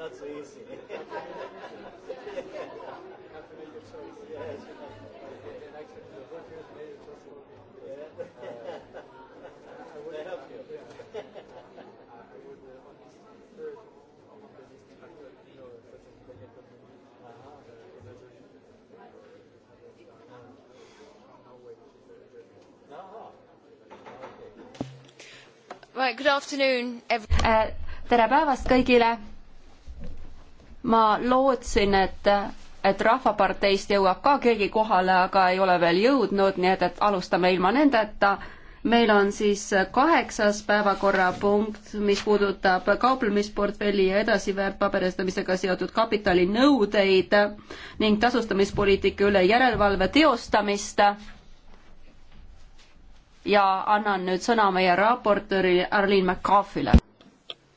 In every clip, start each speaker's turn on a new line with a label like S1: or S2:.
S1: Not so easy.
S2: Äh, tere päevast kõigile ma lootsin, et, et Rahvaparteist jõuab ka keegi kohale, aga ei ole veel jõudnud, nii et, et alustame ilma nendeta. meil on siis kaheksas päevakorrapunkt, mis puudutab kauplemisportfelli ja edasi väärtpaberistamisega seotud kapitalinõudeid ning tasustamispoliitika üle järelevalve teostamist ja annan nüüd sõna meie raportööri Arlene McCarthy'le.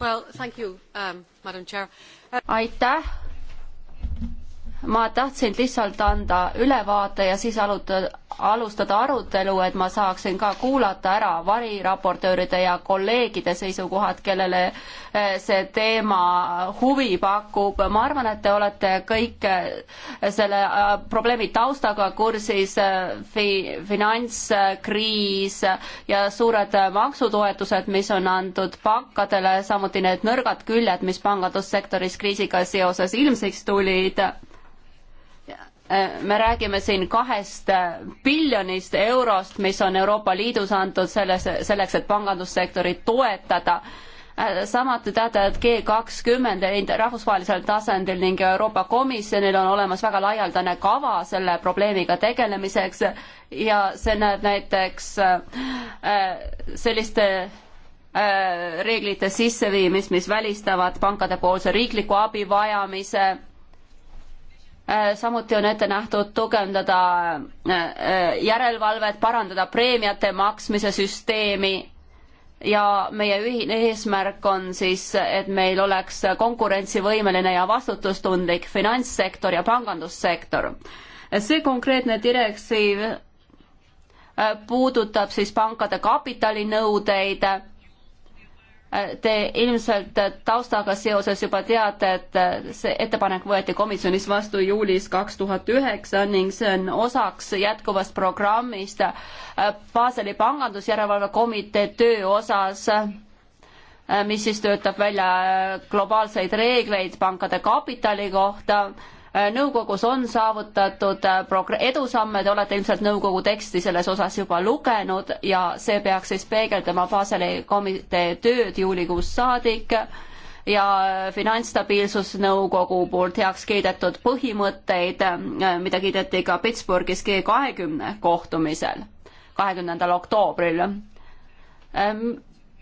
S2: Well, thank you um,, madam chair uh, aitäh ma tahtsin lihtsalt anda ülevaate ja siis alutada, alustada arutelu, et ma saaksin ka kuulata ära variraportööride ja kolleegide seisukohad, kellele eh, see teema huvi pakub. ma arvan, et te olete kõik eh, selle eh, probleemi taustaga kursis fi,, finantskriis ja suured maksutoetused, mis on antud pankadele, samuti need nõrgad küljed, mis pangandussektoris kriisiga seoses ilmsiks tulid Äh, me räägime siin kahest äh, biljonist eurost, mis on Euroopa Liidus antud selles, selleks, et pangandussektorit toetada. Äh, samuti teate, et G kakskümmend rahvusvahelisel tasandil ning Euroopa Komisjonil on olemas väga laialdane kava selle probleemiga tegelemiseks ja see näeb näiteks selliste reeglite sisseviimist, mis välistavad pankade poolse riikliku abi vajamise Äh, samuti on ette nähtud tugevdada äh, äh, järelevalvet, parandada preemiate maksmise süsteemi ja meie ühine eesmärk on siis, et meil oleks konkurentsivõimeline ja vastutustundlik finantssektor ja pangandussektor. see konkreetne direktiiv puudutab siis pankade kapitalinõudeid Te ilmselt taustaga seoses juba teate, et see ettepanek võeti komisjonis vastu juulis kaks tuhat üheksa ning see on osaks jätkuvast programmist Baseli pangandusjärelevalve komitee töö osas, mis siis töötab välja globaalseid reegleid pankade kapitali kohta Äh, nõukogus on saavutatud äh, edusamme, te olete ilmselt nõukogu teksti selles osas juba lugenud ja see peaks siis peegeldama Baseli komitee tööd juulikuust saadik ja äh, Finantsstabiilsusnõukogu poolt heaks kiidetud põhimõtteid, mida kiideti ka Pittsburghis G kahekümne kohtumisel, kahekümnendal oktoobril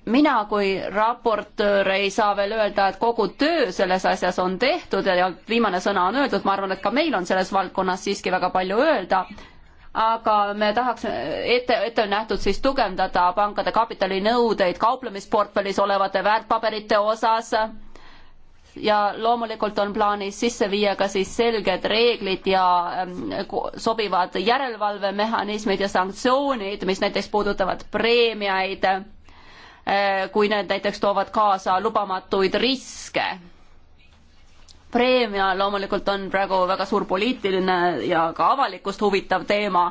S2: mina kui raportöör ei saa veel öelda, et kogu töö selles asjas on tehtud ja viimane sõna on öeldud, ma arvan, et ka meil on selles valdkonnas siiski väga palju öelda, aga me tahaks, ette, ette on nähtud siis tugevdada pankade kapitalinõudeid kauplemisportfellis olevate väärtpaberite osas ja loomulikult on plaanis sisse viia ka siis selged reeglid ja ähm, sobivad järelevalvemehhanismid ja sanktsioonid, mis näiteks puudutavad preemiaid Eh, kui need näiteks toovad kaasa lubamatuid riske. preemia loomulikult on praegu väga suur poliitiline ja ka avalikkust huvitav teema,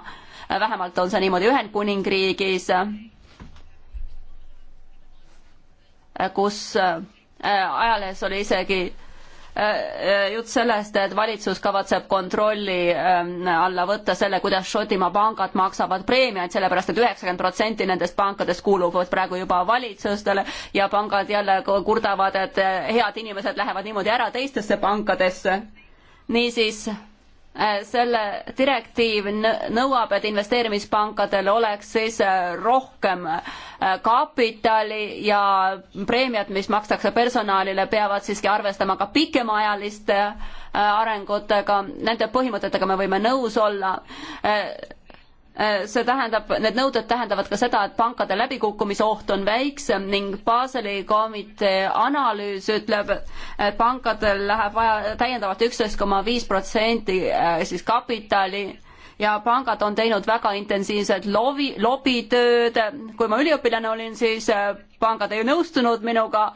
S2: eh, vähemalt on see niimoodi Ühendkuningriigis, eh, kus ajalehes oli isegi Äh, äh, jutt sellest, et valitsus kavatseb kontrolli ähm, alla võtta selle, kuidas Šotimaa pangad maksavad preemiaid, sellepärast et üheksakümmend protsenti nendest pankadest kuuluvad praegu juba valitsustele ja pangad jälle kurdavad, et äh, head inimesed lähevad niimoodi ära teistesse pankadesse. niisiis Äh, selle direktiiv nõuab, et investeerimispankadel oleks siis äh, rohkem äh, kapitali ja preemiad, mis makstakse personalile, peavad siiski arvestama ka pikemaajaliste arengutega, nende põhimõtetega me võime nõus olla Äh, see tähendab, need nõuded tähendavad ka seda, et pankade läbikukkumise oht on väiksem ning Baseli komitee analüüs ütleb, et pankadel läheb vaja täiendavalt üksteist koma viis protsenti äh, siis kapitali ja pangad on teinud väga intensiivset lobi, lobitööd. kui ma üliõpilane olin, siis äh, pangad ei nõustunud minuga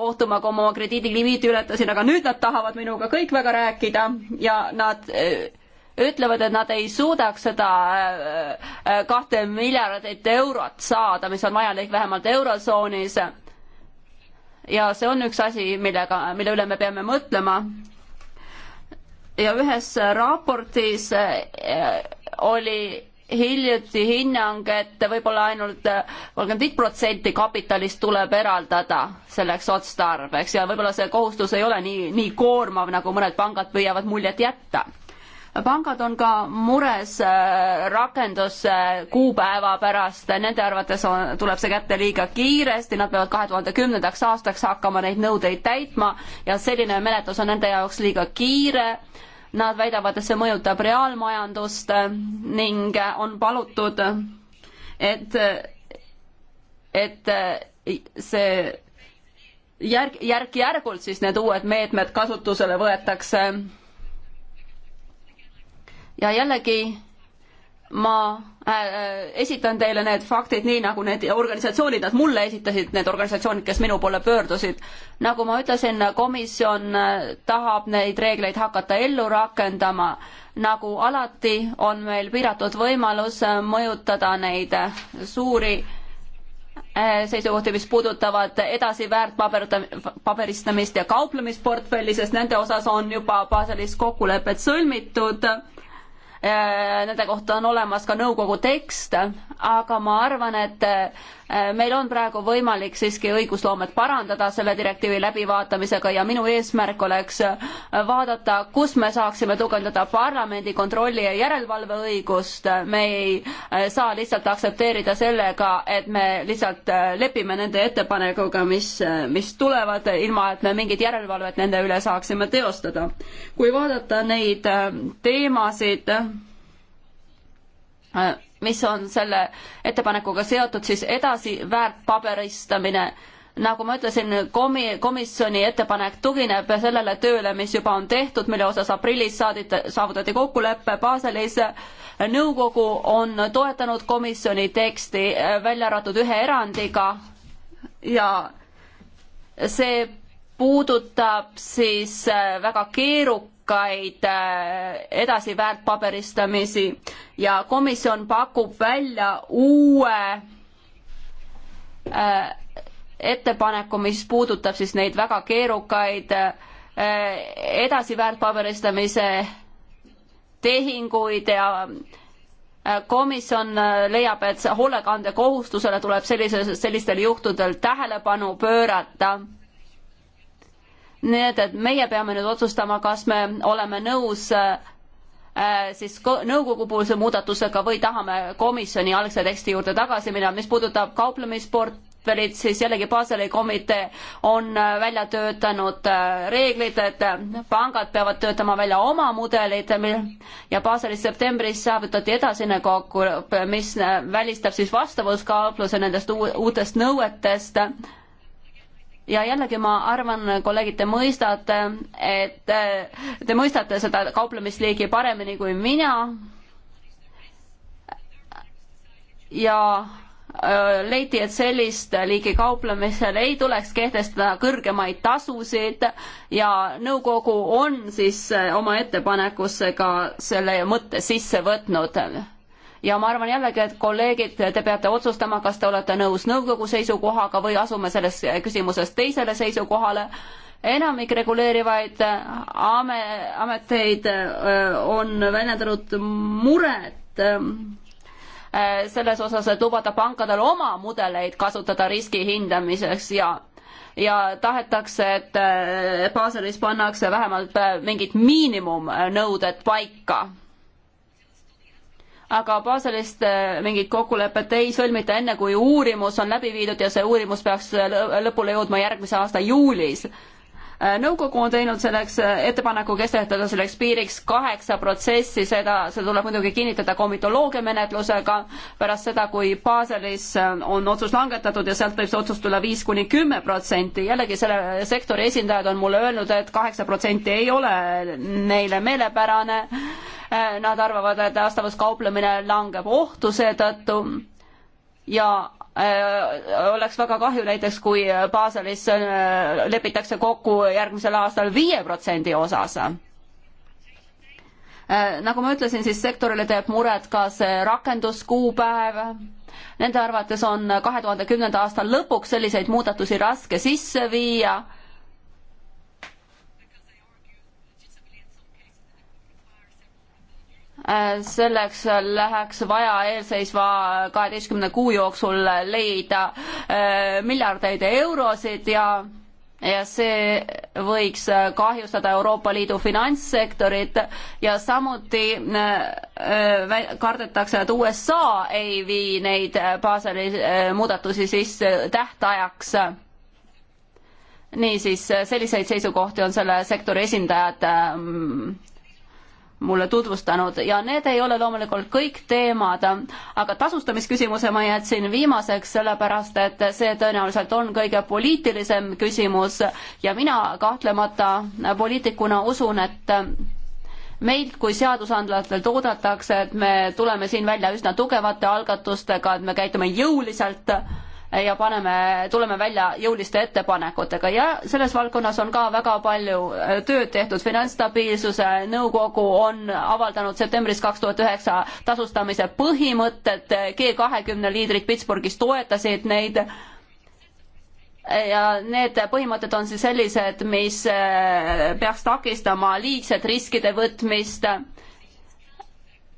S2: kohtuma, kui ma oma krediidilimiiti ületasin, aga nüüd nad tahavad minuga kõik väga rääkida ja nad ütlevad, et nad ei suudaks seda äh, äh, kahte miljardit eurot saada, mis on vajalik vähemalt eurotsoonis. ja see on üks asi, millega, mille üle me peame mõtlema. ja ühes raportis äh, oli hiljuti hinnang, et võib-olla ainult kolmkümmend viis protsenti kapitalist tuleb eraldada selleks otstarbeks ja võib-olla see kohustus ei ole nii, nii koormav, nagu mõned pangad püüavad muljet jätta pangad on ka mures äh, rakenduskuupäeva äh, pärast, nende arvates on, tuleb see kätte liiga kiiresti, nad peavad kahe tuhande kümnendaks aastaks hakkama neid nõudeid täitma ja selline menetlus on nende jaoks liiga kiire. Nad väidavad, et see mõjutab reaalmajandust äh, ning on palutud, et, et see järk, järk-järgult siis need uued meetmed kasutusele võetakse ja jällegi ma äh, äh, esitan teile need faktid nii, nagu need organisatsioonid, nad mulle esitasid, need organisatsioonid, kes minu poole pöördusid. nagu ma ütlesin, komisjon äh, tahab neid reegleid hakata ellu rakendama. nagu alati, on meil piiratud võimalus mõjutada neid suuri seisukohti, mis puudutavad edasi väärtpaberistamist ja kauplemisportfelli, sest nende osas on juba Baselis kokkulepped sõlmitud Äh, nende kohta on olemas ka nõukogu tekst, aga ma arvan, et äh, meil on praegu võimalik siiski õigusloomet parandada selle direktiivi läbivaatamisega ja minu eesmärk oleks äh, vaadata, kus me saaksime tugevdada parlamendi kontrolli ja järelevalveõigust. me ei äh, saa lihtsalt aktsepteerida sellega, et me lihtsalt lepime nende ettepanekuga, mis, mis tulevad, ilma et me mingit järelevalvet nende üle saaksime teostada. kui vaadata neid teemasid, mis on selle ettepanekuga seotud, siis edasi väärtpaberistamine. nagu ma ütlesin, komi-, komisjoni ettepanek tugineb sellele tööle, mis juba on tehtud, mille osas aprillis saadite, saavutati kokkulepe Baselis. nõukogu on toetanud komisjoni teksti, välja arvatud ühe erandiga ja see puudutab siis väga keerukat edukaid äh, edasi väärtpaberistamisi ja komisjon pakub välja uue äh, ettepaneku, mis puudutab siis neid väga keerukaid äh, edasi väärtpaberistamise tehinguid ja komisjon leiab, et hoolekandekohustusele tuleb sellise, sellistel juhtudel tähelepanu pöörata nii et, et meie peame nüüd otsustama, kas me oleme nõus äh, siis nõukogu poolse muudatusega või tahame komisjoni algse teksti juurde tagasi minna, mis puudutab kauplemisport, portfellid, siis jällegi Baseli komitee on äh, välja töötanud äh, reeglid, et pangad peavad töötama välja oma mudelid ja Baselis septembris saavutati edasine kokkulepe, mis välistab siis vastavuskaabluse nendest uutest nõuetest ja jällegi ma arvan, kolleegid, te mõistate, et te mõistate seda kauplemisliigi paremini kui mina. ja leiti, et sellist liigi kauplemisel ei tuleks kehtestada kõrgemaid tasusid ja nõukogu on siis oma ettepanekusse ka selle mõtte sisse võtnud ja ma arvan jällegi, et kolleegid, te peate otsustama, kas te olete nõus nõukogu seisukohaga või asume selles küsimuses teisele seisukohale. enamik reguleerivaid ame-, ameteid äh, on väljendanud muret ähm, äh, selles osas, et lubada pankadel oma mudeleid kasutada riski hindamiseks ja ja tahetakse, et äh, Baselis pannakse vähemalt mingid miinimumnõuded paika aga Baselist äh, mingit kokkulepet ei sõlmita enne, kui uurimus on läbi viidud ja see uurimus peaks lõpule jõudma järgmise aasta juulis. Äh, nõukogu on teinud selleks äh, ettepaneku kehtestada selleks piiriks kaheksa protsessi, seda, see tuleb muidugi kinnitada komitoloogia menetlusega pärast seda, kui Baselis äh, on otsus langetatud ja sealt võib see otsus tulla viis kuni kümme protsenti. jällegi selle sektori esindajad on mulle öelnud et, et kaheksa protsenti ei ole neile meelepärane. Nad arvavad, et vastavuskauplemine langeb ohtu seetõttu ja Äh, oleks väga kahju näiteks, kui Baselis äh, lepitakse kokku järgmisel aastal viie protsendi osas äh, nagu ma ütlesin, siis sektorile teeb muret ka see rakenduskuupäev. Nende arvates on kahe tuhande kümnenda aasta lõpuks selliseid muudatusi raske sisse viia Äh, selleks läheks vaja eelseisva kaheteistkümne kuu jooksul leida äh, miljardeid eurosid ja ja see võiks kahjustada Euroopa Liidu finantssektorit ja samuti äh, kardetakse, et USA ei vii neid Baseli muudatusi sisse tähtajaks. niisiis, selliseid seisukohti on selle sektori esindajad ähm, mulle tutvustanud ja need ei ole loomulikult kõik teemad, aga tasustamisküsimuse ma jätsin viimaseks, sellepärast et see tõenäoliselt on kõige poliitilisem küsimus ja mina kahtlemata poliitikuna usun, et meilt kui seadusandlatelt oodatakse, et me tuleme siin välja üsna tugevate algatustega, et me käitume jõuliselt ja paneme, tuleme välja jõuliste ettepanekutega ja selles valdkonnas on ka väga palju äh, tööd tehtud. finantsstabiilsuse nõukogu on avaldanud septembris kaks tuhat üheksa tasustamise põhimõtted, G kahekümne liidrid Pittsburghis toetasid neid ja need põhimõtted on siis sellised, mis äh, peaks takistama liigset riskide võtmist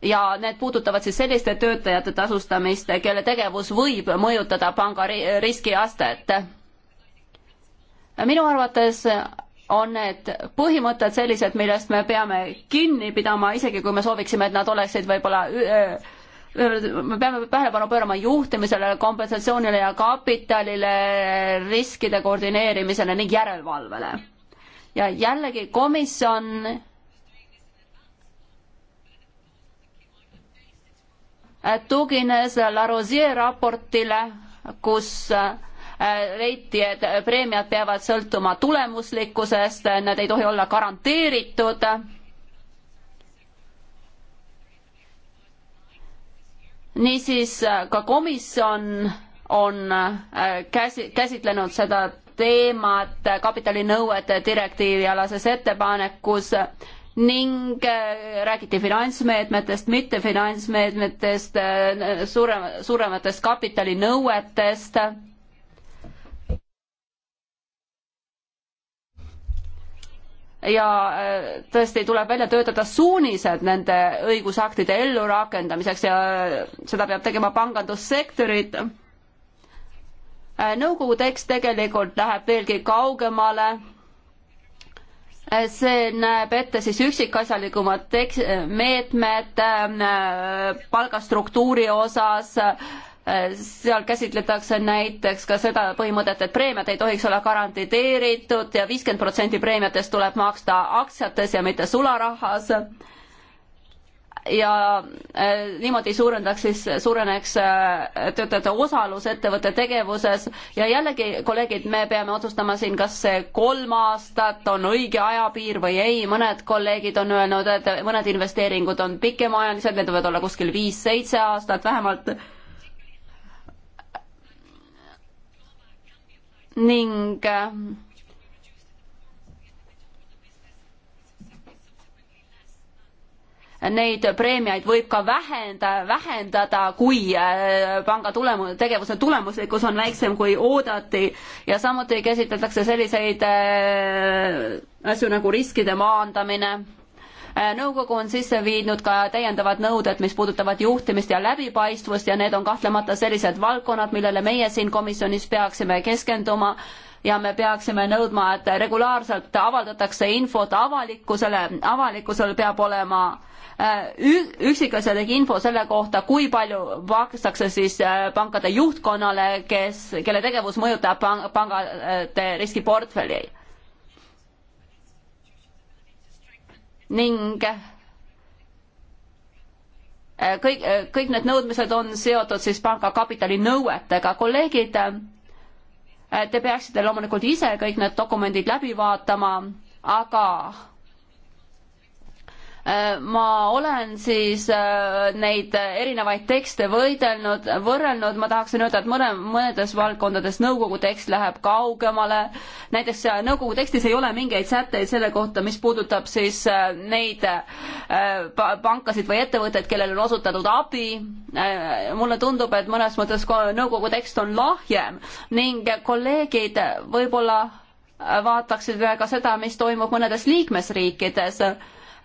S2: ja need puudutavad siis selliste töötajate tasustamist, kelle tegevus võib mõjutada panga riskiastet. minu arvates on need põhimõtted sellised, millest me peame kinni pidama, isegi kui me sooviksime, et nad oleksid võib-olla me peame tähelepanu pöörama juhtimisele, kompensatsioonile ja kapitalile, riskide koordineerimisele ning järelevalvele. ja jällegi komisjon Äh, tugines Larosier raportile, kus äh, leiti, et preemiad peavad sõltuma tulemuslikkusest, need ei tohi olla garanteeritud. niisiis äh, ka komisjon on käsi, käsitlenud seda teemat kapitalinõuete direktiivi alases ettepanekus ning äh, räägiti finantsmeetmetest, mittefinantsmeetmetest, äh, suurem, suurematest kapitalinõuetest. ja äh, tõesti tuleb välja töötada suunised nende õigusaktide ellurakendamiseks ja seda peab tegema pangandussektorid. nõukogu tekst tegelikult läheb veelgi kaugemale see näeb ette siis üksikasjalikumad tekst, meetmed äh, palgastruktuuri osas, äh, seal käsitletakse näiteks ka seda põhimõtet, et preemiad ei tohiks olla garanteeritud ja viiskümmend protsenti preemiatest tuleb maksta aktsiates ja mitte sularahas ja äh, niimoodi suurendaks siis, suureneks äh, töötajate osalus ettevõtte tegevuses ja jällegi, kolleegid, me peame otsustama siin, kas see kolm aastat on õige ajapiir või ei, mõned kolleegid on öelnud, et mõned investeeringud on pikemaajalised, need võivad olla kuskil viis-seitse aastat vähemalt. ning äh, neid preemiaid võib ka vähenda, vähendada, kui äh, panga tulemu-, tegevuse tulemuslikkus on väiksem, kui oodati ja samuti käsitletakse selliseid äh, asju nagu riskide maandamine. Äh, nõukogu on sisse viinud ka täiendavad nõuded, mis puudutavad juhtimist ja läbipaistvust ja need on kahtlemata sellised valdkonnad, millele meie siin komisjonis peaksime keskenduma ja me peaksime nõudma, et regulaarselt avaldatakse infot avalikkusele, avalikkusel peab olema äh, üksikasjalik info selle kohta, kui palju makstakse siis äh, pankade juhtkonnale, kes, kelle tegevus mõjutab pangade riskiportfelli. ning äh, kõik, kõik need nõudmised on seotud siis panga kapitalinõuetega. kolleegid Te peaksite loomulikult ise kõik need dokumendid läbi vaatama, aga Äh, ma olen siis äh, neid erinevaid tekste võidelnud, võrrelnud, ma tahaksin öelda, et mõne, mõnedes valdkondades nõukogu tekst läheb kaugemale, näiteks nõukogu tekstis ei ole mingeid sätteid selle kohta, mis puudutab siis äh, neid pankasid või ettevõtteid, kellele on osutatud abi, mulle tundub, et mõnes mõttes nõukogu tekst on lahjem ning kolleegid võib-olla vaataksid ka seda, mis toimub mõnedes liikmesriikides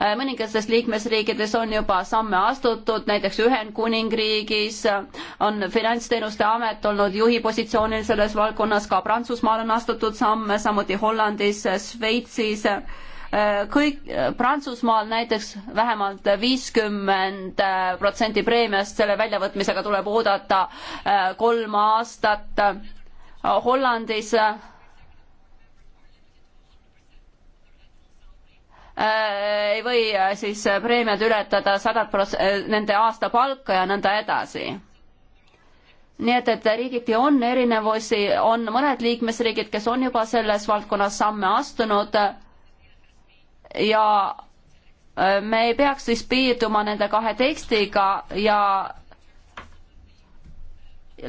S2: Äh, mõningates liikmesriikides on juba samme astutud, näiteks Ühendkuningriigis on finantsteenuste amet olnud juhi positsioonil selles valdkonnas, ka Prantsusmaal on astutud samme, samuti Hollandis, Šveitsis äh, kõik Prantsusmaal näiteks vähemalt viiskümmend äh, protsenti preemiast selle väljavõtmisega tuleb oodata kolm aastat. Hollandis Äh, ei või äh, siis äh, preemiad ületada sadat pros-, nende aastapalka ja nõnda edasi. nii et, et riigiti on erinevusi, on mõned liikmesriigid, kes on juba selles valdkonnas samme astunud ja me ei peaks siis piirduma nende kahe tekstiga ja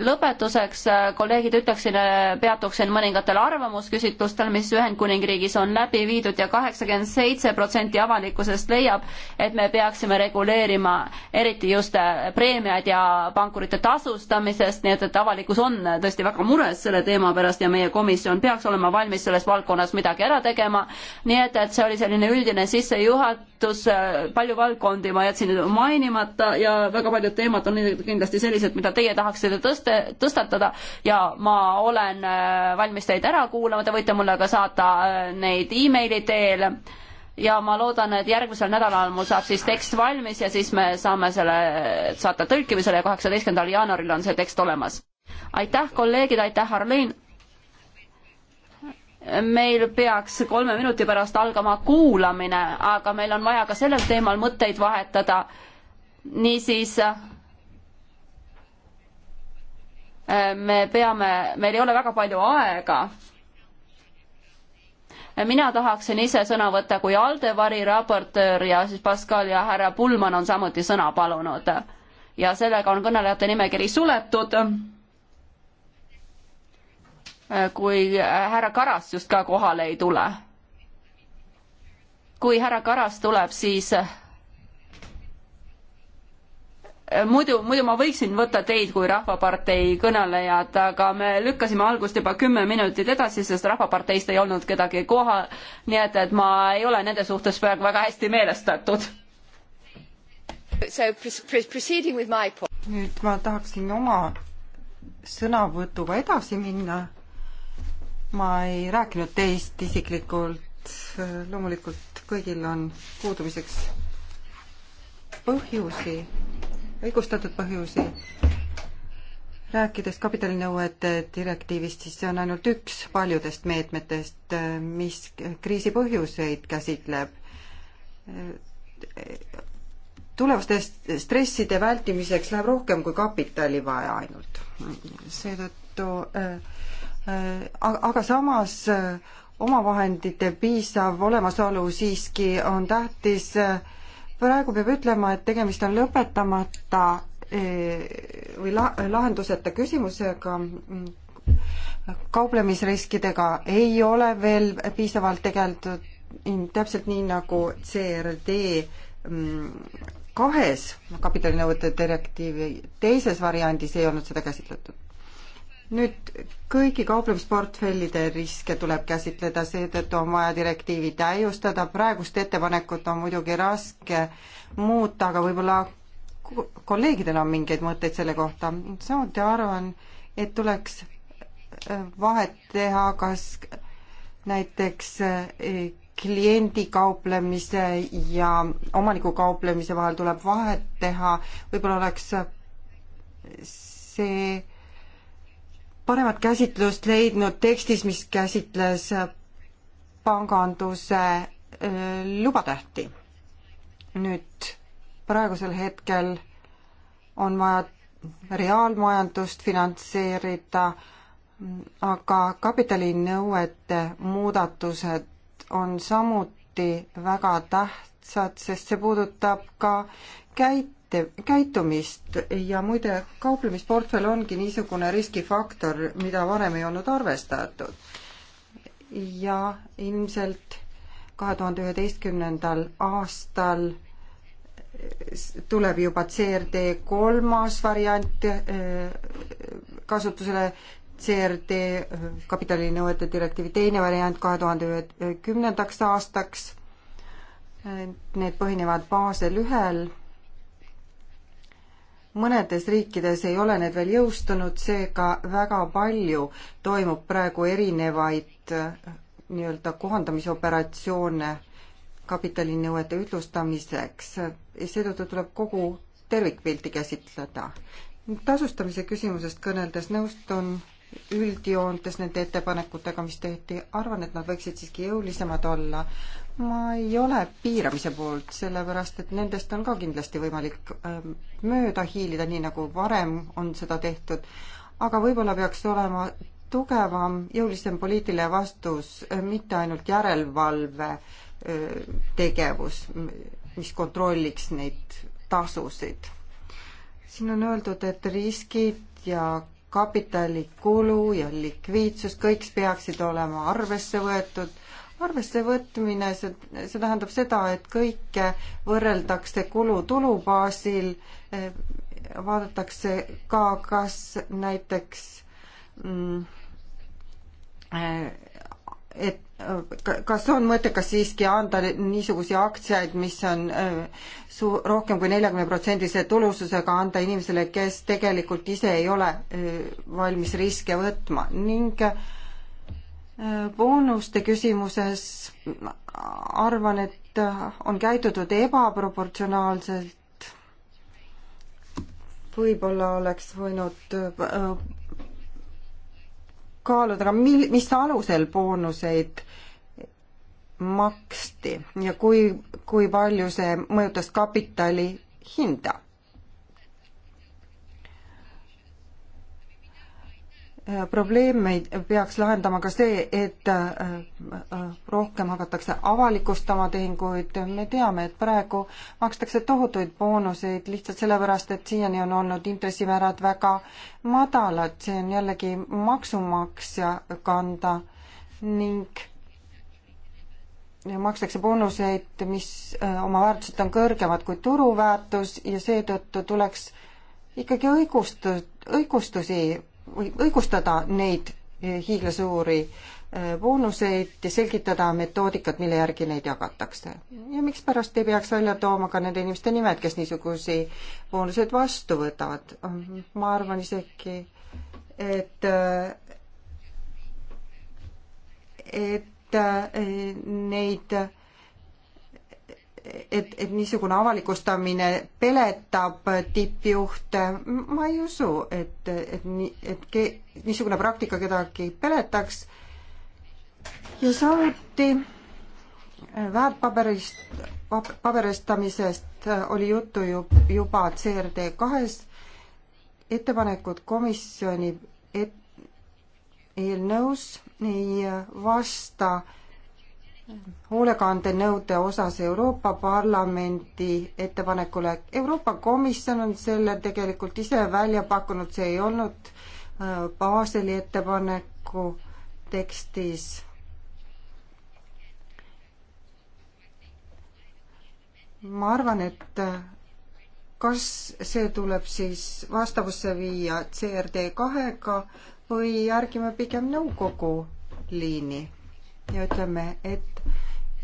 S2: lõpetuseks, äh, kolleegid, ütleksin, äh, peatuksin mõningatel arvamusküsitlustel, mis Ühendkuningriigis on läbi viidud ja kaheksakümmend seitse protsenti avalikkusest leiab, et me peaksime reguleerima eriti just äh, preemiaid ja pankurite tasustamisest, nii et, et avalikkus on tõesti väga mures selle teema pärast ja meie komisjon peaks olema valmis selles valdkonnas midagi ära tegema. nii et, et see oli selline üldine sissejuhatus toetus, palju valdkondi ma jätsin mainimata ja väga paljud teemad on kindlasti sellised, mida teie tahaksite tõste, tõstatada ja ma olen äh, valmis teid ära kuulama, te võite mulle ka saata äh, neid emaili teel ja ma loodan, et järgmisel nädalal mul saab siis tekst valmis ja siis me saame selle saata tõlkimisele ja kaheksateistkümnendal jaanuaril on see tekst olemas. aitäh, kolleegid, aitäh, Arlen! meil peaks kolme minuti pärast algama kuulamine, aga meil on vaja ka sellel teemal mõtteid vahetada. niisiis me peame, meil ei ole väga palju aega. mina tahaksin ise sõna võtta kui Alde variraportöör ja siis Pascal ja härra Pullmann on samuti sõna palunud. ja sellega on kõnelejate nimekiri suletud Äh, kui äh, härra Karas just ka kohale ei tule. kui härra Karas tuleb, siis äh, muidu, muidu ma võiksin võtta teid kui Rahvapartei kõnelejad, aga me lükkasime algust juba kümme minutit edasi, sest Rahvaparteist ei olnud kedagi kohal. nii et, et ma ei ole nende suhtes praegu väga hästi meelestatud.
S1: nüüd ma tahaksin oma sõnavõtuga edasi minna ma ei rääkinud teist isiklikult, loomulikult kõigil on puudumiseks põhjusi, õigustatud põhjusi. rääkides kapitalinõuete direktiivist, siis see on ainult üks paljudest meetmetest, mis kriisi põhjuseid käsitleb. tulevaste stresside vältimiseks läheb rohkem kui kapitali vaja ainult. seetõttu äh, Äh, aga samas äh, omavahendite piisav olemasolu siiski on tähtis. praegu peab ütlema, et tegemist on lõpetamata äh, või la-, lahenduseta küsimusega, kauplemisriskidega ei ole veel piisavalt tegeldud, täpselt nii nagu CRD mm, kahes kapitalinõuete direktiivi teises variandis ei olnud seda käsitletud nüüd kõigi kauplemisportfellide riske tuleb käsitleda, seetõttu on vaja direktiivi täiustada, praegust ettepanekut on muidugi raske muuta, aga võib-olla kolleegidel on mingeid mõtteid selle kohta. samuti arvan, et tuleks äh, vahet teha, kas näiteks äh, kliendi kauplemise ja omaniku kauplemise vahel tuleb vahet teha, võib-olla oleks äh, see paremat käsitlust leidnud tekstis, mis käsitles panganduse äh, lubatähti. nüüd praegusel hetkel on vaja reaalmajandust finantseerida, aga kapitalinõuete muudatused on samuti väga tähtsad, sest see puudutab ka käit-, käite, käitumist ja muide, kauplemisportfell ongi niisugune riskifaktor, mida varem ei olnud arvestatud. ja ilmselt kahe tuhande üheteistkümnendal aastal tuleb juba CRD kolmas variant äh, kasutusele, CRD äh, kapitalinõuete direktiivi teine variant kahe tuhande kümnendaks aastaks. Äh, need põhinevad baasel ühel mõnedes riikides ei ole need veel jõustunud, seega väga palju toimub praegu erinevaid äh, nii-öelda kohandamisoperatsioone kapitalinõuete ühtlustamiseks ja seetõttu tuleb kogu tervikpilti käsitleda. tasustamise küsimusest kõneldes nõustun üldjoontes nende ettepanekutega, mis tehti, arvan, et nad võiksid siiski jõulisemad olla, ma ei ole piiramise poolt, sellepärast et nendest on ka kindlasti võimalik ähm, mööda hiilida, nii nagu varem on seda tehtud, aga võib-olla peaks olema tugevam, jõulisem poliitiline vastus, äh, mitte ainult järelevalve äh, tegevus, mis kontrolliks neid tasusid. siin on öeldud, et riskid ja kapitalikulu ja likviidsus, kõik peaksid olema arvesse võetud arvesse võtmine, see, see tähendab seda, et kõike võrreldakse kulu-tulu baasil, eh, vaadatakse ka, kas näiteks mm, eh, et kas on mõttekas siiski anda niisuguseid aktsiaid, mis on eh, su-, rohkem kui neljakümne protsendise tulususega, anda inimesele, kes tegelikult ise ei ole valmis riske võtma ning äh, boonuste küsimuses arvan, et on käitutud ebaproportsionaalselt. võib-olla oleks võinud äh, kaaluda ka, mil-, mis alusel boonuseid maksti ja kui, kui palju see mõjutas kapitali hinda probleem meid peaks lahendama ka see, et äh, äh, rohkem hakatakse avalikustama tehinguid, me teame, et praegu makstakse tohutuid boonuseid lihtsalt sellepärast, et siiani on olnud intressimäärad väga madalad, see on jällegi maksumaksja kanda ning makstakse boonuseid, mis äh, oma väärtuselt on kõrgemad kui turuväärtus ja seetõttu tuleks ikkagi õigustus, õigustusi õigustada neid eh, hiiglasuuri eh, boonuseid ja selgitada metoodikat, mille järgi neid jagatakse. ja mikspärast ei peaks välja tooma ka nende inimeste nimed, kes niisugusi boonuseid vastu võtavad. ma arvan isegi, et, et eh, neid et, et niisugune avalikustamine peletab tippjuhte, ma ei usu, et, et nii, et ke, niisugune praktika kedagi peletaks. ja samuti äh, väärtpaberist, paberistamisest äh, oli juttu ju juba CRD kahes, ettepanekud komisjoni et, eelnõus ei vasta äh, hoolekandenõude osas Euroopa Parlamendi ettepanekule. Euroopa Komisjon on selle tegelikult ise välja pakkunud, see ei olnud äh, Baseli ettepaneku tekstis. ma arvan, et äh, kas see tuleb siis vastavusse viia CRD kahega või järgime pigem nõukogu liini ja ütleme, et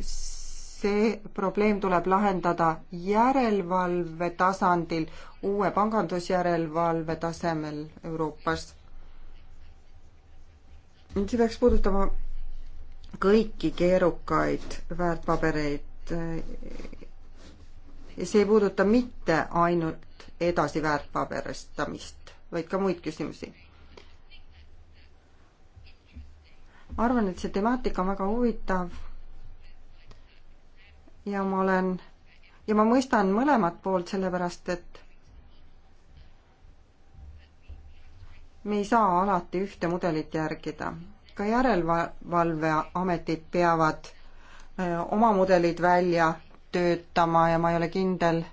S1: see probleem tuleb lahendada järelevalve tasandil, uue pangandusjärelevalve tasemel Euroopas. see peaks puudutama kõiki keerukaid väärtpabereid. see ei puuduta mitte ainult edasi väärtpaberistamist, vaid ka muid küsimusi ma arvan, et see temaatika on väga huvitav ja ma olen ja ma mõistan mõlemat poolt, sellepärast et me ei saa alati ühte mudelit järgida. ka järelevalveametid peavad äh, oma mudelid välja töötama ja ma ei ole kindel,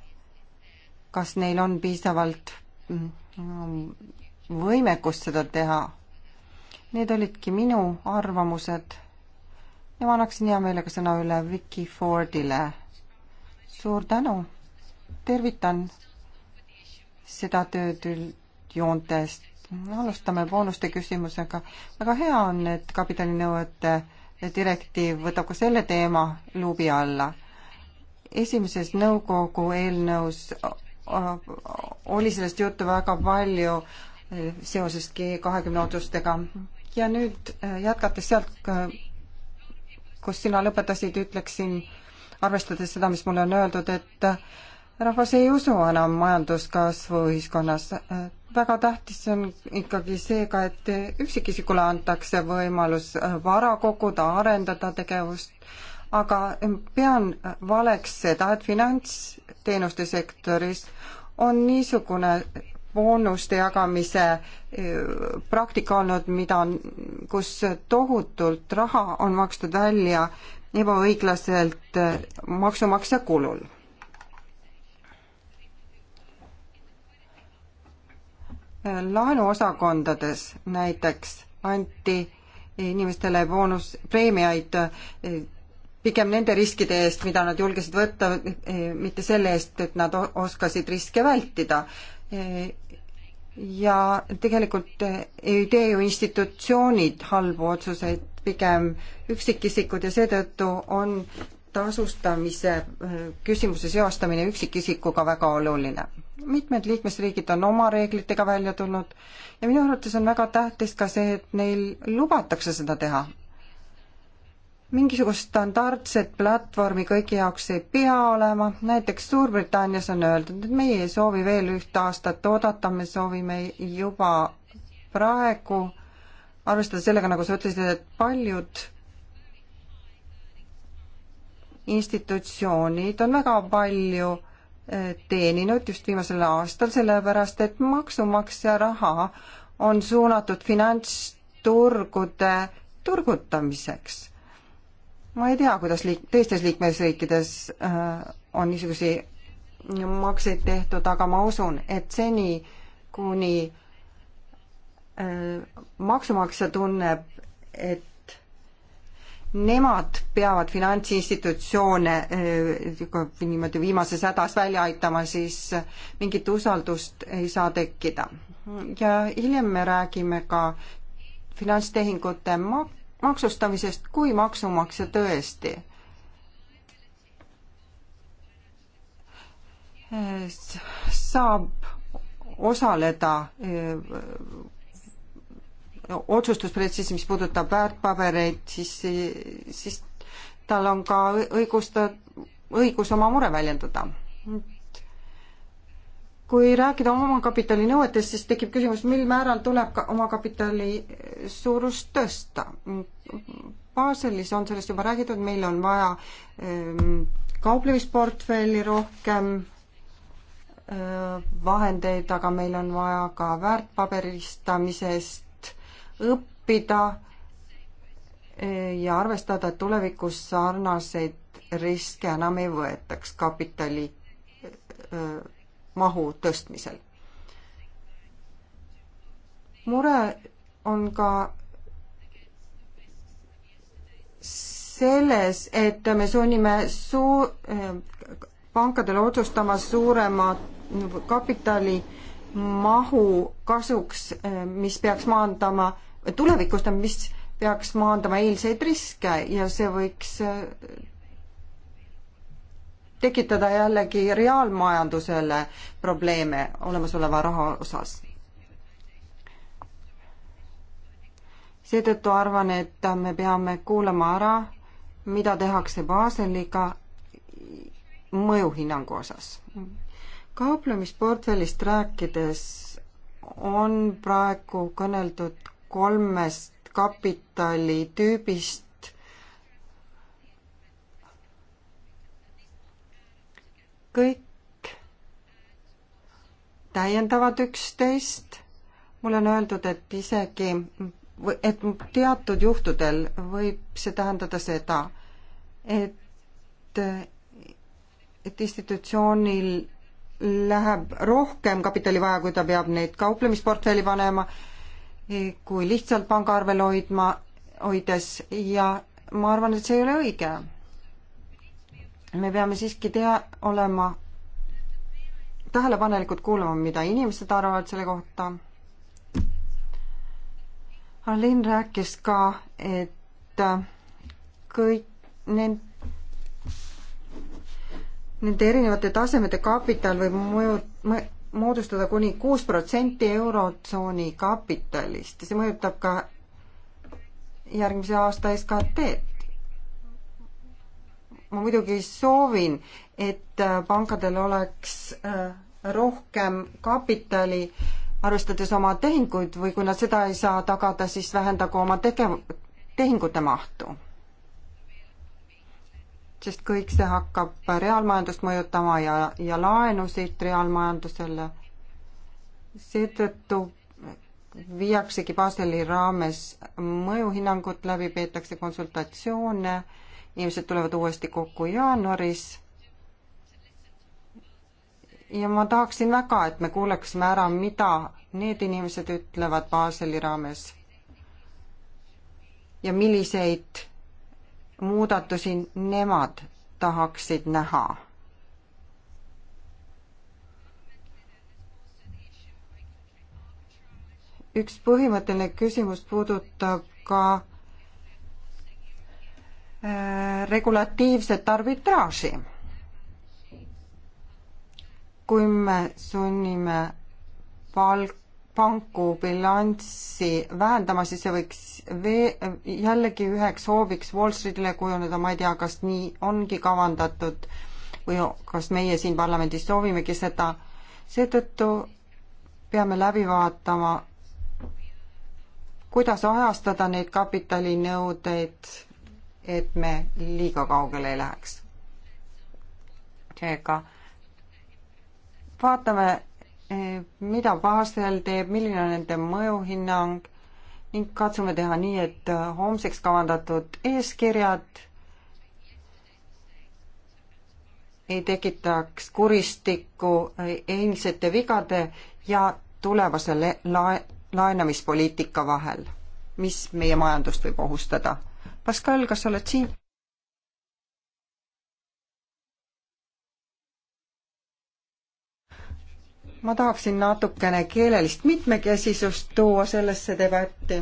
S1: kas neil on piisavalt mm, võimekust seda teha. Need olidki minu arvamused ja ma annaksin hea meelega sõna üle Vicky Fordile. suur tänu, tervitan seda tööd üldjoontes. alustame boonuste küsimusega. väga hea on, et kapitalinõuete direktiiv võtab ka selle teema luubi alla. esimeses nõukogu eelnõus oli sellest juttu väga palju seoses G kahekümne otsustega ja nüüd jätkates sealt kus sina lõpetasid, ütleksin, arvestades seda, mis mulle on öeldud, et rahvas ei usu enam majanduskasvu ühiskonnas. väga tähtis on ikkagi see ka, et üksikisikule antakse võimalus vara koguda, arendada tegevust, aga pean valeks seda, et finantsteenuste sektoris on niisugune boonuste jagamise e, praktika olnud, mida on, kus tohutult raha on makstud välja ebaõiglaselt e, maksumaksja kulul. E, laenuosakondades näiteks anti inimestele boonuspreemiaid pigem nende riskide eest, mida nad julgesid võtta, mitte selle eest, et nad oskasid riske vältida ja tegelikult ei tee ju institutsioonid halbu otsuseid, pigem üksikisikud ja seetõttu on tasustamise äh, küsimuse seostamine üksikisikuga väga oluline. mitmed liikmesriigid on oma reeglitega välja tulnud ja minu arvates on väga tähtis ka see, et neil lubatakse seda teha mingisugust standardset platvormi kõigi jaoks ei pea olema, näiteks Suurbritannias on öeldud, et meie ei soovi veel ühte aastat oodata, me soovime juba praegu, arvestades sellega, nagu sa ütlesid, et paljud institutsioonid on väga palju eh, teeninud just viimasel aastal, sellepärast et maksumaksja raha on suunatud finantsturgude turgutamiseks ma ei tea, kuidas liik-, teistes liikmesriikides äh, on niisuguseid makseid tehtud, aga ma usun, et seni, kuni äh, maksumaksja tunneb, et nemad peavad finantsinstitutsioone äh, niimoodi viimases hädas välja aitama, siis äh, mingit usaldust ei saa tekkida. ja hiljem me räägime ka finantstehingute mak-, maksustamisest kui maksumaksja tõesti. saab osaleda eh, otsustusprotsessis, mis puudutab väärtpabereid, siis, siis tal on ka õigus, õigus oma mure väljendada kui rääkida omakapitali nõuetest, siis tekib küsimus, mil määral tuleb ka omakapitali suurust tõsta. Baselis on sellest juba räägitud, meil on vaja ehm, kauplemisportfelli rohkem ehm, vahendeid, aga meil on vaja ka väärtpaberistamisest õppida ehm, ja arvestada, et tulevikus sarnaseid riske enam ei võetaks kapitali mahu tõstmisel. mure on ka selles, et me sunnime suu-, pankadele otsustama suurema kapitali mahu kasuks, mis peaks maandama, tulevikust on, mis peaks maandama eilseid riske ja see võiks tekitada jällegi reaalmajandusele probleeme olemasoleva raha osas. seetõttu arvan, et me peame kuulama ära, mida tehakse Baseliga mõjuhinnangu osas. kauplemisportfellist rääkides on praegu kõneldud kolmest kapitalitüübist, kõik täiendavad üksteist. mulle on öeldud, et isegi, et teatud juhtudel võib see tähendada seda, et, et institutsioonil läheb rohkem kapitali vaja, kui ta peab neid kauplemisportfelli panema, kui lihtsalt pangaarvel hoidma, hoides ja ma arvan, et see ei ole õige me peame siiski tea-, olema tähelepanelikud kuulama, mida inimesed arvavad selle kohta. Arlen rääkis ka, et kõik need, nende erinevate tasemete kapital võib mõju, moodustada kuni kuus protsenti eurotsooni kapitalist ja see mõjutab ka järgmise aasta SKT-d ma muidugi soovin, et äh, pankadel oleks äh, rohkem kapitali, arvestades oma tehinguid või kui nad seda ei saa tagada, siis vähendagu oma tegev-, tehingute mahtu. sest kõik see hakkab reaalmajandust mõjutama ja, ja laenusid reaalmajandusele. seetõttu viiaksegi Baseli raames mõjuhinnangut läbi, peetakse konsultatsioone äh, inimesed tulevad uuesti kokku jaanuaris. ja ma tahaksin väga, et me kuuleksime ära, mida need inimesed ütlevad Baseli raames. ja milliseid muudatusi nemad tahaksid näha. üks põhimõtteline küsimus puudutab ka Äh, regulatiivset arbitraaži. kui me sunnime palk, panku bilanssi vähendama, siis see võiks vee-, jällegi üheks hooviks Wall Streetile kujuneda, ma ei tea, kas nii ongi kavandatud või kas meie siin parlamendis soovimegi seda, seetõttu peame läbi vaatama, kuidas ajastada neid kapitalinõudeid et me liiga kaugele ei läheks. seega vaatame, eh, mida baasel teeb, milline on nende mõjuhinnang ning katsume teha nii, et homseks kavandatud eeskirjad ei tekitaks kuristikku eh, eilsete vigade ja tulevase lae-, laenamispoliitika vahel, mis meie majandust võib ohustada Pascal, kas sa oled siin? ma tahaksin natukene keelelist mitmekesisust tuua sellesse debatti.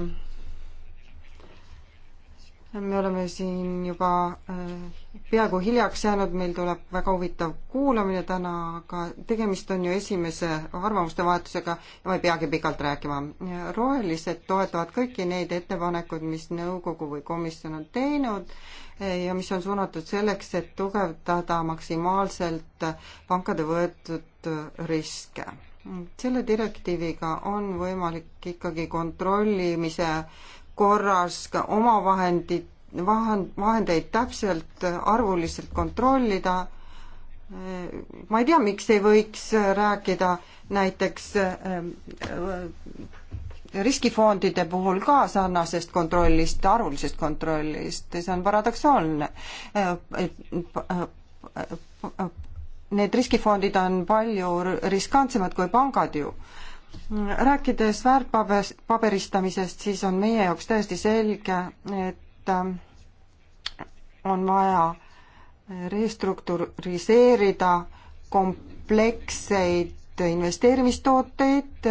S1: me oleme siin juba äh, peaaegu hiljaks jäänud, meil tuleb väga huvitav kuulamine täna, aga tegemist on ju esimese arvamuste vahetusega ja ma ei peagi pikalt rääkima. rohelised toetavad kõiki neid ettepanekuid, mis nõukogu või komisjon on teinud ja mis on suunatud selleks, et tugevdada maksimaalselt pankade võetud riske. selle direktiiviga on võimalik ikkagi kontrollimise korras ka omavahendit vahend, vahendeid täpselt arvuliselt kontrollida. ma ei tea, miks ei võiks rääkida näiteks ähm, äh, riskifondide puhul ka sarnasest kontrollist, arvulisest kontrollist, see on paradoksaalne. Äh, äh, need riskifondid on palju riskantsemad kui pangad ju. rääkides väärtpaberistamisest, siis on meie jaoks täiesti selge, et Äh, on vaja restruktuuriseerida kompleksseid investeerimistooteid,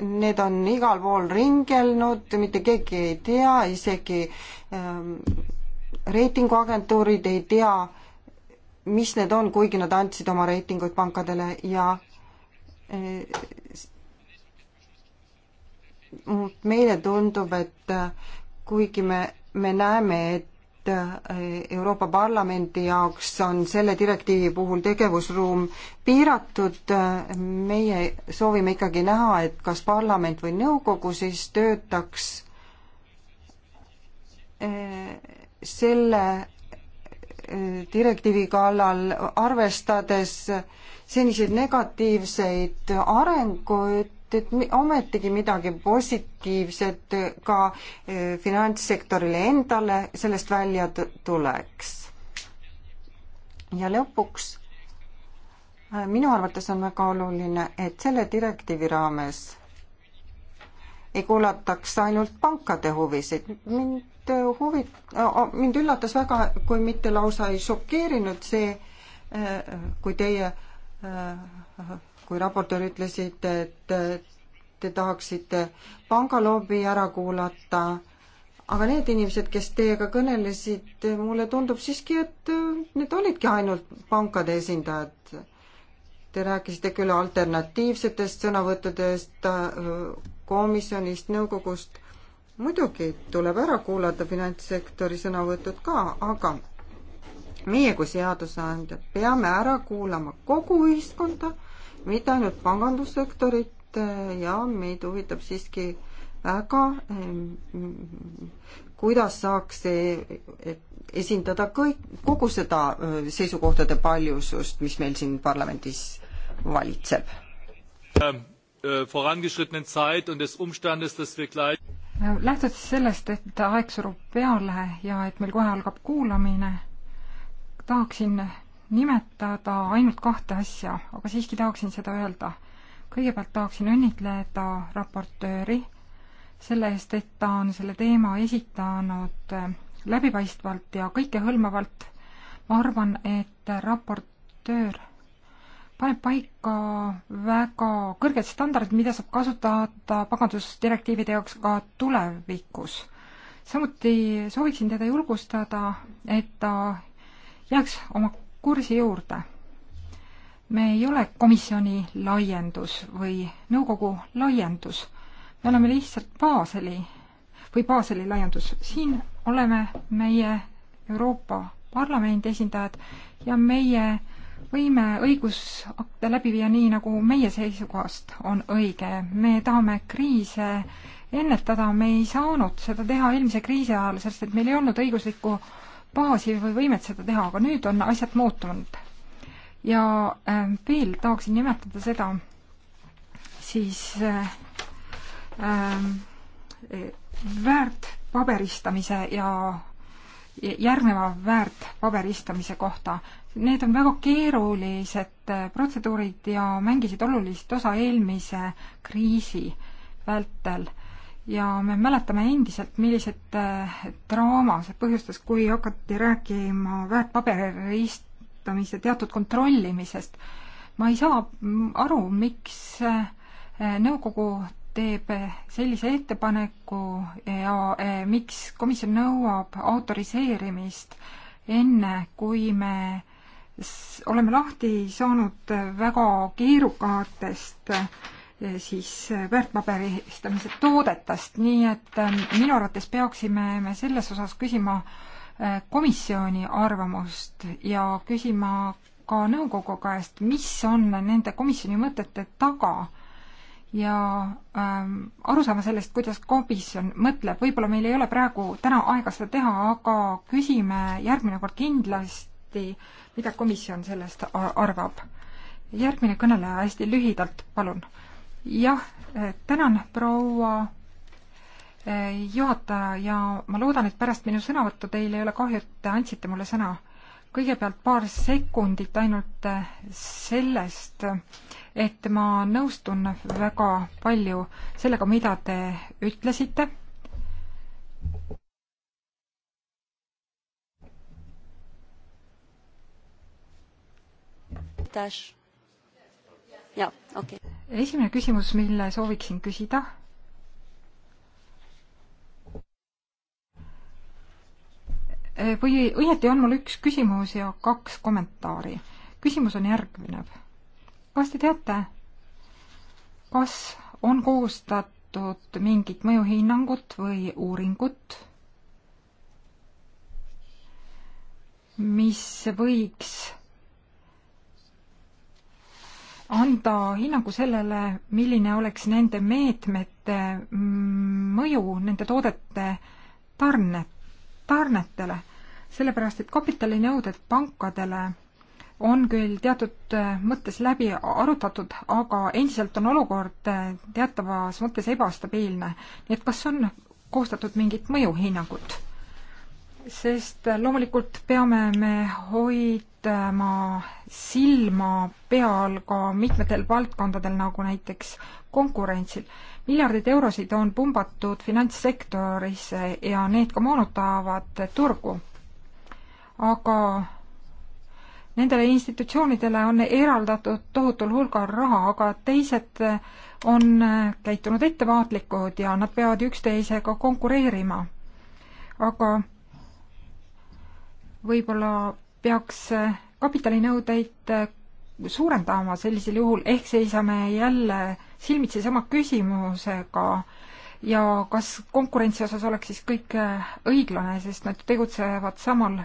S1: need on igal pool ringelnud, mitte keegi ei tea, isegi ähm, reitinguagentuurid ei tea, mis need on, kuigi nad andsid oma reitinguid pankadele ja äh, meile tundub, et äh, kuigi me me näeme, et eh, Euroopa Parlamendi jaoks on selle direktiivi puhul tegevusruum piiratud, meie soovime ikkagi näha, et kas parlament või nõukogu siis töötaks eh, selle eh, direktiivi kallal, arvestades seniseid negatiivseid arenguid, et ometigi midagi positiivset ka eh, finantssektorile endale sellest välja tuleks. ja lõpuks, eh, minu arvates on väga oluline, et selle direktiivi raames ei kuulataks ainult pankade huvisid. mind eh, huvi, mind üllatas väga, kui mitte lausa ei šokeerinud see, kui teie kui raportöör ütlesite, et te tahaksite pangaloobi ära kuulata, aga need inimesed, kes teiega kõnelesid, mulle tundub siiski, et need olidki ainult pankade esindajad. Te rääkisite küll alternatiivsetest sõnavõttudest, komisjonist, nõukogust. muidugi tuleb ära kuulata finantssektori sõnavõtud ka, aga meie kui seadusandjad peame ära kuulama kogu ühiskonda mitte ainult pangandussektorit äh, ja meid huvitab siiski väga, ähm, kuidas saaks esindada kõik, kogu seda äh, seisukohtade paljusust, mis meil siin parlamendis valitseb ähm,. Äh, vorangeschrittenen Zeit und des Umstandes, dass wir gleich
S3: äh, lähtudes sellest, et aeg surub peale ja et meil kohe algab kuulamine, tahaksin nimetada ainult kahte asja, aga siiski tahaksin seda öelda. kõigepealt tahaksin õnnitleda raportööri selle eest, et ta on selle teema esitanud eh, läbipaistvalt ja kõikehõlmavalt. ma arvan, et raportöör paneb paika väga kõrged standardid, mida saab kasutada pagandusdirektiivide jaoks ka tulevikus. samuti sooviksin teda julgustada, et ta jääks oma kursi juurde. me ei ole komisjoni laiendus või nõukogu laiendus, me oleme lihtsalt Baseli või Baseli laiendus, siin oleme meie Euroopa Parlamendi esindajad ja meie võime õigusakte läbi viia nii, nagu meie seisukohast on õige. me tahame kriise ennetada, me ei saanud seda teha eelmise kriisi ajal, sest et meil ei olnud õiguslikku äh, baasi või võimet seda teha, aga nüüd on asjad muutunud. ja ähm, veel tahaksin nimetada seda siis äh, äh, väärtpaberistamise ja järgneva väärtpaberistamise kohta. Need on väga keerulised äh, protseduurid ja mängisid olulist osa eelmise kriisi vältel äh, ja me mäletame endiselt, millised eh, draama see põhjustas, kui hakati rääkima väärtpaberistamise teatud kontrollimisest. ma ei saa aru, miks eh, nõukogu teeb sellise ettepaneku ja eh, miks komisjon nõuab autoriseerimist enne, kui me oleme lahti saanud väga keerukatest äh, Eh, siis eh, väärtpaberistamise toodetest, nii et eh, minu arvates peaksime me selles osas küsima komisjoni arvamust ja küsima ka nõukogu käest, mis on nende komisjoni mõtete taga ja ähm, aru saama sellest, kuidas komisjon mõtleb, võib-olla meil ei ole praegu täna aega seda teha, aga küsime järgmine kord kindlasti, mida komisjon sellest arvab. järgmine kõneleja hästi lühidalt, palun jah, eh, tänan, proua eh, juhataja ja ma loodan, et pärast minu sõnavõttu teil ei ole kahju, et te andsite mulle sõna. kõigepealt paar sekundit ainult eh, sellest, et ma nõustun väga palju sellega, mida te ütlesite. Tash jaa, okei okay.. esimene küsimus, mille sooviksin küsida. või õieti on mul üks küsimus ja kaks kommentaari. küsimus on järgmine. kas te teate, kas on koostatud mingit mõjuhinnangut või uuringut, mis võiks anda hinnangu sellele, milline oleks nende meetmete mm, mõju nende toodete tarne, tarnetele. sellepärast, et kapitalinõuded pankadele on küll teatud äh, mõttes läbi arutatud, aga endiselt on olukord äh, teatavas mõttes ebastabiilne. nii et kas on koostatud mingit mõjuhinnangut? sest äh, loomulikult peame me hoid-, näitama äh, silma peal ka mitmetel valdkondadel, nagu näiteks konkurentsil. miljardid eurosid on pumbatud finantssektorisse ja need ka moonutavad turgu. aga nendele institutsioonidele on eraldatud tohutul hulgal raha, aga teised on käitunud ettevaatlikud ja nad peavad üksteisega konkureerima. aga võib-olla peaks äh, kapitalinõudeid äh, suurendama sellisel juhul, ehk seisame jälle silmitsi sama küsimusega ja kas konkurentsi osas oleks siis kõik äh, õiglane, sest nad tegutsevad samal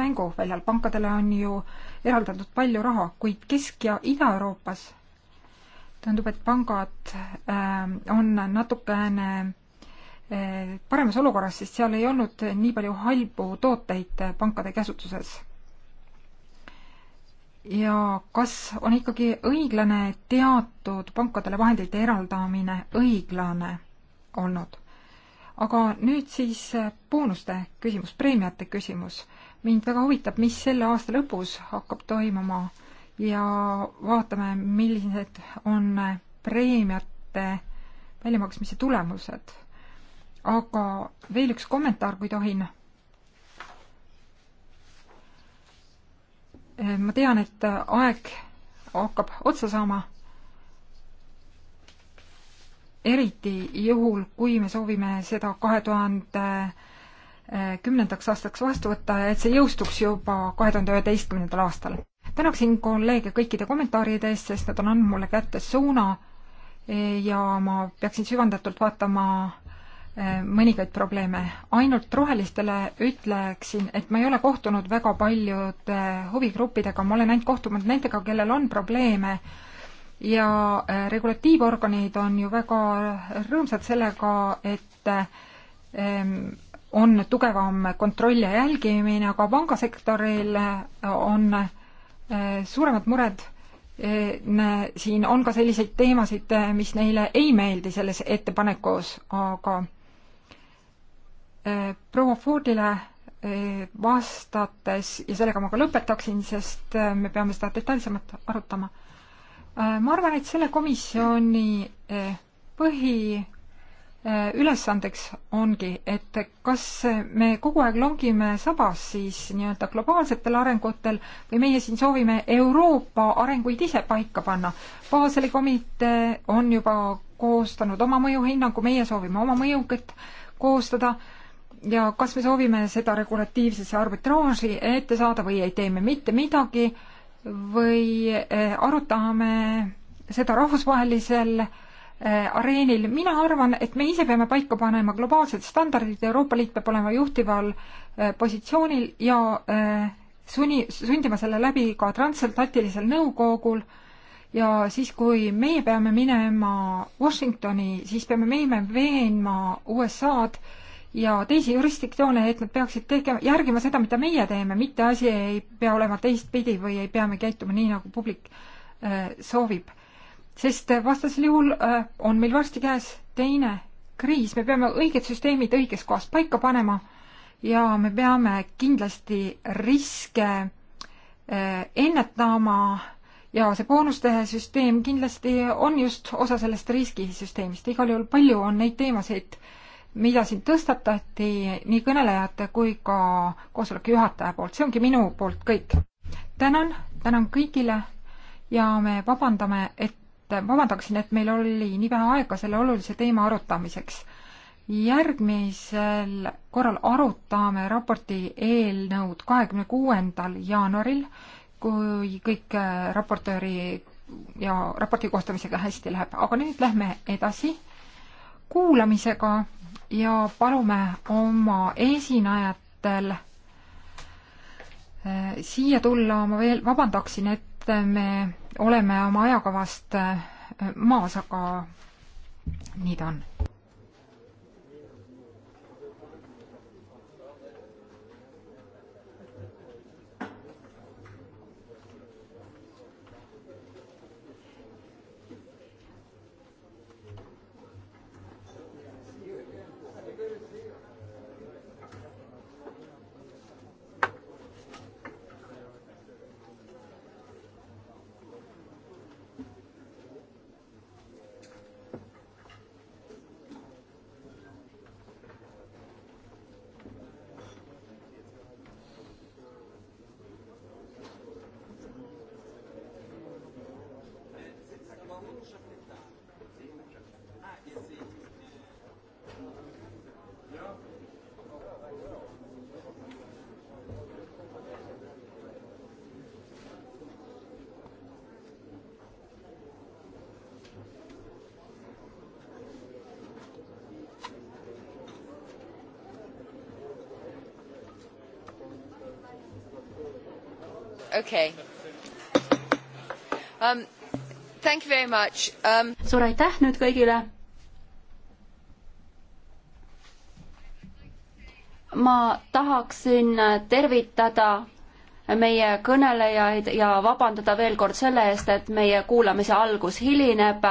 S3: mänguväljal, pankadele on ju eraldatud palju raha, kuid Kesk- ja Ida-Euroopas tundub, et pangad äh, on natukene äh, paremas olukorras, sest seal ei olnud nii palju halbu tooteid pankade käsutuses ja kas on ikkagi õiglane teatud pankadele vahendite eraldamine õiglane olnud? aga nüüd siis äh, boonuste küsimus, preemiate küsimus. mind väga huvitab, mis selle aasta lõpus hakkab toimuma ja vaatame, millised on äh, preemiate väljamaksmise tulemused. aga veel üks kommentaar, kui tohin ma tean, et aeg hakkab otsa saama. eriti juhul, kui me soovime seda kahe tuhande kümnendaks aastaks vastu võtta ja et see jõustuks juba kahe tuhande üheteistkümnendal aastal. tänaksin kolleege kõikide kommentaaride eest, sest nad on andnud mulle kätte suuna ja ma peaksin süvendatult vaatama Äh, mõningaid probleeme. ainult rohelistele ütleksin, et ma ei ole kohtunud väga paljude huvigruppidega, ma olen ainult kohtunud nendega, kellel on probleeme ja äh, regulatiivorganid on ju väga rõõmsad sellega, et ähm, on tugevam kontroll ja jälgimine, aga pangasektoril äh, on suuremad mured siin on ka selliseid teemasid, mis neile ei meeldi selles ettepanekus, aga Äh, proua Fordile äh, vastates ja sellega ma ka lõpetaksin, sest äh, me peame seda detailsemalt arutama. ma arvan, et selle komisjoni põhiülesandeks ongi, et kas me kogu aeg longime sabas siis nii-öelda globaalsetel arengutel või meie siin soovime Euroopa arenguid ise paika panna. Baseli komitee on juba koostanud oma mõjuhinnangu, meie soovime oma mõjukit koostada ja kas me soovime seda regulatiivsesse arbitraaži ette saada või ei tee me mitte midagi või eh, arutame seda rahvusvahelisel eh, areenil. mina arvan, et me ise peame paika panema globaalsed standardid, Euroopa Liit peab olema juhtival eh, positsioonil ja sunni, sündima selle läbi ka transatlantilisel nõukogul ja siis, kui meie peame minema Washingtoni, siis peame meie veenma USA-d ja teisi jurisdiktsioone, et nad peaksid tegema, järgima seda, mida meie teeme, mitte asi ei pea olema teistpidi või ei pea me käituma nii, nagu publik äh, soovib. sest äh, vastasel juhul äh, on meil varsti käes teine kriis, me peame õiged süsteemid õiges kohas paika panema ja me peame kindlasti riske äh, ennetama ja see boonuste süsteem kindlasti on just osa sellest riskisüsteemist, igal juhul palju on neid teemasid äh,, mida siin tõstatati nii kõnelejate kui ka koosoleku juhataja poolt, see ongi minu poolt kõik. tänan, tänan kõigile ja me vabandame, et, vabandaksin, et meil oli nii vähe aega selle olulise teema arutamiseks. järgmisel korral arutame raporti eelnõud kahekümne kuuendal jaanuaril, kui kõik äh, raportööri ja raporti koostamisega hästi läheb, aga nüüd lähme edasi kuulamisega ja palume oma esinejatel eh, siia tulla, ma veel vabandaksin, et me oleme oma ajakavast eh, maas, aga nii ta on okei
S1: okay.
S3: um,.
S2: Thank you very much um.... suur aitäh nüüd kõigile. ma tahaksin tervitada meie kõnelejaid ja vabandada veel kord selle eest, et meie kuulamise algus hilineb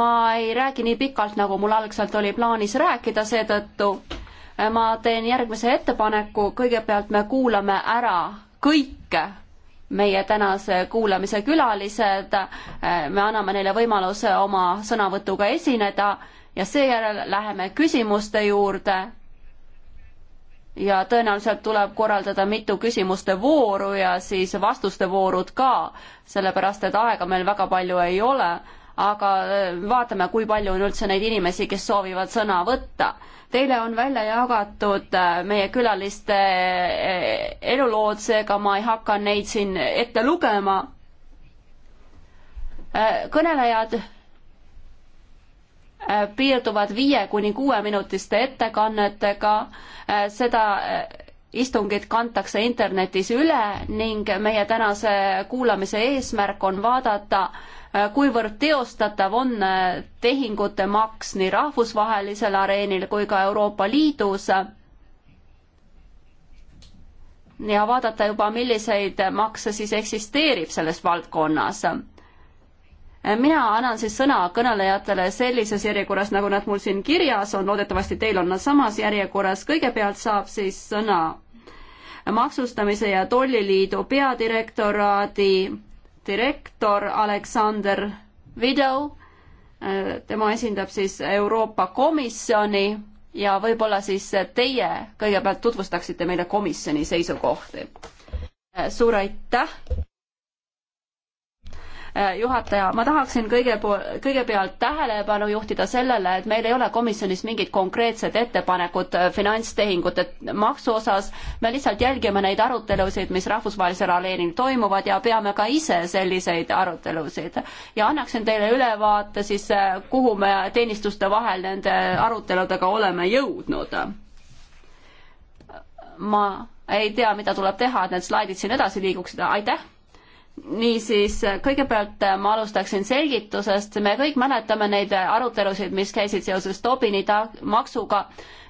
S2: ma ei räägi nii pikalt, nagu mul algselt oli plaanis rääkida, seetõttu ma teen järgmise ettepaneku, kõigepealt me kuulame ära kõik meie tänase kuulamise külalised, me anname neile võimaluse oma sõnavõtuga esineda ja seejärel läheme küsimuste juurde. ja tõenäoliselt tuleb korraldada mitu küsimuste vooru ja siis vastuste voorud ka, sellepärast et aega meil väga palju ei ole aga äh, vaatame, kui palju on üldse neid inimesi, kes soovivad sõna võtta. Teile on välja jagatud äh, meie külaliste äh, elulood, seega ma ei hakka neid siin ette lugema. kõnelejad piirduvad viie kuni kuueminutiste ettekannetega, seda istungid kantakse internetis üle ning meie tänase kuulamise eesmärk on vaadata, Äh, kuivõrd teostatav on äh, tehingute maks nii rahvusvahelisel areenil kui ka Euroopa Liidus. ja vaadata juba, milliseid makse siis eksisteerib selles valdkonnas. Äh, mina annan siis sõna kõnelejatele sellises järjekorras, nagu nad mul siin kirjas on, loodetavasti teil on nad samas järjekorras, kõigepealt saab siis sõna maksustamise ja tolliliidu peadirektoraadi direktor Aleksander Video, äh, tema esindab siis Euroopa Komisjoni ja võib-olla siis teie kõigepealt tutvustaksite meile komisjoni seisukohti. Äh, suur aitäh! Äh, juhataja, ma tahaksin kõige, kõigepealt tähelepanu juhtida sellele, et meil ei ole komisjonis mingit konkreetset ettepanekut äh, finantstehingute maksu osas. me lihtsalt jälgime neid arutelusid, mis rahvusvahelisel areenil toimuvad ja peame ka ise selliseid arutelusid. ja annaksin teile ülevaate siis, äh, kuhu me teenistuste vahel nende aruteludega oleme jõudnud. ma ei tea, mida tuleb teha, et need slaidid siin edasi liiguksid, aitäh niisiis, kõigepealt ma alustaksin selgitusest, me kõik mäletame neid arutelusid, mis käisid seoses Tobini ta-, maksuga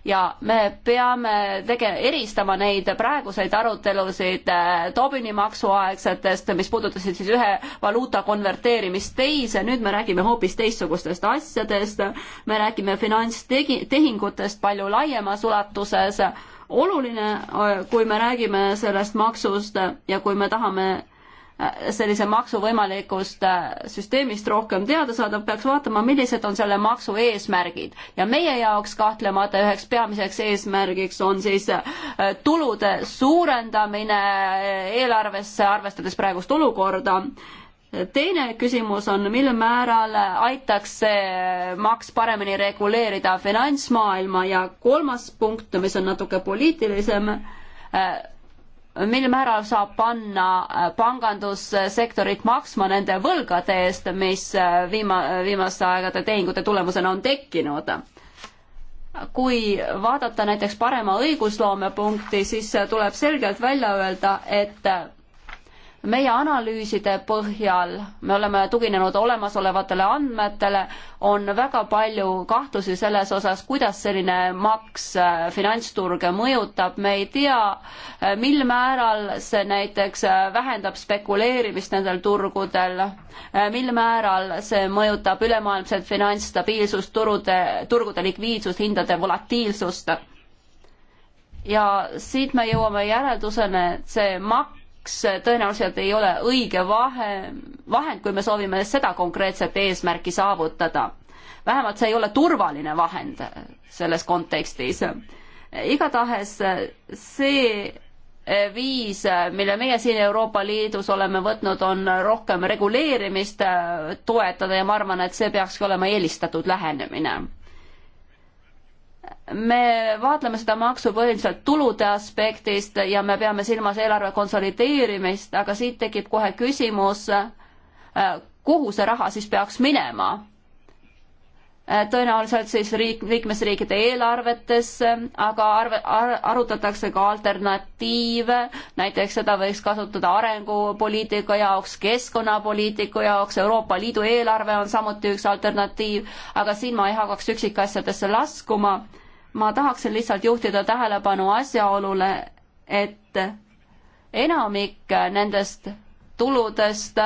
S2: ja me peame tege-, eristama neid praeguseid arutelusid äh, Tobini maksuaegsetest, mis puudutasid siis ühe valuuta konverteerimist teise, nüüd me räägime hoopis teistsugustest asjadest, me räägime finantstegi-, tehingutest palju laiemas ulatuses, oluline, äh, kui me räägime sellest maksust ja kui me tahame sellise maksu võimalikust äh, süsteemist rohkem teada saada, peaks vaatama, millised on selle maksu eesmärgid. ja meie jaoks kahtlemata üheks peamiseks eesmärgiks on siis äh, tulude suurendamine äh, eelarvesse, arvestades praegust olukorda teine küsimus on, mil määral aitaks see maks paremini reguleerida finantsmaailma ja kolmas punkt, mis on natuke poliitilisem, mil määral saab panna äh, pangandussektorit maksma nende võlgade eest, mis äh, viima-, viimaste aegade tehingute tulemusena on tekkinud. kui vaadata näiteks parema õigusloome punkti, siis äh, tuleb selgelt välja öelda, et meie analüüside põhjal, me oleme tuginenud olemasolevatele andmetele, on väga palju kahtlusi selles osas, kuidas selline maks äh, finantsturge mõjutab, me ei tea, äh, mil määral see näiteks äh, vähendab spekuleerimist nendel turgudel, mil määral see mõjutab ülemaailmset finantsstabiilsust, turude, turgude likviidsust, hindade volatiilsust ja siit me jõuame järeldusele, et see maks kaks tõenäoliselt ei ole õige vahe, vahend, kui me soovime seda konkreetset eesmärki saavutada. vähemalt see ei ole turvaline vahend selles kontekstis. igatahes see viis, mille meie siin Euroopa Liidus oleme võtnud, on rohkem reguleerimist toetada ja ma arvan, et see peakski olema eelistatud lähenemine me vaatleme seda maksu põhiliselt tulude aspektist ja me peame silmas eelarve konsolideerimist, aga siit tekib kohe küsimus, kuhu see raha siis peaks minema Äh, tõenäoliselt siis riik, liikmesriikide eelarvetesse, äh, aga arve ar,, arutatakse ka alternatiive, näiteks seda võiks kasutada arengupoliitika jaoks, keskkonnapoliitika jaoks, Euroopa Liidu eelarve on samuti üks alternatiiv, aga siin ma ei hakkaks üksikasjadesse laskuma. ma tahaksin lihtsalt juhtida tähelepanu asjaolule, et enamik nendest tuludest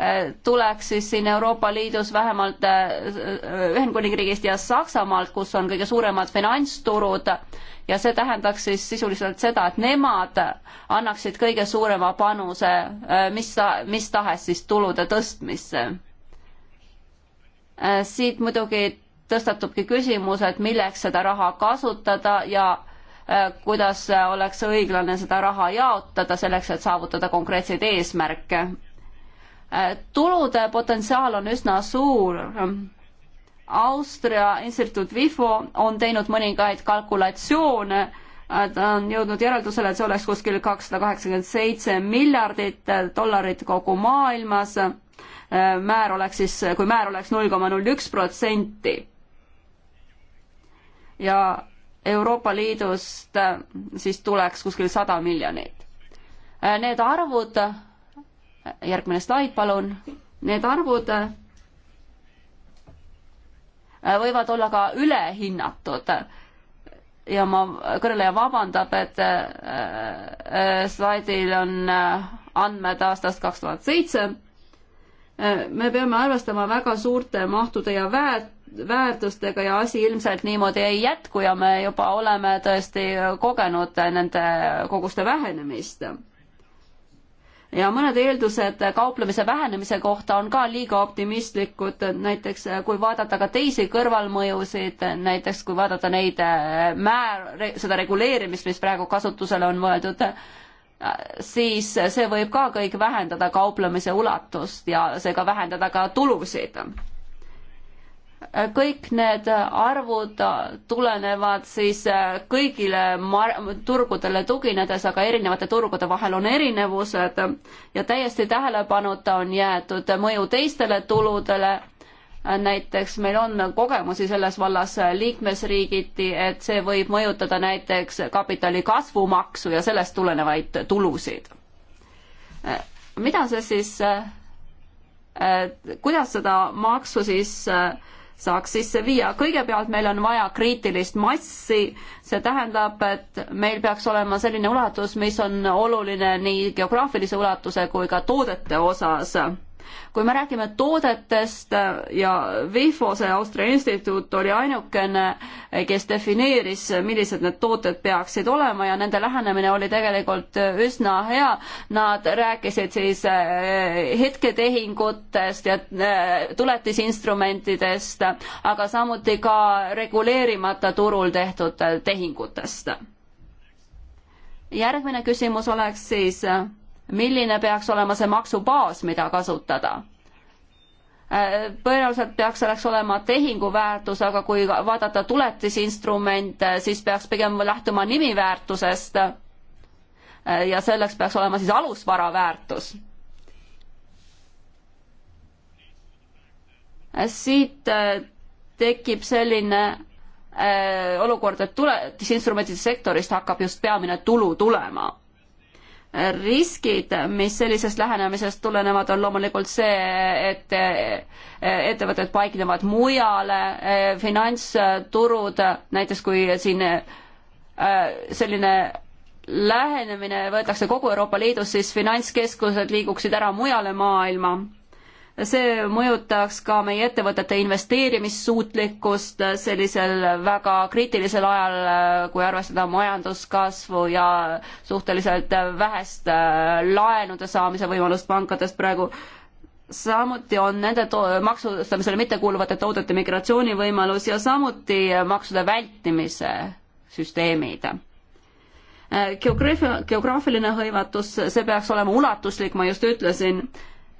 S2: Eh, tuleks siis siin Euroopa Liidus vähemalt eh, eh, Ühendkuningriigist ja Saksamaalt, kus on kõige suuremad finantsturud ja see tähendaks siis sisuliselt seda, et nemad annaksid kõige suurema panuse mis, mis tahes siis tulude tõstmisse. siit muidugi tõstatubki küsimus, et milleks seda raha kasutada ja kuidas oleks õiglane seda raha jaotada selleks, et saavutada konkreetseid eesmärke Äh, tulude potentsiaal on üsna suur. Austria instituut WIFO on teinud mõningaid kalkulatsioone, äh, ta on jõudnud järeldusele, et see oleks kuskil kakssada kaheksakümmend seitse miljardit äh, dollarit kogu maailmas. määr oleks siis, kui määr oleks null koma null üks protsenti. ja Euroopa Liidust siis tuleks kuskil sada miljonit. Need arvud järgmine slaid, palun. Need arvud äh, võivad olla ka ülehinnatud ja ma, kõneleja vabandab, et äh, äh, slaidil on andmed aastast kaks tuhat seitse. me peame arvestama väga suurte mahtude ja väärt-, väärtustega ja asi ilmselt niimoodi ei jätku ja me juba oleme tõesti kogenud nende koguste vähenemist ja mõned eeldused kauplemise vähenemise kohta on ka liiga optimistlikud, näiteks kui vaadata ka teisi kõrvalmõjusid, näiteks kui vaadata neid äh, määr, seda reguleerimist, mis praegu kasutusele on võetud, siis see võib ka kõik vähendada kauplemise ulatust ja seega vähendada ka tulusid kõik need arvud tulenevad siis äh, kõigile turgudele tuginedes, aga erinevate turgude vahel on erinevused ja täiesti tähelepanuta on jäetud mõju teistele tuludele. näiteks meil on kogemusi selles vallas liikmesriigiti, et see võib mõjutada näiteks kapitali kasvumaksu ja sellest tulenevaid tulusid. mida see siis, äh, kuidas seda maksu siis äh, saaks sisse viia. kõigepealt meil on vaja kriitilist massi, see tähendab, et meil peaks olema selline ulatus, mis on oluline nii geograafilise ulatuse kui ka toodete osas kui me räägime toodetest äh, ja WIFO, see Austria instituut oli ainukene, äh, kes defineeris, äh, millised need tooted peaksid olema ja nende lähenemine oli tegelikult üsna hea. Nad rääkisid siis hetketehingutest ja tuletisinstrumentidest, aga samuti ka reguleerimata turul tehtud tehingutest. järgmine küsimus oleks siis milline peaks olema see maksubaas, mida kasutada tõenäoliselt peaks selleks olema tehinguväärtus, aga kui vaadata tuletisinstrumente, siis peaks pigem lähtuma nimiväärtusest. ja selleks peaks olema siis alusvara väärtus. siit äh, tekib selline äh, olukord, et tuletisinstrumentide sektorist hakkab just peamine tulu tulema riskid, mis sellisest lähenemisest tulenevad, on loomulikult see, et eh, ettevõtted paiknevad mujale, eh, finantsturud, näiteks kui siin eh, selline lähenemine võetakse kogu Euroopa Liidus, siis finantskeskused liiguksid ära mujale maailma see mõjutaks ka meie ettevõtete investeerimissuutlikkust sellisel väga kriitilisel ajal, kui arvestada majanduskasvu ja suhteliselt vähest äh, laenude saamise võimalust pankadest praegu. samuti on nende maksustamisele mittekuuluvate toodete migratsioonivõimalus ja samuti maksude vältimise süsteemid äh, geograafiline hõivatus, see peaks olema ulatuslik, ma just ütlesin,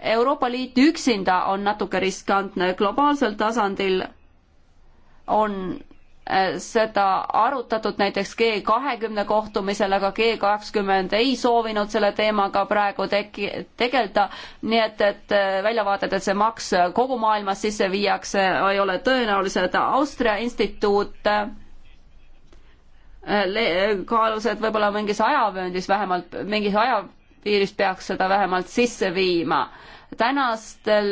S2: Euroopa Liit üksinda on natuke riskantne, globaalsel tasandil on äh, seda arutatud näiteks G kahekümne kohtumisel, aga G kakskümmend ei soovinud selle teemaga praegu teki-, tegeleda, nii et, et äh, väljavaated, et see maks kogu maailmas sisse viiakse, ei ole tõenäolised, Austria instituut äh, kaalus, et võib-olla mingis ajavööndis vähemalt, mingis aja piirist peaks seda vähemalt sisse viima. tänastel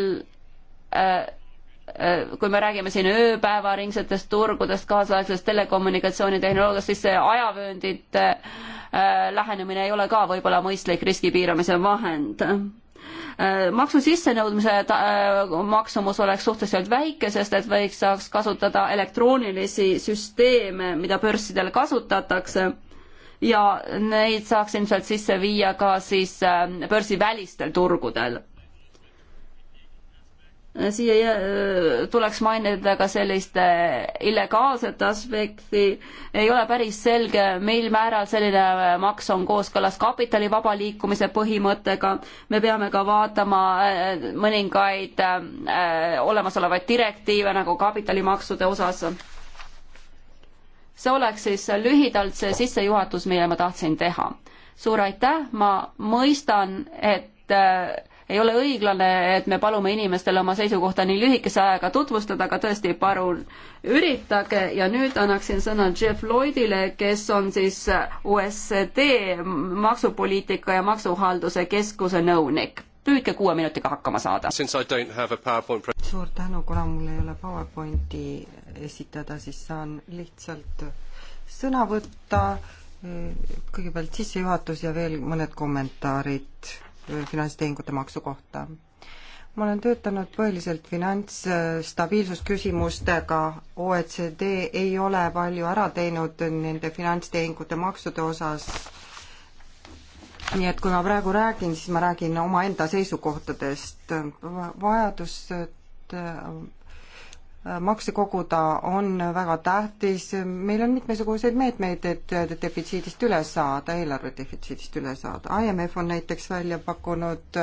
S2: äh, äh, kui me räägime siin ööpäevaringsetest turgudest, kaasaegsest telekommunikatsioonitehnoloogiast, siis see ajavööndite äh, lähenemine ei ole ka võib-olla mõistlik riski piiramise vahend maksu sissenõudmise maksumus oleks suhteliselt väike, sest et võiks, saaks kasutada elektroonilisi süsteeme, mida börssidel kasutatakse ja neid saaks ilmselt sisse viia ka siis ähm, börsivälistel turgudel. siia äh, tuleks mainida ka sellist äh, illegaalset aspekti, ei ole päris selge, mil määral selline äh, maks on kooskõlas kapitali vaba liikumise põhimõttega, me peame ka vaatama mõningaid olemasolevaid direktiive nagu kapitalimaksude osas see oleks siis lühidalt see sissejuhatus, mille ma tahtsin teha. suur aitäh, ma mõistan, et äh, ei ole õiglane, et me palume inimestele oma seisukohta nii lühikese ajaga tutvustada, aga tõesti, palun üritage ja nüüd annaksin sõna Jeff Lloydile, kes on siis OSCD maksupoliitika ja maksuhalduse keskuse nõunik püüdke kuue minutiga hakkama saada. suur
S1: tänu, kuna mul ei ole PowerPointi esitada, siis saan lihtsalt sõna võtta. kõigepealt sissejuhatus ja veel mõned kommentaarid finantstehingute maksu kohta ma olen töötanud põhiliselt finantsstabiilsusküsimustega, OECD ei ole palju ära teinud nende finantstehingute maksude osas nii et kui ma praegu räägin, siis ma räägin omaenda seisukohtadest. vajadus äh, makse koguda on väga tähtis, meil on mitmesuguseid meetmeid, et defitsiidist üle saada, eelarve defitsiidist üle saada. IMF on näiteks välja pakkunud,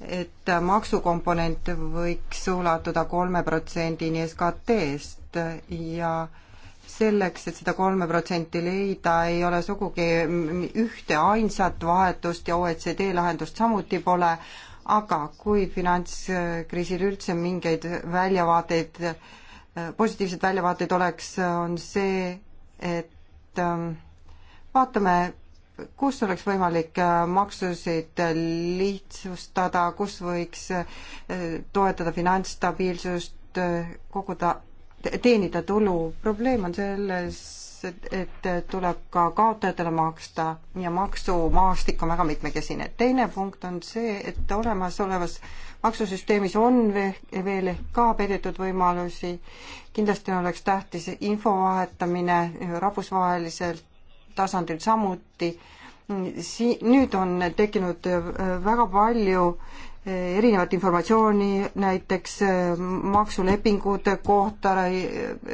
S1: et maksukomponent võiks ulatuda kolme protsendini SKT-st ja äh, selleks, et seda kolme protsenti leida, ei ole sugugi ühte ainsat vahetust ja OECD lahendust samuti pole, aga kui finantskriisil üldse mingeid väljavaateid, positiivseid väljavaateid oleks, on see, et ähm, vaatame, kus oleks võimalik äh, maksusid lihtsustada, kus võiks äh, toetada finantsstabiilsust, äh, koguda teenida tulu. probleem on selles, et, et tuleb ka kaotajatele maksta ja maksumaastik on väga mitmekesine. teine punkt on see, et olemasolevas maksusüsteemis on veel ehk ka peidetud võimalusi. kindlasti oleks tähtis info vahetamine rahvusvahelisel tasandil samuti sii-, nüüd on tekkinud väga palju erinevat informatsiooni näiteks äh, maksulepingute kohta,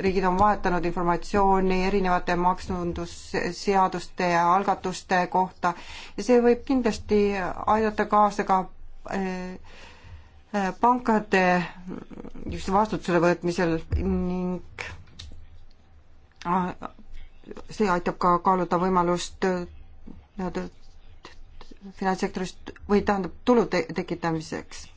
S1: riigid on vahetanud informatsiooni erinevate maksundusseaduste ja algatuste kohta ja see võib kindlasti aidata kaasa ka äh, pankade just vastutusele võtmisel ning äh, see aitab ka kaaluda võimalust nii-öelda finantssektorist või tähendab tulu te tekitamiseks.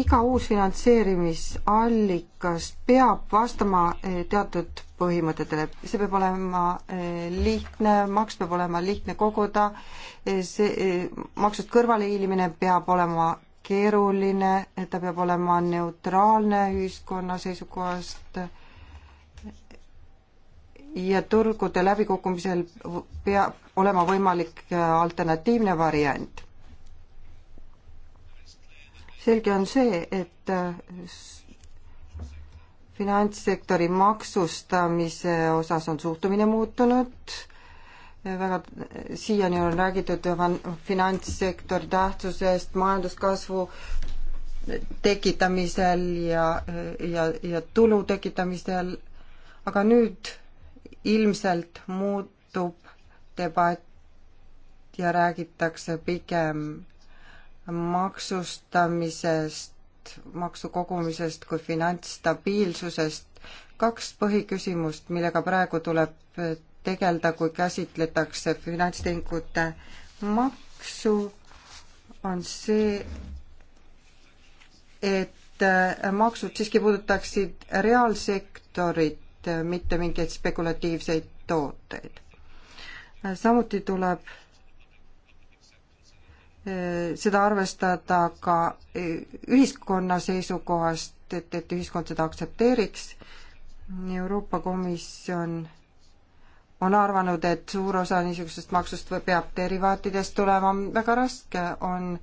S1: iga uus finantseerimisallikas peab vastama eh, teatud põhimõtetele, see peab olema eh, lihtne, maks peab olema lihtne koguda, eh, see maksust kõrvalehiilimine peab olema keeruline, ta peab olema neutraalne ühiskonna seisukohast ja turgude läbikukkumisel peab olema võimalik äh, alternatiivne variant. selge on see, et äh, finantssektori maksustamise osas on suhtumine muutunud, väga, siiani on räägitud finantssektori tähtsusest majanduskasvu tekitamisel ja, ja, ja tulu tekitamisel, aga nüüd ilmselt muutub debatt ja räägitakse pigem maksustamisest, maksu kogumisest kui finantsstabiilsusest, kaks põhiküsimust, millega praegu tuleb tegeleda, kui käsitletakse finantstehingute maksu, on see, et maksud siiski puudutaksid reaalsektorit, mitte mingeid spekulatiivseid tooteid. samuti tuleb eh, seda arvestada ka eh, ühiskonna seisukohast, et, et ühiskond seda aktsepteeriks. Euroopa Komisjon on arvanud, et suur osa niisugusest maksust või peab derivaatidest tulema, väga raske on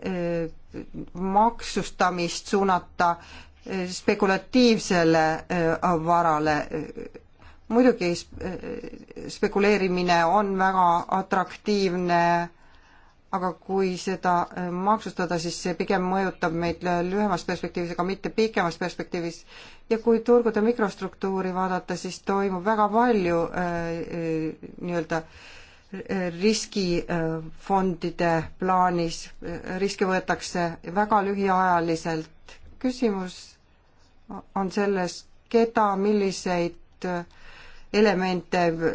S1: eh, maksustamist suunata spekulatiivsele äh, varale. muidugi äh, spekuleerimine on väga atraktiivne, aga kui seda äh, maksustada, siis see pigem mõjutab meid lühemas perspektiivis, aga mitte pikemas perspektiivis. ja kui turgude mikrostruktuuri vaadata, siis toimub väga palju nii-öelda riskifondide plaanis, riske võetakse väga lühiajaliselt. küsimus on selles, keda, milliseid äh, elemente äh,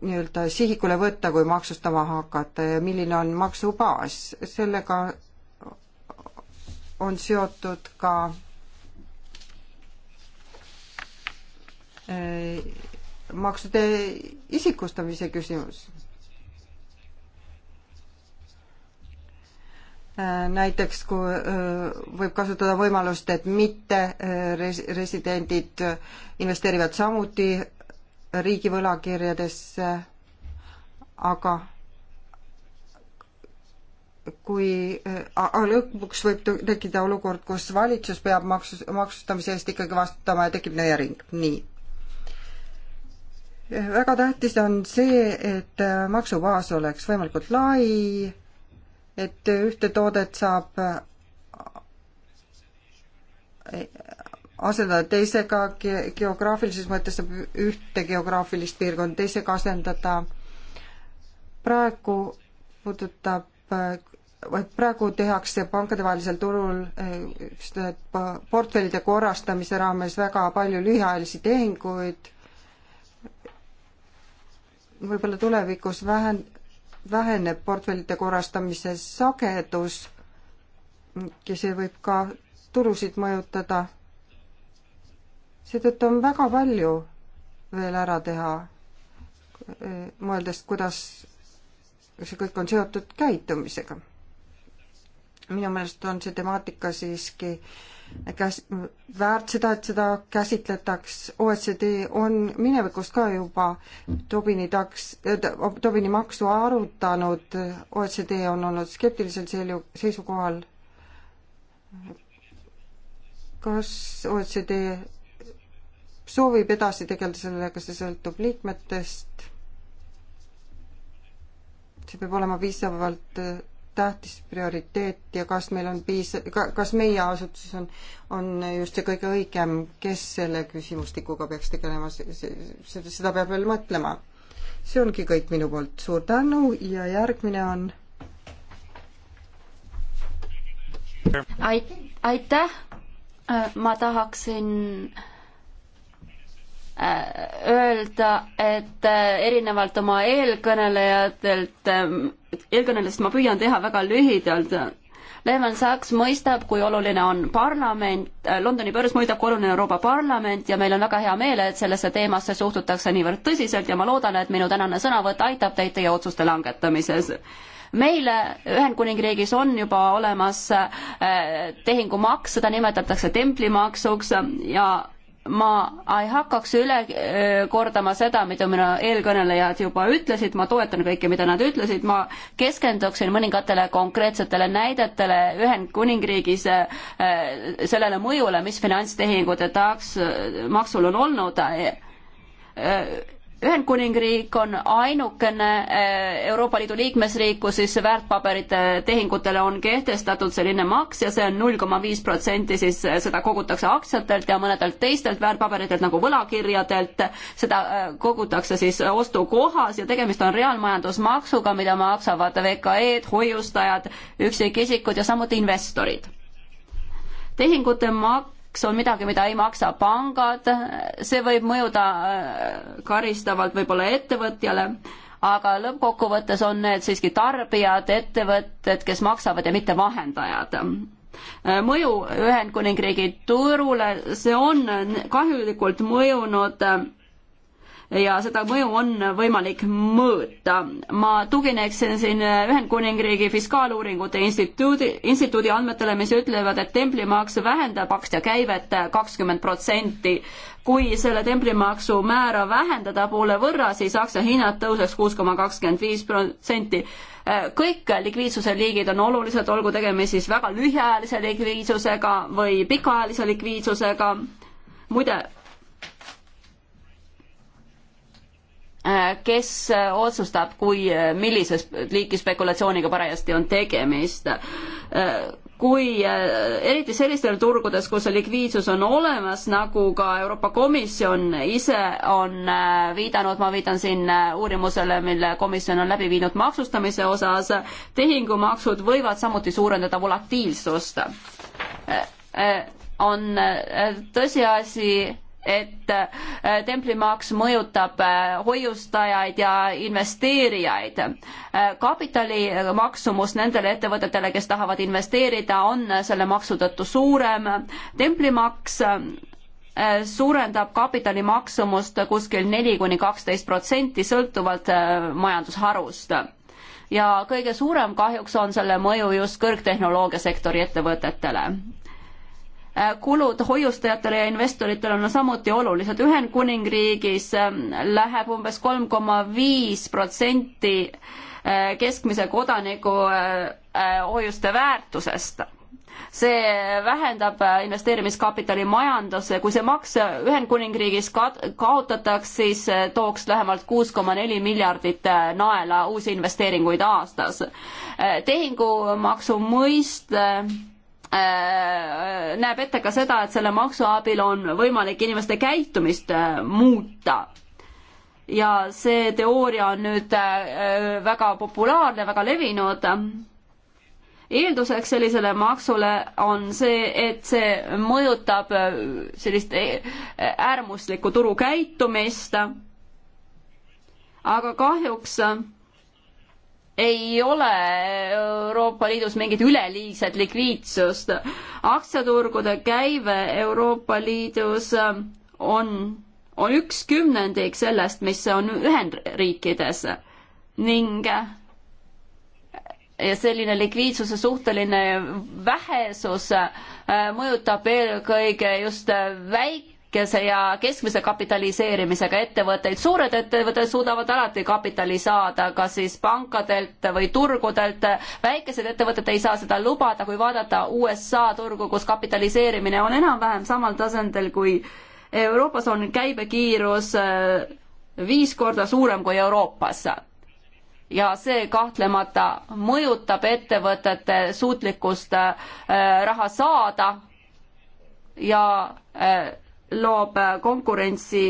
S1: nii-öelda sihikule võtta, kui maksustama hakata ja milline on maksubaas, sellega on seotud ka äh, maksude isikustamise küsimus Äh, näiteks kui äh, võib kasutada võimalust, et mitte äh, res-, residendid investeerivad samuti riigi võlakirjadesse, aga kui, aga lõpuks võib tekkida olukord, kus valitsus peab maksus, maksustamise eest ikkagi vastutama ja tekib nõiaring, nii. väga tähtis on see, et maksubaas oleks võimalikult lai, et ühte toodet saab asendada teisega ge-, geograafilises mõttes saab ühte geograafilist piirkonda teisega asendada. praegu puudutab, vaid praegu tehakse pankadevahelisel turul eh, portfellide korrastamise raames väga palju lühiajalisi tehinguid, võib-olla tulevikus vähen-, väheneb portfellide korrastamise sagedus ja see võib ka turusid mõjutada. seetõttu on väga palju veel ära teha, mõeldes, kuidas see kõik on seotud käitumisega. minu meelest on see temaatika siiski äh, käs-, väärt seda, et seda käsitletaks, OECD on minevikus ka juba Tobini taks, äh, Tobini maksu arutanud, OECD on olnud skeptilisel seilu, seisukohal. kas OECD soovib edasi tegeleda sellega, see sõltub liikmetest, see peab olema piisavalt äh, tähtis prioriteet ja kas meil on piis-, ka, kas meie asutuses on, on just see kõige õigem, kes selle küsimustikuga peaks tegelema, seda peab veel mõtlema. see ongi kõik minu poolt, suur tänu ja järgmine on Ait-, aitäh, äh, ma tahaksin
S2: äh, öelda, et äh, erinevalt oma eelkõnelejatelt ähm, eelkõnelest ma püüan teha väga lühidalt. Lehman Sachs mõistab, kui oluline on parlament, Londoni börs mõistab, kui oluline on Euroopa Parlament ja meil on väga hea meel, et sellesse teemasse suhtutakse niivõrd tõsiselt ja ma loodan, et minu tänane sõnavõtt aitab teid teie otsuste langetamises meil Ühendkuningriigis on juba olemas eh, tehingumaks, seda nimetatakse templimaksuks ja ma ei hakkaks üle kordama seda, mida minu eelkõnelejad juba ütlesid, ma toetan kõike, mida nad ütlesid, ma keskenduksin mõningatele konkreetsetele näidetele Ühendkuningriigis sellele mõjule, mis finantstehingute taks, maksul on olnud Ühendkuningriik on ainukene eh, Euroopa Liidu liikmesriik, kus siis väärtpaberite tehingutele on kehtestatud selline maks ja see on null koma viis protsenti, siis eh, seda kogutakse aktsiatelt ja mõnedelt teistelt väärtpaberitelt nagu võlakirjadelt. seda eh, kogutakse siis ostukohas ja tegemist on reaalmajandusmaksuga, mida maksavad VKE-d, hoiustajad, üksikisikud ja samuti investorid. tehingute maks maks on midagi, mida ei maksa pangad, see võib mõjuda äh, karistavalt võib-olla ettevõtjale, aga lõppkokkuvõttes on need siiski tarbijad, ettevõtted, kes maksavad ja mitte vahendajad äh, mõju Ühendkuningriigi turule, see on kahjulikult mõjunud äh, ja seda mõju on võimalik mõõta. ma tugineksin siin Ühendkuningriigi Fiskaaluuringute Instituudi, instituudi andmetele, mis ütlevad, et templimaks vähendab aktsia käivet kakskümmend protsenti. kui selle templimaksu määra vähendada poole võrra, siis aktsiahinnad tõuseks kuus koma kakskümmend viis protsenti kõik likviidsuse liigid on olulised, olgu tegemist siis väga lühiajalise likviidsusega või pikaajalise likviidsusega. muide, Äh, kes äh, otsustab, kui, äh, millises liiki spekulatsiooniga parajasti on tegemist. kui eriti sellistel turgudel, kus likviidsus on olemas, nagu ka Euroopa Komisjon ise on viidanud, ma viitan siin uurimusele, mille komisjon on läbi viinud maksustamise osas, tehingumaksud võivad samuti suurendada volatiilsust. on tõsiasi, et äh, templimaks mõjutab äh, hoiustajaid ja investeerijaid. Äh, kapitali maksumus nendele ettevõtetele, kes tahavad investeerida, on selle maksu tõttu suurem. templimaks suurendab kapitali maksumust kuskil neli kuni kaksteist protsenti, sõltuvalt majandusharust. ja kõige suurem kahjuks on selle mõju just kõrgtehnoloogiasektori ettevõtetele Äh, kulud hoiustajatele ja investoritele on samuti olulised. Ühendkuningriigis ähm, läheb umbes kolm koma viis protsenti äh, keskmise kodaniku äh, hoiuste väärtusest see vähendab investeerimiskapitali majanduse, kui see maks Ühendkuningriigis kaotataks, siis tooks lähemalt kuus koma neli miljardit naela uusi investeeringuid aastas. tehingumaksu mõiste Äh, näeb ette ka seda, et selle maksu abil on võimalik inimeste käitumist äh, muuta. ja see teooria on nüüd äh, väga populaarne, väga levinud. eelduseks sellisele maksule on see, et see mõjutab sellist äärmuslikku turukäitumist. aga kahjuks ei ole Euroopa Liidus mingit üleliigset likviidsust. aktsiaturgude käive Euroopa Liidus ähm, on, on üks kümnendik sellest, mis on Ühendriikides ning äh, ja selline likviidsuse suhteline vähesus äh, mõjutab eelkõige just äh, väik-, väikese ja keskmise kapitaliseerimisega ettevõtteid. suured ettevõtted suudavad alati kapitali saada, kas siis pankadelt või turgudelt. väikesed ettevõtted ei saa seda lubada, kui vaadata USA turgu, kus kapitaliseerimine on enam-vähem samal tasandil kui Euroopas on käibekiirus äh, viis korda suurem kui Euroopas ja see kahtlemata mõjutab ettevõtete suutlikkust äh, raha saada ja äh, loob konkurentsi,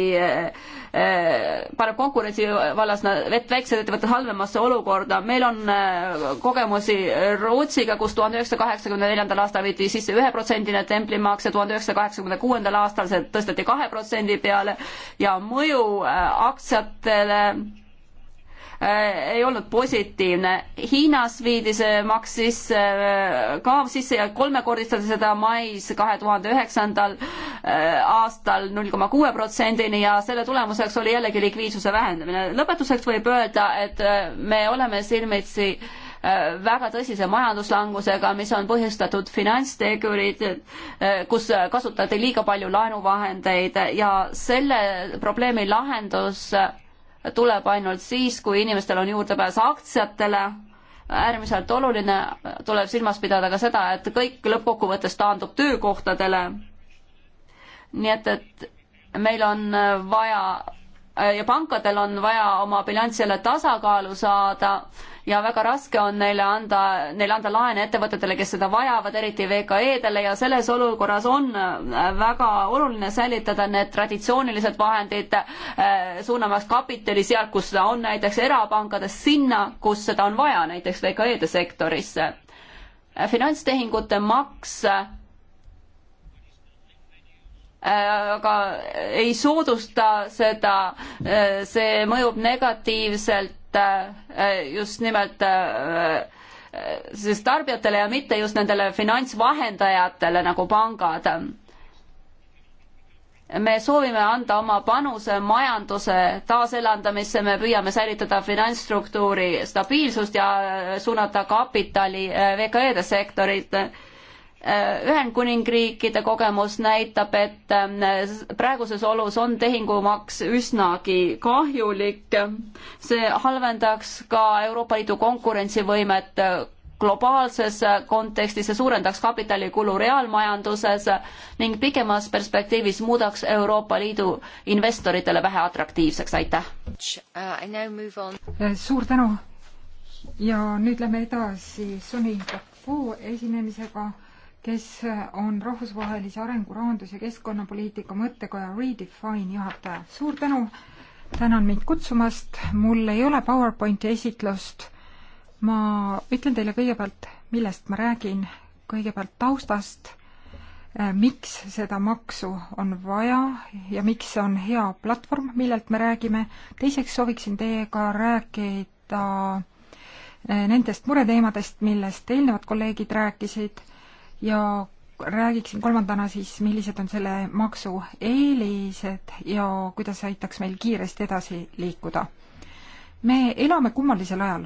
S2: paneb konkurentsi vallas vett väiksed ettevõtted halvemasse olukorda. meil on äh, kogemusi Rootsiga, kus tuhande üheksasaja kaheksakümne neljandal aastal viidi sisse üheprotsendine templimaks ja tuhande üheksasaja kaheksakümne kuuendal aastal see tõsteti kahe protsendi peale ja mõju äh, aktsiatele Äh, ei olnud positiivne. Hiinas viidi see maks sisse, äh, kaav sisse ja kolmekordistati seda mais kahe tuhande üheksandal äh, aastal null koma kuue protsendini ja selle tulemuseks oli jällegi likviidsuse vähendamine. lõpetuseks võib öelda, et me oleme silmitsi väga tõsise majanduslangusega, mis on põhjustatud finantstegurid, kus kasutati liiga palju laenuvahendeid ja selle probleemi lahendus tuleb ainult siis, kui inimestel on juurdepääs aktsiatele, äärmiselt oluline tuleb silmas pidada ka seda, et kõik lõppkokkuvõttes taandub töökohtadele. nii et, et meil on vaja ja pankadel on vaja oma bilanssi jälle tasakaalu saada ja väga raske on neile anda, neile anda laene ettevõtetele, kes seda vajavad, eriti VKE-dele ja selles olukorras on äh, väga oluline säilitada need traditsioonilised vahendid äh, suunamaks kapitali sealt, kus seda on, näiteks erapankades sinna, kus seda on vaja, näiteks VKE-de sektorisse. Äh, finantstehingute maks aga ei soodusta seda, see mõjub negatiivselt et äh, just nimelt äh, siis tarbijatele ja mitte just nendele finantsvahendajatele nagu pangad. me soovime anda oma panuse majanduse taaselandamisse, me püüame säilitada finantsstruktuuri stabiilsust ja suunata kapitali äh, VKE-de sektorit Äh, Ühendkuningriikide kogemus näitab, et äh, praeguses olus on tehingumaks üsnagi kahjulik. see halvendaks ka Euroopa Liidu konkurentsivõimet äh, globaalses kontekstis ja suurendaks kapitalikulu reaalmajanduses ning pikemas perspektiivis muudaks Euroopa Liidu investoritele väheatraktiivseks, aitäh!
S3: Uh, suur tänu ja nüüd lähme edasi Sonny Kapoo esinemisega kes on rahvusvahelise arengu rahandus- ja keskkonnapoliitika mõttekoja Redefine juhataja. suur tänu, tänan mind kutsumast, mul ei ole PowerPointi esitlust, ma ütlen teile kõigepealt, millest ma räägin, kõigepealt taustast, eh, miks seda maksu on vaja ja miks see on hea platvorm, millelt me räägime, teiseks sooviksin teiega rääkida eh, nendest mureteemadest, millest eelnevad kolleegid rääkisid ja räägiksin kolmandana siis, millised on selle maksu eelised ja kuidas see aitaks meil kiiresti edasi liikuda. me elame kummalisel ajal,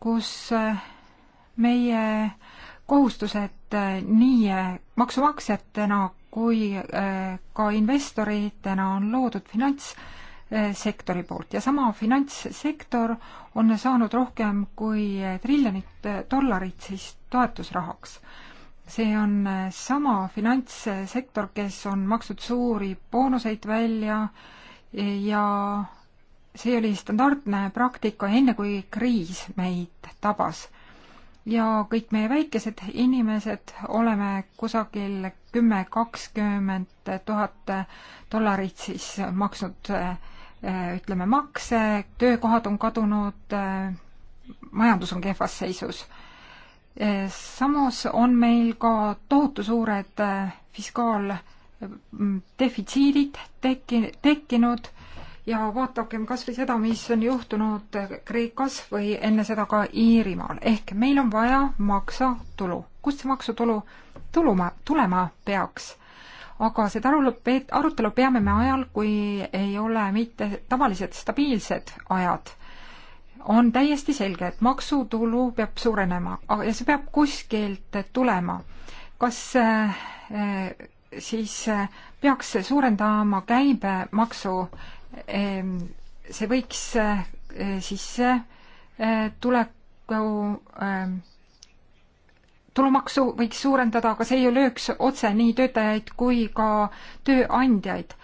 S3: kus äh, meie kohustused äh, nii äh, maksumaksjatena kui ka investoritena on loodud finants Eh, sektori poolt ja sama finantssektor on saanud rohkem kui triljonit eh, dollarit siis toetusrahaks. see on eh, sama finantssektor, kes on maksnud suuri boonuseid välja ja see oli standardne praktika enne, kui kriis meid tabas ja kõik meie väikesed inimesed oleme kusagil kümme, kakskümmend tuhat dollarit siis maksnud Äh, ütleme, makse, töökohad on kadunud, äh, majandus on kehvas seisus. Äh, samas on meil ka tohutu suured fiskaaldefitsiidid tekki-, tekkinud ja vaadakem kas või seda, mis on juhtunud Kreekas või enne seda ka Iirimaal. ehk meil on vaja maksatulu. kust see maksutulu tuluma, tulema peaks? aga seda arutelu peame me ajal, kui ei ole mitte tavalised stabiilsed ajad. on täiesti selge, et maksutulu peab suurenema ja see peab kuskilt tulema. kas eh, siis eh, peaks suurendama käibemaksu, see võiks eh, sisse tuleku tulumaksu võiks suurendada, aga see ju lööks otse nii töötajaid kui ka tööandjaid.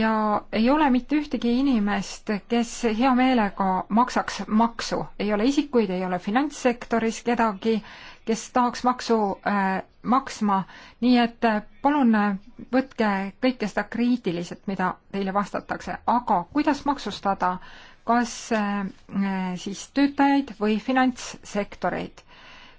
S3: ja ei ole mitte ühtegi inimest, kes hea meelega maksaks maksu, ei ole isikuid, ei ole finantssektoris kedagi, kes tahaks maksu äh, maksma, nii et äh, palun äh, võtke kõike seda kriitiliselt, mida teile vastatakse, aga kuidas maksustada kas äh, äh siis töötajaid või finantssektoreid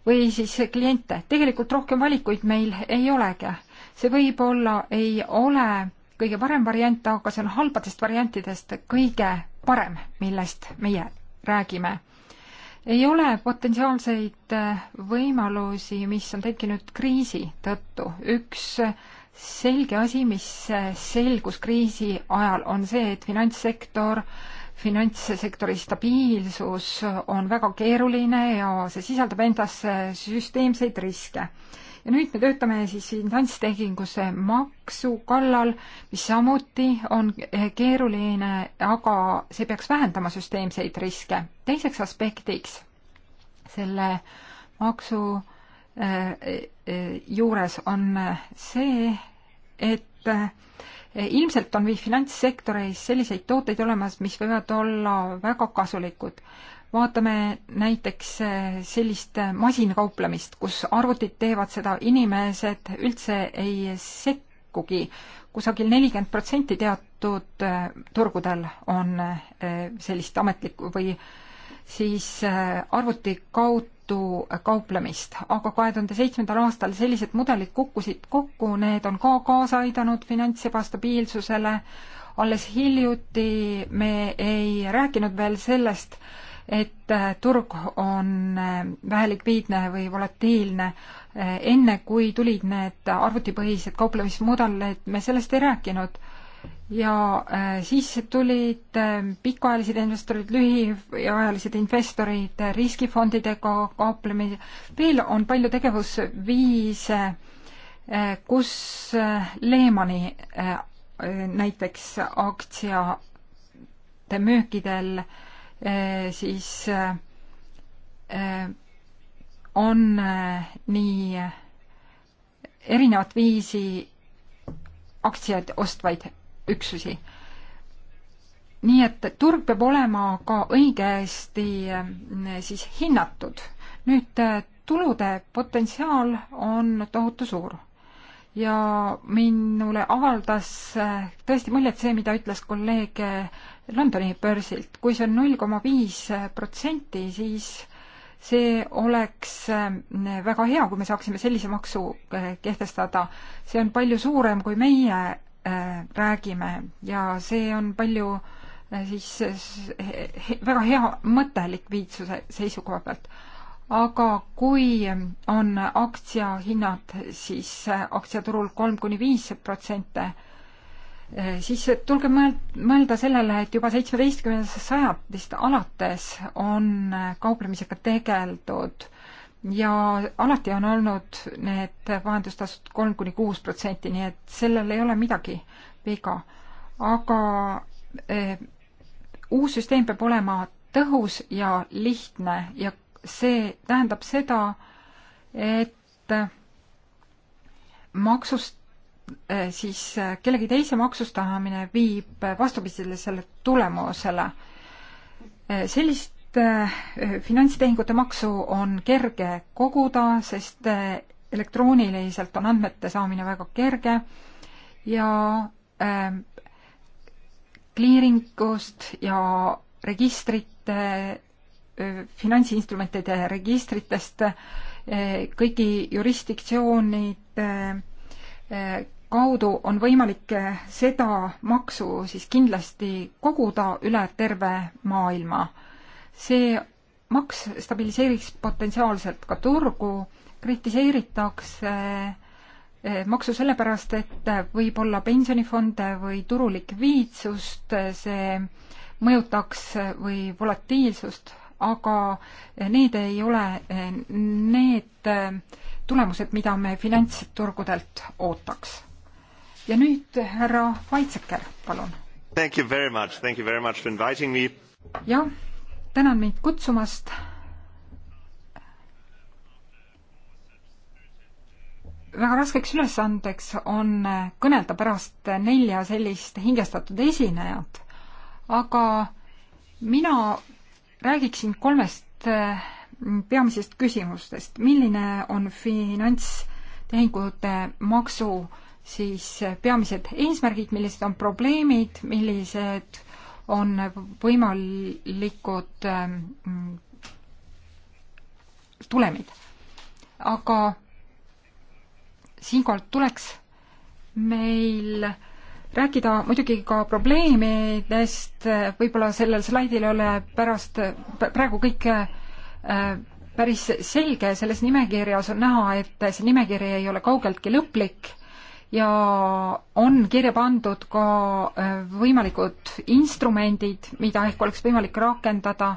S3: või siis kliente. tegelikult rohkem valikuid meil ei olegi. see võib-olla ei ole kõige parem variant, aga see on halbadest variantidest kõige parem, millest meie räägime. ei ole potentsiaalseid äh, võimalusi, mis on tekkinud kriisi tõttu. üks selge asi, mis äh, selgus kriisi ajal, on see, et finantssektor äh, finantssektori stabiilsus on väga keeruline ja see sisaldab endas süsteemseid riske. ja nüüd me töötame siis finantstehinguse maksu kallal, mis samuti on keeruline, aga see peaks vähendama süsteemseid riske. teiseks aspektiks selle maksu äh, äh, juures on see, et ilmselt on finantssektoris selliseid tooteid olemas, mis võivad olla väga kasulikud. vaatame näiteks eh, sellist eh, masinkauplemist, kus arvutid teevad seda, inimesed üldse ei sekkugi kusagil nelikümmend protsenti teatud eh, turgudel on sellist ametlikku või äh, siis äh, arvuti kaudu kauplemist, aga kahe tuhande seitsmendal aastal sellised mudelid kukkusid kokku, need on ka kaasa aidanud finants ebastabiilsusele. alles hiljuti me ei rääkinud veel sellest, et äh, turg on äh, vähelikviidne või volatiilne. enne kui tulid need arvutipõhised kauplemismudelid, me sellest ei rääkinud ja äh, siis tulid äh, pikaajalised investorid, lühiajalised investorid, äh, riskifondidega kauplemine, veel on palju tegevusviise, kus Lehmani näiteks aktsiate müükidel siis on nii erinevat viisi aktsiaid ostvaid üksusi. nii et turg peab olema ka õigesti eh, siis hinnatud. nüüd eh, tulude potentsiaal on tohutu suur. ja minule avaldas eh, tõesti muljet see, mida ütles kolleeg Londoni börsilt, kui see on null koma viis protsenti, siis see oleks väga hea, kui me saaksime sellise maksu kehtestada. see on palju suurem kui meie Äh, räägime ja see on palju äh, siis väga hea mõte likviidsuse seisukoha pealt. aga kui on aktsiahinnad siis äh, aktsiaturul kolm kuni viis protsenti, siis tulge mõelda sellele, et juba seitsmeteistkümnendast sajandist alates on kauplemisega tegeldud ja alati on olnud need vahendustasud kolm kuni kuus protsenti, nii et sellel ei ole midagi viga. aga eh, uus süsteem peab olema tõhus ja lihtne ja see tähendab seda, et eh, maksust eh, siis eh, kellegi teise maksustamine viib eh, vastupidisele tulemusele eh,. sellist et eh, finantstehingute maksu on kerge koguda, sest eh, elektrooniliselt on andmete saamine väga kerge ja eh, kliiringust ja registrite, finantsinstrumentide registritest kõigi jurisdiktsioonide kaudu on võimalik seda maksu siis kindlasti koguda üle terve maailma see maks stabiliseeriks potentsiaalselt ka turgu, kritiseeritakse eh, maksu sellepärast, et võib-olla pensionifonde või turulikviidsust see mõjutaks või volatiilsust, aga need ei ole eh, need eh, tulemused, mida me finantsturgudelt ootaks. ja nüüd härra Vaitseker, palun. jah, tänan mind kutsumast. väga raskeks ülesandeks on kõnelda pärast nelja sellist hingestatud esinejat, aga mina räägiksin kolmest mm, peamisest küsimustest. milline on finantstehingute maksu siis peamised eesmärgid, millised on probleemid, millised äh, on võimalikud ähm, tulemid. aga siinkohal tuleks meil rääkida muidugi ka probleemidest, võib-olla sellel slaidil ei ole pärast, praegu kõik äh, päris selge, selles nimekirjas on näha, et see nimekiri ei ole kaugeltki lõplik ja on kirja pandud ka äh, võimalikud instrumendid, mida ehk oleks võimalik rakendada.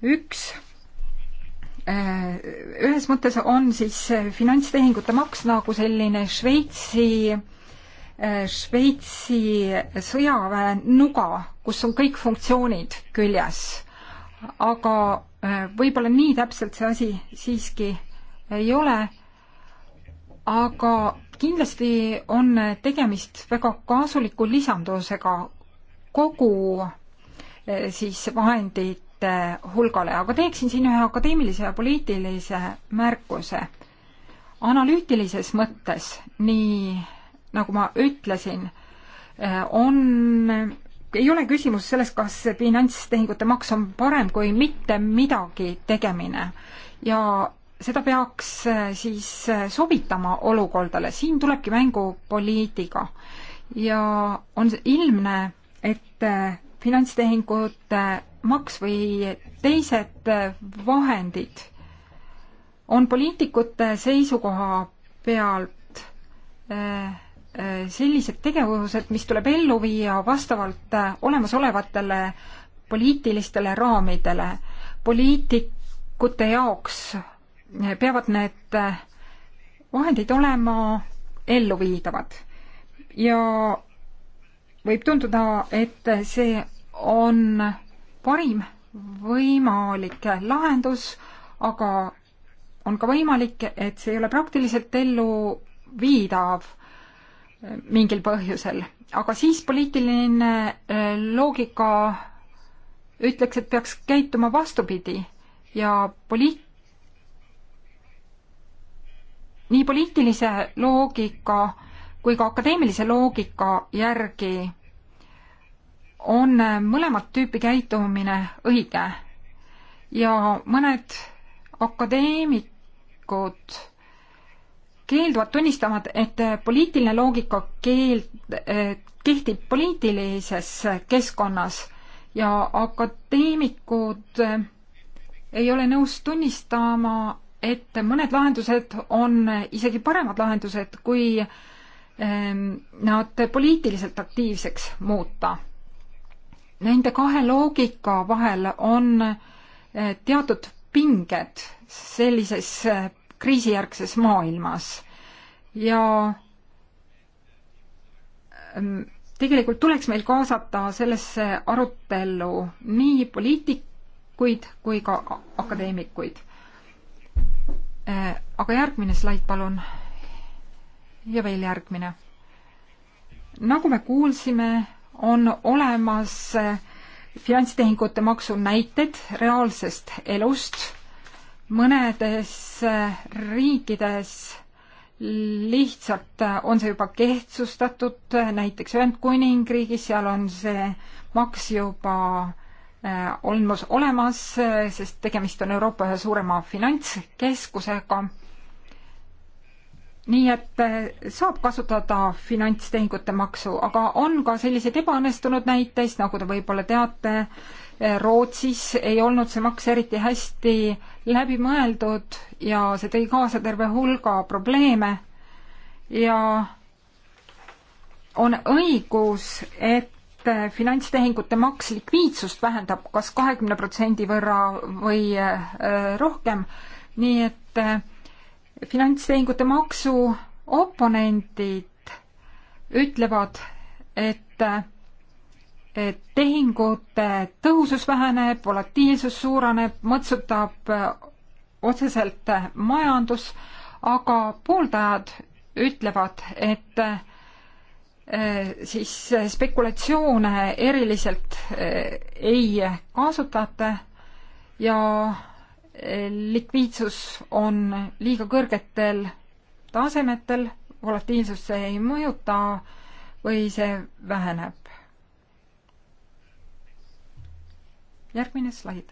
S3: üks, äh, ühes mõttes on siis äh, finantstehingute maks nagu selline Šveitsi Šveitsi sõjaväe nuga, kus on kõik funktsioonid küljes. aga võib-olla nii täpselt see asi siiski ei ole aga kindlasti on tegemist väga kasuliku lisandusega kogu eh, siis vahendite hulgale, aga teeksin siin ühe akadeemilise ja poliitilise märkuse. analüütilises mõttes, nii nagu ma ütlesin, eh, on ei ole küsimus selles, kas finantstehingute maks on parem kui mitte midagi tegemine. ja seda peaks äh, siis äh, sobitama olukordale, siin tulebki mängu poliitika. ja on ilmne, et äh, finantstehingute maks või teised vahendid on poliitikute seisukoha pealt sellised tegevused, mis tuleb ellu viia vastavalt olemasolevatele poliitilistele raamidele. poliitikute jaoks peavad need vahendid olema elluviidavad ja võib tunduda, et see on parim võimalik lahendus, aga on ka võimalik, et see ei ole praktiliselt ellu viidav mingil põhjusel. aga siis poliitiline äh, loogika ütleks, et peaks käituma vastupidi ja poliit-, nii poliitilise loogika kui ka akadeemilise loogika järgi on mõlemat tüüpi käitumine õige ja mõned akadeemikud keelduvad tunnistamad, et poliitiline loogika keeld, kehtib poliitilises keskkonnas ja akadeemikud ei ole nõus tunnistama, et mõned lahendused on isegi paremad lahendused, kui ehm, nad poliitiliselt aktiivseks muuta. Nende kahe loogika vahel on eh, teatud pinged sellises eh, kriisijärgses maailmas ja ehm, tegelikult tuleks meil kaasata sellesse arutellu nii poliitikuid kui ka akadeemikuid Äh, aga järgmine slaid, palun. ja veel järgmine. nagu me kuulsime, on olemas äh, finantstehingute maksu näited reaalsest elust. mõnedes äh, riikides lihtsalt on see juba kehtsustatud, näiteks Ühendkuningriigis, seal on see maks juba Äh, olemas, olemas, äh, sest tegemist on Euroopa ühe suurema finantskeskusega. nii et äh, saab kasutada finantstehingute maksu, aga on ka selliseid ebaõnnestunud näiteid, nagu te võib-olla teate, Rootsis ei olnud see maks eriti hästi läbi mõeldud ja see tõi kaasa terve hulga probleeme ja on õigus, et et äh, finantstehingute maks likviidsust vähendab kas kahekümne protsendi võrra või äh, rohkem, nii et äh, finantstehingute maksu oponendid ütlevad, et tehingute tõhusus väheneb, volatiilsus suureneb, mõtsutab otseselt majandus, aga pooldajad ütlevad, et Äh, siis äh, spekulatsioone eriliselt äh, ei kaasutata ja likviidsus on liiga kõrgetel tasemetel, volatiilsust see ei mõjuta või see väheneb. järgmine slaid.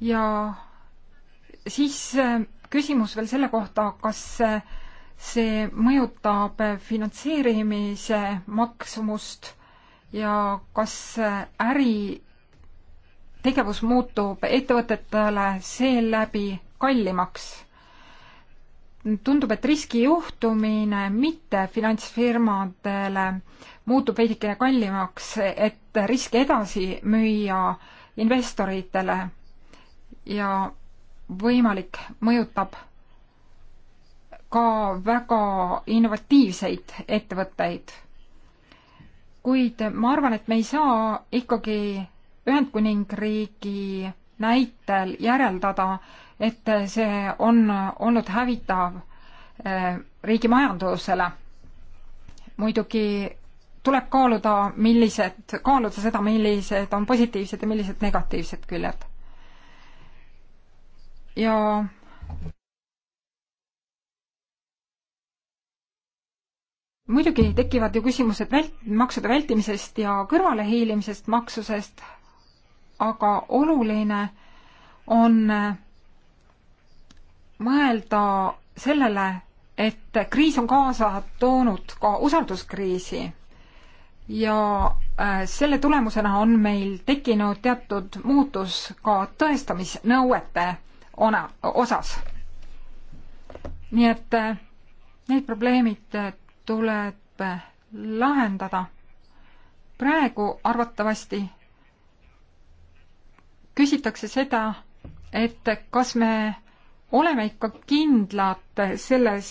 S3: ja siis küsimus veel selle kohta, kas see mõjutab finantseerimise maksumust ja kas äri tegevus muutub ettevõtetele seeläbi kallimaks. tundub, et riskijuhtumine mittefinantsfirmadele muutub veidikene kallimaks, et riske edasi müüa investoritele ja võimalik mõjutab ka väga innovatiivseid ettevõtteid. kuid ma arvan, et me ei saa ikkagi Ühendkuningriigi näitel järeldada, et see on olnud hävitav eh, riigi majandusele. muidugi tuleb kaaluda, millised, kaaluda seda, millised on positiivsed ja millised negatiivsed küljed. ja muidugi tekivad ju küsimused vält-, maksude vältimisest ja kõrvalehiilimisest maksusest, aga oluline on mõelda sellele, et kriis on kaasa toonud ka usalduskriisi ja äh, selle tulemusena on meil tekkinud teatud muutus ka tõestamisnõuete ona, osas. nii et äh, need probleemid äh, tuleb lahendada. praegu arvatavasti küsitakse seda, et kas me oleme ikka kindlad selles,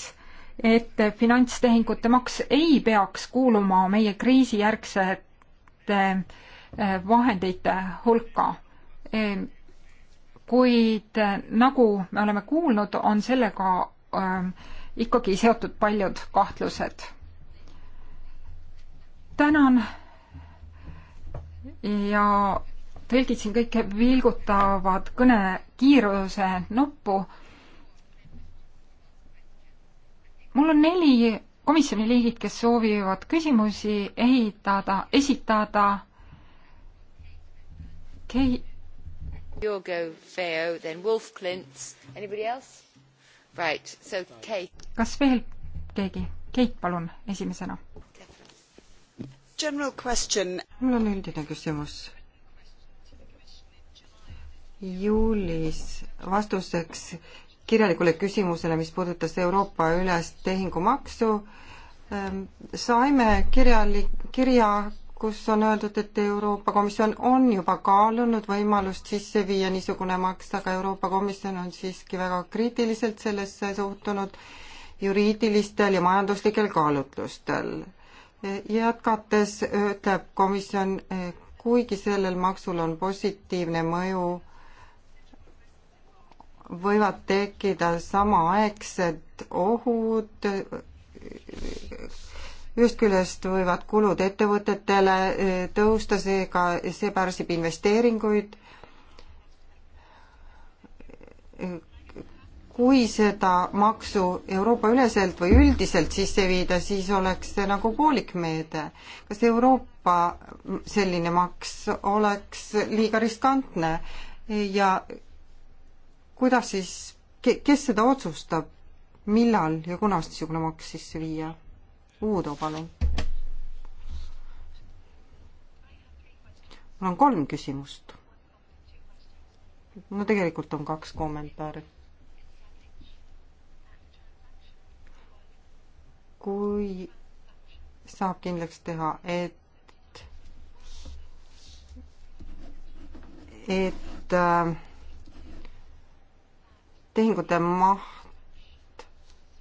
S3: et finantstehingute maks ei peaks kuuluma meie kriisijärgsete eh, vahendite hulka. Ehm, kuid eh, nagu me oleme kuulnud, on sellega ehm, ikkagi seotud paljud kahtlused. tänan ja tõlgitsin kõike vilgutavat kõne kiiruse nuppu. mul on neli komisjoni liigid, kes soovivad küsimusi ehitada, esitada. Kei-.
S2: Jorgo Feo, then Wolf Klints, anybody else? Right, so Kate.
S3: kas veel keegi? Keit, palun, esimesena.
S1: General question. mul on üldine küsimus. juulis vastuseks kirjalikule küsimusele, mis puudutas Euroopa ülest tehingumaksu, ähm, saime kirjalik, kirja kus on öeldud, et Euroopa Komisjon on juba kaalunud võimalust sisse viia niisugune maks, aga Euroopa Komisjon on siiski väga kriitiliselt sellesse suhtunud juriidilistel ja majanduslikel kaalutlustel. jätkates ütleb komisjon, kuigi sellel maksul on positiivne mõju, võivad tekkida samaaegsed ohud ühest küljest võivad kulud ettevõtetele e, tõusta, seega see pärsib investeeringuid. E, kui seda maksu Euroopa üleselt või üldiselt sisse viida, siis oleks see nagu poolik meede. kas Euroopa selline maks oleks liiga riskantne ja kuidas siis, kes seda otsustab, millal ja kunas niisugune maks sisse viia? Uudo, palun. mul on kolm küsimust. no tegelikult on kaks kommentaari. kui saab kindlaks teha, et, et äh, tehingute maht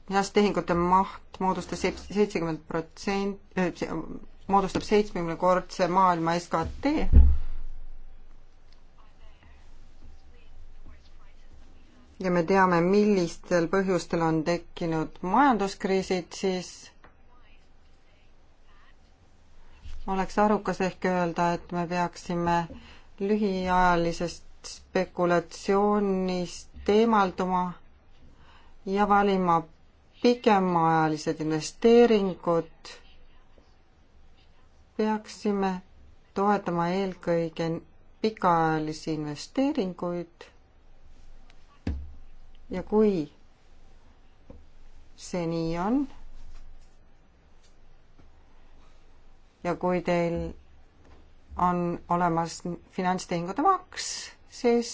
S1: finantstehingute maht moodustas seitsekümmend protsent, äh, moodustab seitsmekümnekordse maailma SKT. ja me teame, millistel põhjustel on tekkinud majanduskriisid, siis oleks arukas ehk öelda, et me peaksime lühiajalisest spekulatsioonist eemalduma ja valima pikemaajalised investeeringud peaksime toetama eelkõige pikaajalisi investeeringuid ja kui see nii on ja kui teil on olemas finantstehingute maks, siis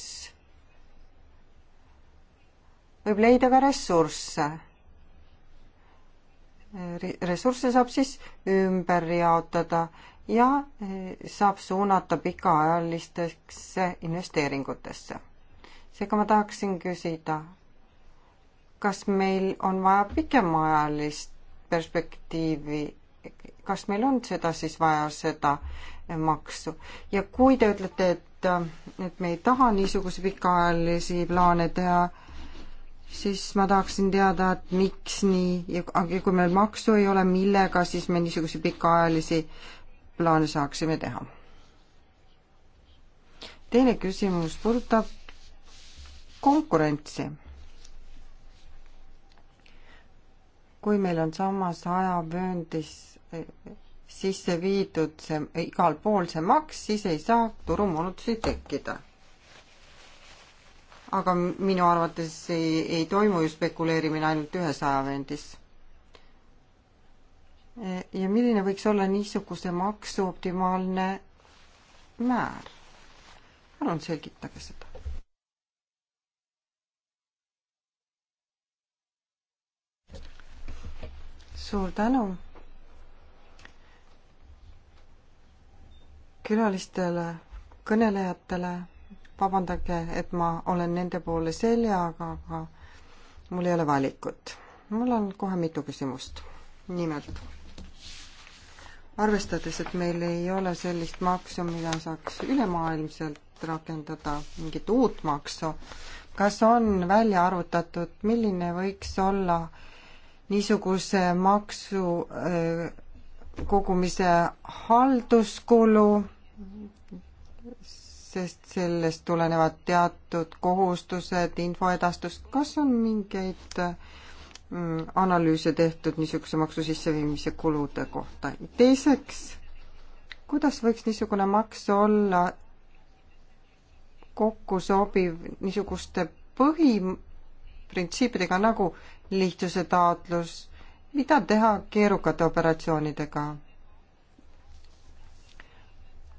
S1: võib leida ka ressursse ressursse saab siis ümber jaotada ja eh, saab suunata pikaajalisteks investeeringutesse. seega ma tahaksin küsida, kas meil on vaja pikemaajalist perspektiivi, kas meil on seda siis vaja, seda eh, maksu ja kui te ütlete, et, eh, et me ei taha niisuguseid pikaajalisi plaane teha, siis ma tahaksin teada, et miks nii ja kui meil maksu ei ole, millega siis me niisuguseid pikaajalisi plaane saaksime teha? teine küsimus puudutab konkurentsi. kui meil on samas ajavööndis eh, sisse viidud see igal pool see maks, siis ei saa turumoonutusi tekkida aga minu arvates ei, ei toimu ju spekuleerimine ainult ühes ajavendis. ja milline võiks olla niisuguse maksu optimaalne määr? palun selgitage seda. suur tänu külalistele, kõnelejatele vabandage, et ma olen nende poole seljaga, aga mul ei ole valikut. mul on kohe mitu küsimust. nimelt, arvestades, et meil ei ole sellist maksu, mida saaks ülemaailmselt rakendada, mingit uut maksu, kas on välja arvutatud, milline võiks olla niisuguse maksu kogumise halduskulu, sest sellest tulenevad teatud kohustused, infoedastus, kas on mingeid mm, analüüse tehtud niisuguse maksu sisseviimise kulude kohta? teiseks, kuidas võiks niisugune maks olla kokku sobiv niisuguste põhiprintsiipidega nagu lihtsuse taotlus, mida teha keerukate operatsioonidega?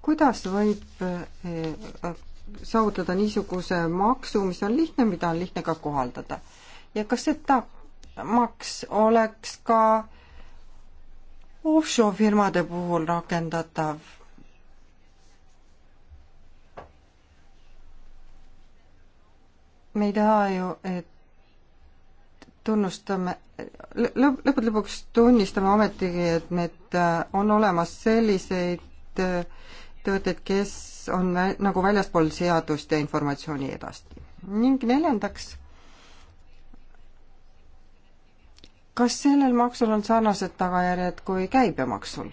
S1: kuidas võib eh, saavutada niisuguse maksu, mis on lihtne, mida on lihtne ka kohaldada? ja kas seda maks oleks ka offshore firmade puhul rakendatav? me ei taha ju, et tunnustame lõpp, lõppude lõpuks tunnistame ometigi, et need eh, on olemas selliseid äh, ettevõtted, kes on nagu väljaspool seadust ja informatsiooni edasti. ning neljandaks, kas sellel maksul on sarnased tagajärjed kui käibemaksul?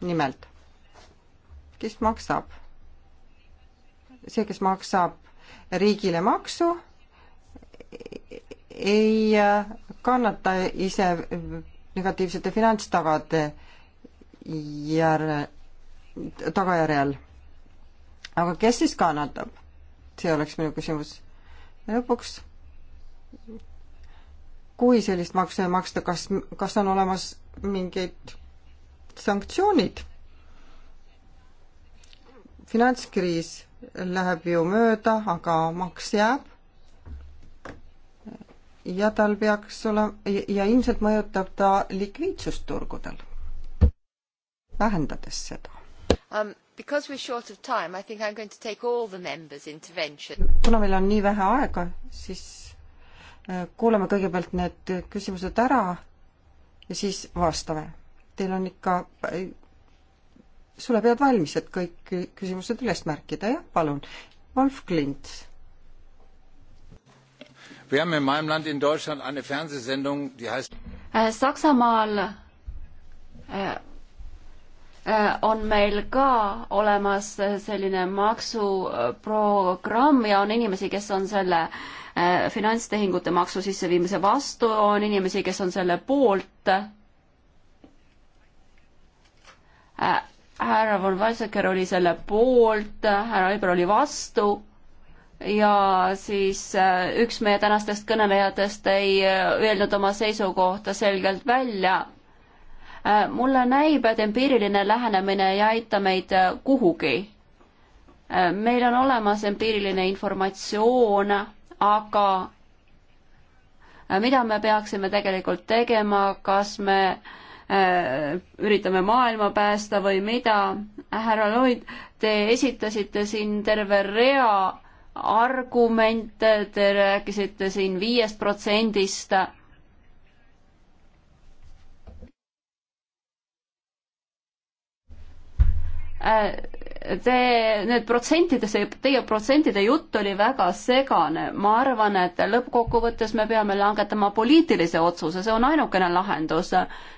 S1: nimelt, kes maksab? see, kes maksab riigile maksu, ei kannata ise negatiivsete finantstagade järel tagajärjel. aga kes siis kannatab? see oleks minu küsimus. ja lõpuks, kui sellist maksu ei maksta, kas, kas on olemas mingid sanktsioonid? finantskriis läheb ju mööda, aga maks jääb. ja tal peaks olema ja ilmselt mõjutab ta likviidsust turgudel, vähendades seda.
S2: Um, because we're short of time, I think I'm going to take all the members' intervention.
S1: kuna meil on nii vähe aega, siis äh, kuulame kõigepealt need küsimused ära ja siis vastame. Teil on ikka äh, sulepead valmis, et kõik küsimused üles märkida, jah, palun. Wolf Klint.
S3: Wir haben in meinem Land in Deutschland eine Fernsehsendung, die heißt
S2: äh, Saksamaal äh Äh, on meil ka olemas selline maksuprogramm ja on inimesi, kes on selle äh, finantstehingute maksu sisseviimise vastu, on inimesi, kes on selle poolt. Äh, härra von Weizsäcker oli selle poolt, härra Eiber oli vastu ja siis üks meie tänastest kõnelejatest ei öelnud oma seisukohta selgelt välja Äh, mulle näib, et empiiriline lähenemine ei aita meid äh, kuhugi. Äh, meil on olemas empiiriline informatsioon, aga mida me peaksime tegelikult tegema, kas me üritame maailma päästa või mida. härra Lloyd, te esitasite siin terve rea argumente, te rääkisite siin viiest protsendist Äh, te, need protsentide, see teie protsentide jutt oli väga segane. ma arvan, et lõppkokkuvõttes me peame langetama poliitilise otsuse, see on ainukene lahendus.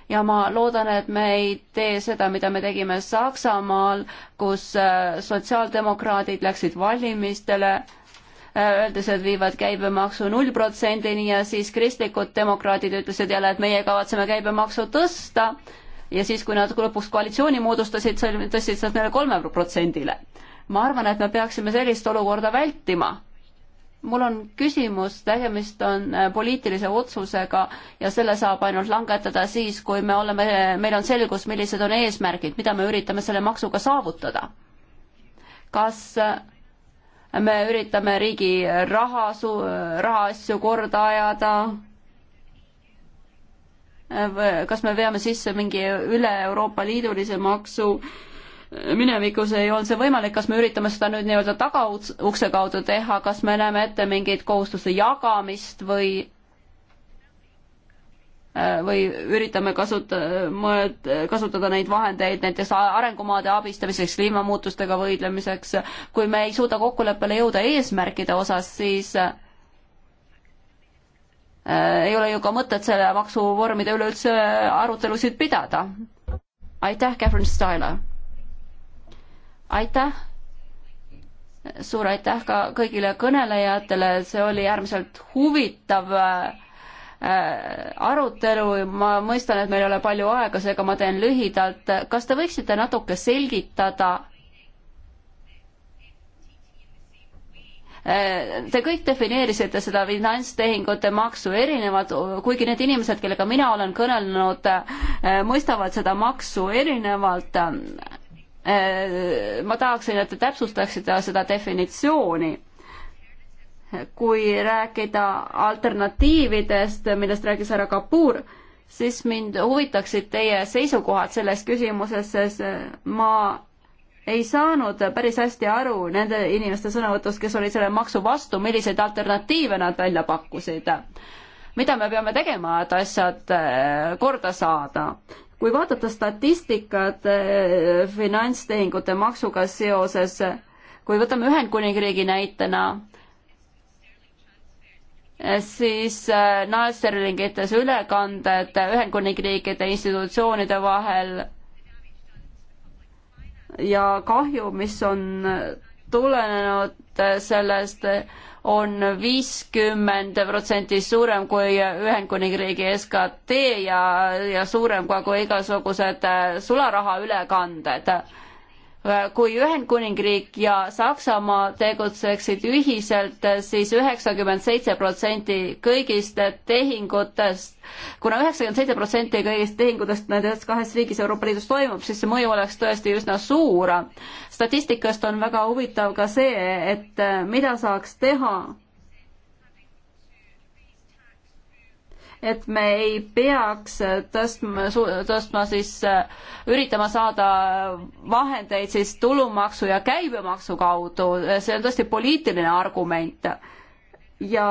S2: ja ma loodan, et me ei tee seda, mida me tegime Saksamaal, kus äh, sotsiaaldemokraadid läksid valimistele äh, öeldes, et viivad käibemaksu null protsendini ja siis kristlikud demokraadid ütlesid jälle, et meie kavatseme käibemaksu tõsta ja siis, kui nad lõpuks koalitsiooni moodustasid, tõstsid sealt neile kolme protsendile. ma arvan, et me peaksime sellist olukorda vältima mul on küsimus, tegemist on äh, poliitilise otsusega ja selle saab ainult langetada siis, kui me oleme, meil on selgus, millised on eesmärgid, mida me üritame selle maksuga saavutada. kas äh, me üritame riigi raha, rahaasju korda ajada, kas me veame sisse mingi üle Euroopa Liidulise maksu, minevikus ei olnud see võimalik, kas me üritame seda nüüd nii-öelda tagaukse kaudu teha, kas me näeme ette mingeid kohustuste jagamist või või üritame kasuta-, kasutada neid vahendeid näiteks arengumaade abistamiseks, kliimamuutustega võidlemiseks, kui me ei suuda kokkuleppele jõuda eesmärkide osas, siis Äh, ei ole ju ka mõtet selle maksuvormide üle üldse arutelusid pidada. aitäh, Catherine Styler! aitäh! suur aitäh ka kõigile kõnelejatele, see oli äärmiselt huvitav äh, äh, arutelu, ma mõistan, et meil ei ole palju aega, seega ma teen lühidalt. kas te võiksite natuke selgitada, Äh, te kõik defineerisite seda finantstehingute maksu erinevad, kuigi need inimesed, kellega mina olen kõnelenud, äh, mõistavad seda maksu erinevalt. Äh, ma tahaksin, et te täpsustaksite seda definitsiooni. kui rääkida alternatiividest, millest rääkis härra Kapuur, siis mind huvitaksid teie seisukohad selles küsimuses, sest ma ei saanud päris hästi aru nende inimeste sõnavõtust, kes olid selle maksu vastu, milliseid alternatiive nad välja pakkusid. mida me peame tegema, et asjad äh, korda saada? kui vaadata statistikat äh, finantstehingute maksuga seoses, kui võtame Ühendkuningriigi näitena, siis äh, naelsterlingites ülekanded Ühendkuningriikide institutsioonide vahel ja kahju, mis on tulenenud sellest on, on viiskümmend protsenti suurem kui Ühendkuningriigi SKT ja, ja suurem ka kui igasugused sularahaülekanded Äh, kui Ühendkuningriik ja Saksamaa tegutseksid ühiselt siis, äh, siis üheksakümmend seitse protsenti kõigist tehingutest kuna, kuna üheksakümmend seitse protsenti kõigist tehingutest nendes kahes riigis Euroopa Liidus toimub, siis see mõju oleks tõesti üsna suur. statistikast on väga huvitav ka see, et äh, mida saaks teha et me ei peaks tõstma, tõstma siis, üritama saada vahendeid siis tulumaksu ja käibemaksu kaudu, see on tõesti poliitiline argument. ja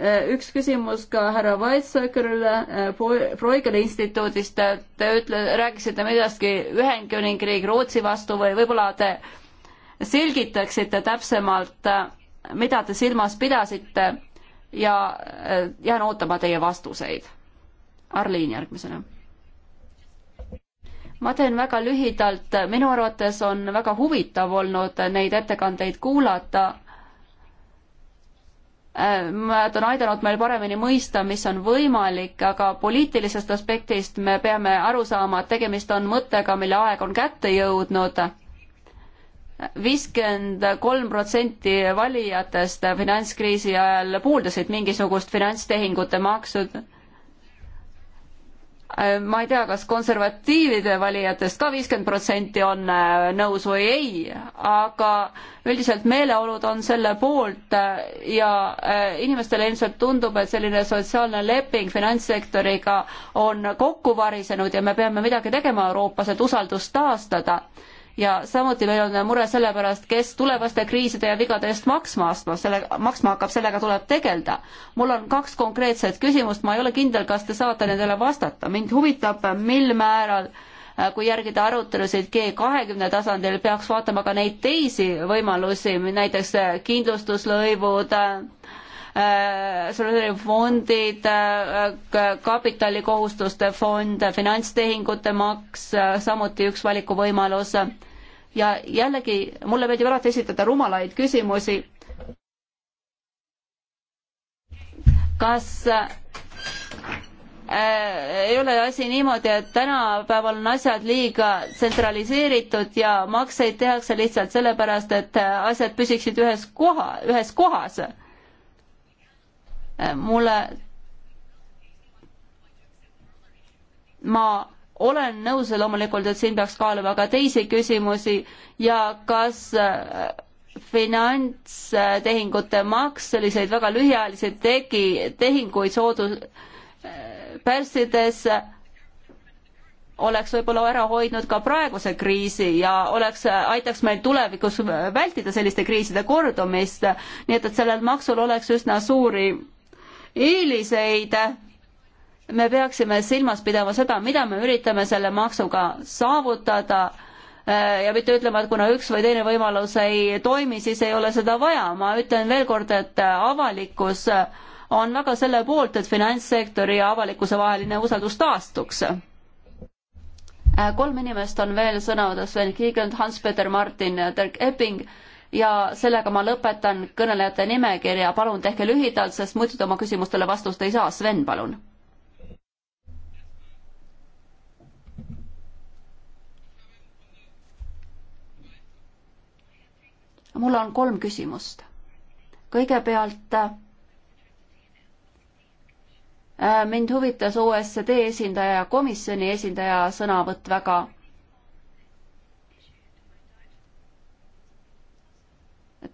S2: e, üks küsimus ka härra Weizsäckerile, Bruegeli e, instituudist, te ütle, rääkisite millestki Ühendkuningriik Rootsi vastu või võib-olla te selgitaksite täpsemalt, e, mida te silmas pidasite ja äh, jään ootama teie vastuseid. Arliin järgmisena. ma teen väga lühidalt, minu arvates on väga huvitav olnud neid ettekandeid kuulata. Äh, Nad on aidanud meil paremini mõista, mis on võimalik, aga poliitilisest aspektist me peame aru saama, et tegemist on mõttega, mille aeg on kätte jõudnud viiskümmend kolm protsenti valijatest finantskriisi ajal puudusid mingisugust finantstehingute maksud. ma ei tea, kas konservatiivide valijatest ka viiskümmend protsenti on äh, nõus või ei, aga üldiselt meeleolud on selle poolt ja äh, inimestele ilmselt tundub, et selline sotsiaalne leping finantssektoriga on kokku varisenud ja me peame midagi tegema Euroopas, et usaldust taastada ja samuti meil on mure selle pärast, kes tulevaste kriiside ja vigade eest maksma astma, selle, maksma hakkab, sellega tuleb tegeleda. mul on kaks konkreetset küsimust, ma ei ole kindel, kas te saate nendele vastata, mind huvitab, mil määral äh, kui järgida arutelusid G kahekümne tasandil, peaks vaatama ka neid teisi võimalusi, näiteks äh, kindlustuslõivud äh,, Äh, fondid, äh, kapitalikohustuste fond, finantstehingute maks, äh, samuti üks valikuvõimalus. ja jällegi, mulle meeldib alati esitada rumalaid küsimusi. kas ei ole asi niimoodi, et tänapäeval on asjad liiga tsentraliseeritud ja makseid tehakse lihtsalt sellepärast, et asjad püsiksid ühes koha, ühes kohas. Eh, mulle, ma olen nõus loomulikult, et siin peaks kaaluma ka teisi küsimusi ja kas eh, finantstehingute maks selliseid väga lühiajalisi tegi, tehinguid soodus-, eh, pärssides oleks võib-olla ära hoidnud ka praeguse kriisi ja oleks, aitaks meil tulevikus vältida selliste kriiside kordumist, nii et, et sellel maksul oleks üsna suuri eeliseid, me peaksime silmas pidama seda, mida me üritame selle maksuga saavutada äh, ja mitte ütlema, et kuna üks või teine võimalus ei toimi, siis ei ole seda vaja. ma ütlen veel kord, et äh, avalikkus äh, on väga selle poolt, et finantssektori ja avalikkuse vaheline usaldus taastuks. kolm inimest on veel sõna võtnud, Sven Kiigel, Hans-Peter Martin ja Dirk Epping ja sellega ma lõpetan kõnelejate nimekirja, palun tehke lühidalt, sest muidu te oma küsimustele vastust ei saa, Sven, palun. mul on kolm küsimust. kõigepealt äh, mind huvitas OSCD esindaja ja komisjoni esindaja sõnavõtt väga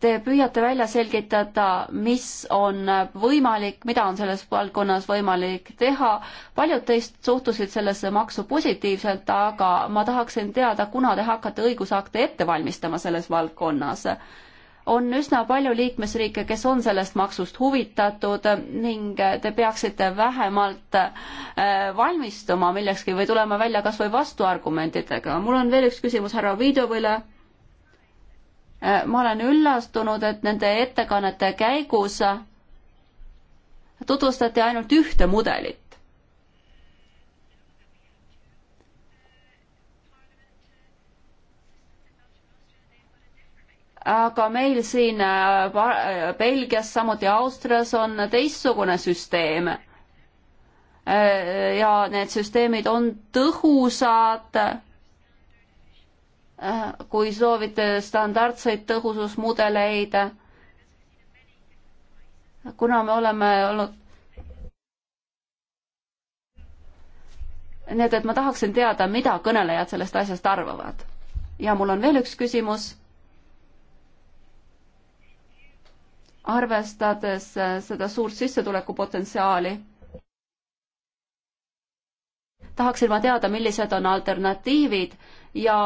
S2: Te püüate välja selgitada, mis on võimalik, mida on selles valdkonnas võimalik teha. paljud teist suhtusid sellesse maksu positiivselt, aga ma tahaksin teada, kuna te hakkate õigusakte ette valmistama selles valdkonnas on üsna palju liikmesriike, kes on sellest maksust huvitatud ning te peaksite vähemalt äh, valmistuma millekski või tulema välja kas või vastuargumentidega. mul on veel üks küsimus härra Viidovile. Äh, ma olen üllastunud, et nende ettekannete käigus tutvustati ainult ühte mudelit. aga meil siin äh, Belgias, samuti Austrias on teistsugune süsteem. Äh, ja need süsteemid on tõhusad Äh, kui soovite standardseid tõhususmudeleid, kuna me oleme olnud nii et, et ma tahaksin teada, mida kõnelejad sellest asjast arvavad. ja mul on veel üks küsimus. arvestades äh, seda suurt sissetulekupotentsiaali, tahaksin ma teada, millised on alternatiivid ja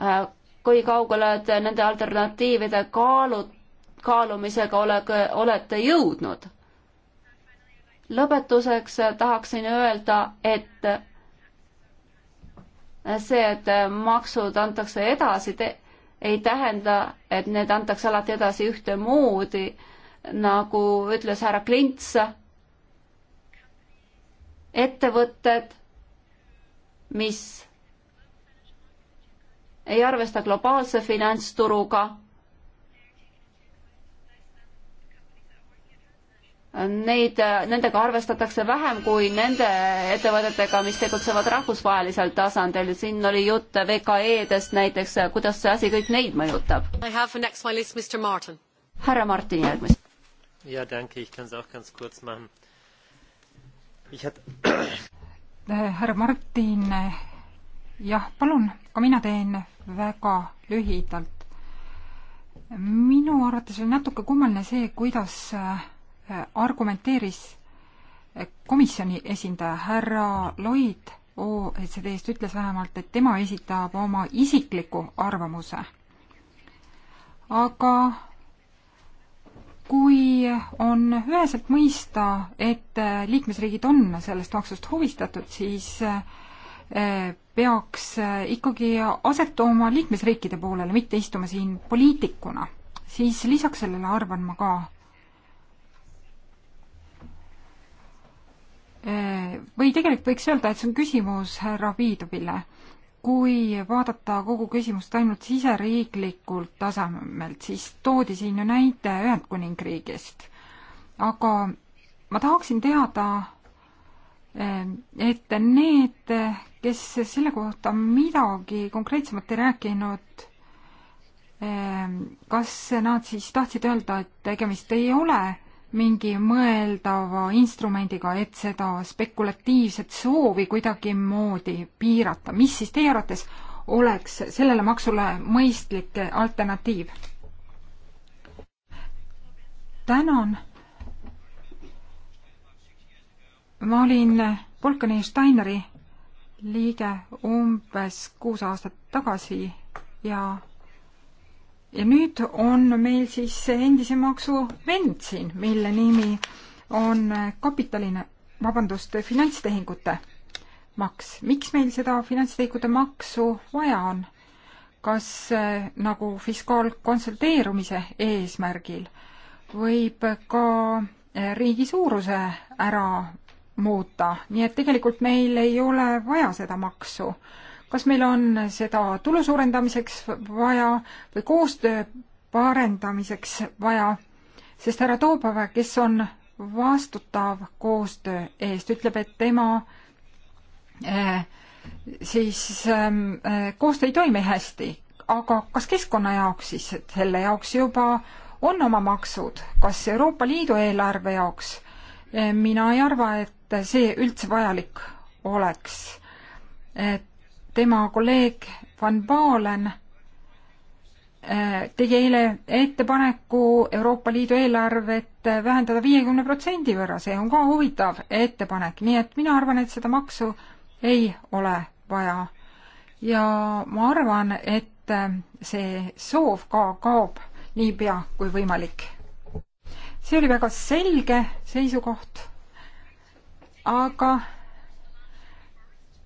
S2: Äh, kui kaugele te nende alternatiivide kaalu, kaalumisega olege, olete jõudnud? lõpetuseks tahaksin öelda, et see, et maksud antakse edasi, ei tähenda, et need antakse alati edasi ühtemoodi, nagu ütles härra Klints. ettevõtted, mis ei arvesta globaalse finantsturuga. Neid, nendega arvestatakse vähem kui nende ettevõtetega, mis tegutsevad rahvusvahelisel tasandil. siin oli jutt VKE-dest näiteks, kuidas see asi kõik neid mõjutab?
S3: härra Martin järgmist.
S2: ja tänke, ich kann es auch ganz kurz machen.
S3: Ich hat... Äh, härra Martin, äh, jah, palun ka mina teen väga lühidalt. minu arvates oli natuke kummaline see, kuidas äh, argumenteeris äh, komisjoni esindaja härra Lloyd OECD-st ütles vähemalt, et tema esitab oma isikliku arvamuse. aga kui on üheselt mõista, et äh, liikmesriigid on sellest maksust huvistatud, siis peaks äh, ikkagi aset tooma liikmesriikide poolele, mitte istuma siin poliitikuna, siis lisaks sellele arvan ma ka, äh, või tegelikult võiks öelda, et see on küsimus härra Viidovile. kui vaadata kogu küsimust ainult siseriiklikult tasemelt, siis toodi siin ju näide Ühendkuningriigist. aga ma tahaksin teada, äh, et need, kes selle kohta midagi konkreetsemat ei rääkinud. Ehm, kas nad siis tahtsid öelda, et tegemist ei ole mingi mõeldava instrumendiga, et seda spekulatiivset soovi kuidagimoodi piirata, mis siis teie arvates oleks sellele maksule mõistlik alternatiiv? tänan. ma olin Volkani Steineri liige umbes kuus aastat tagasi ja ja nüüd on meil siis endise maksu vend siin, mille nimi on kapitaline, vabandust, finantstehingute maks. miks meil seda finantstehingute maksu vaja on? kas äh, nagu fiskaalkonsulteerumise eesmärgil võib ka eh, riigi suuruse ära muuta, nii et tegelikult meil ei ole vaja seda maksu. kas meil on seda tulu suurendamiseks vaja või koostöö parendamiseks vaja, sest härra Toobave, kes on vastutav koostöö eest, ütleb, et tema äh, siis äh, koostöö ei toimi hästi, aga kas keskkonna jaoks siis, et selle jaoks juba on oma maksud, kas Euroopa Liidu eelarve jaoks mina ei arva, et see üldse vajalik oleks. tema kolleeg Van Baalen äh, tegi eile ettepaneku Euroopa Liidu eelarvet vähendada viiekümne protsendi võrra, see on ka huvitav ettepanek, nii et mina arvan, et seda maksu ei ole vaja. ja ma arvan, et äh, see soov ka kaob niipea kui võimalik see oli väga selge seisukoht, aga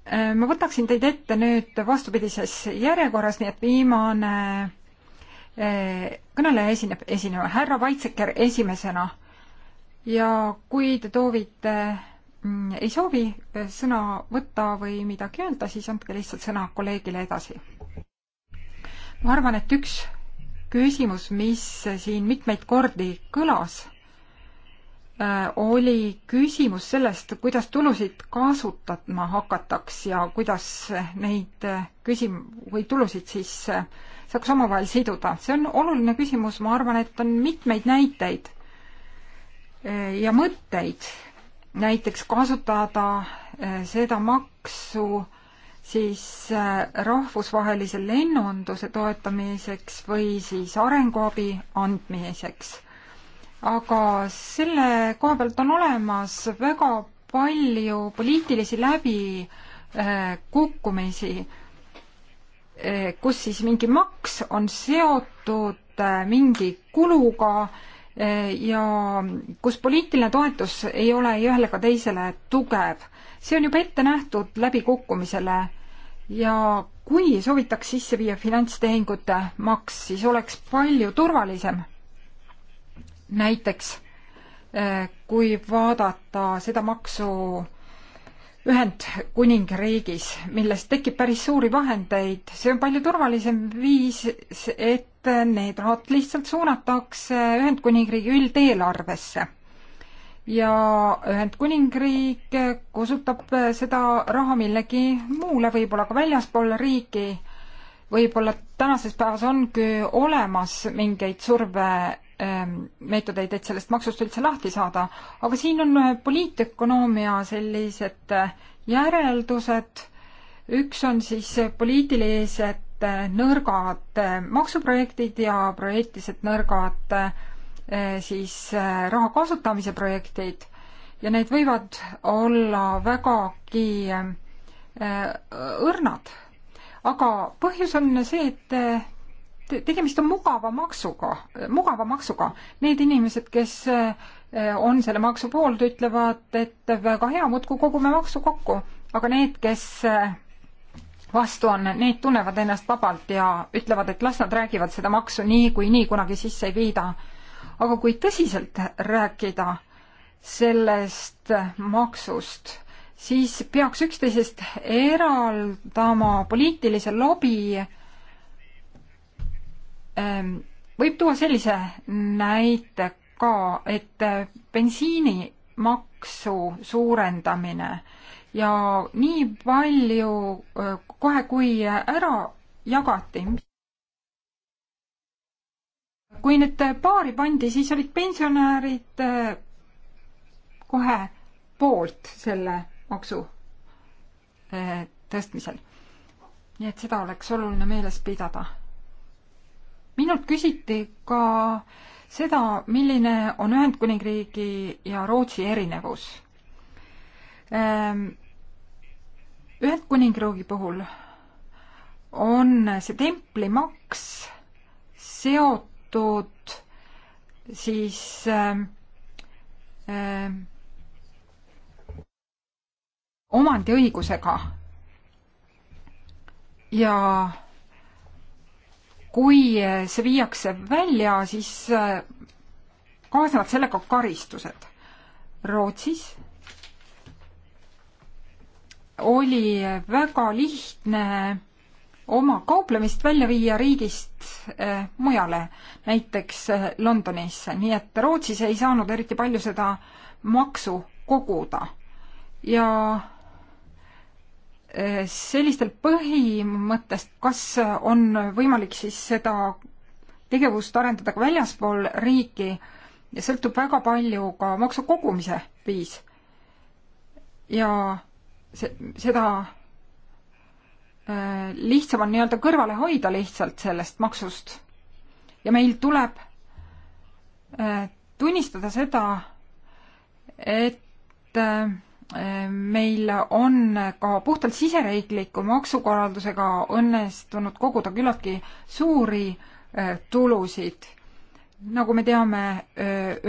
S3: äh, ma võtaksin teid ette nüüd vastupidises järjekorras, nii et viimane äh, kõneleja esineb, esineb härra Vaitseker esimesena. ja kui te soovite, mm, ei soovi äh, sõna võtta või midagi öelda, siis andke lihtsalt sõna kolleegile edasi. ma arvan, et üks küsimus, mis siin mitmeid kordi kõlas, äh, oli küsimus sellest, kuidas tulusid kasutama hakataks ja kuidas neid äh, küsim- või tulusid siis äh, saaks omavahel siduda. see on oluline küsimus, ma arvan, et on mitmeid näiteid ja mõtteid, näiteks kasutada seda maksu äh, siis äh, rahvusvahelise lennunduse toetamiseks või siis arenguabi andmiseks. aga selle koha pealt on olemas väga palju poliitilisi läbikukkumisi, äh, äh, kus siis mingi maks on seotud mingi kuluga ja kus poliitiline toetus ei ole ei ühele ega teisele tugev see on juba ette nähtud läbikukkumisele ja kui soovitaks sisse viia finantstehingute maks, siis oleks palju turvalisem. näiteks eh, kui vaadata seda maksu Ühendkuningriigis, millest tekib päris suuri vahendeid, see on palju turvalisem viis, et need rahad lihtsalt suunatakse Ühendkuningriigi üldeelarvesse ja Ühendkuningriik kasutab seda raha millegi muule, võib-olla ka väljaspool riiki. võib-olla tänases päevas ongi olemas mingeid survemeetodeid, ähm, et sellest maksust üldse lahti saada, aga siin on poliitökonoomia sellised järeldused. üks on siis poliitilised äh, nõrgad äh, maksuprojektid ja projektilised nõrgad äh, Eh, siis eh, raha kasutamise projektid ja need võivad olla vägagi eh, õrnad. aga põhjus on see, et tegemist on mugava maksuga, mugava maksuga. Need inimesed, kes on selle maksu poolt, ütlevad, et väga hea, muudkui kogume maksu kokku, aga need, kes vastu on, need tunnevad ennast vabalt ja ütlevad, et las nad räägivad seda maksu niikuinii nii, kunagi sisse ei viida aga kui tõsiselt rääkida sellest maksust, siis peaks üksteisest eraldama poliitilise lobi. Ehm, võib tuua sellise näite ka, et bensiinimaksu suurendamine ja nii palju eh, kohe, kui ära jagati kui nüüd äh, paari pandi, siis olid pensionärid äh, kohe poolt selle maksu äh, tõstmisel. nii et seda oleks oluline meeles pidada. minult küsiti ka seda, milline on Ühendkuningriigi ja Rootsi erinevus. Ehm, Ühendkuningriigi puhul on see templimaks seotud seotud siis äh, äh, omandiõigusega ja kui see viiakse välja, siis äh, kaasnevad sellega karistused. Rootsis oli väga lihtne oma kauplemist välja viia riigist eh, mujale, näiteks eh, Londonisse, nii et Rootsis ei saanud eriti palju seda maksu koguda. ja eh, sellistel põhimõttest, kas on võimalik siis seda tegevust arendada ka väljaspool riiki, sõltub väga palju ka maksu kogumise viis. ja see, seda Äh, lihtsam on nii-öelda kõrvale hoida lihtsalt sellest maksust. ja meil tuleb äh, tunnistada seda, et äh, meil on ka puhtalt sisereikliku maksukorraldusega õnnestunud koguda küllaltki suuri tulusid. nagu me teame,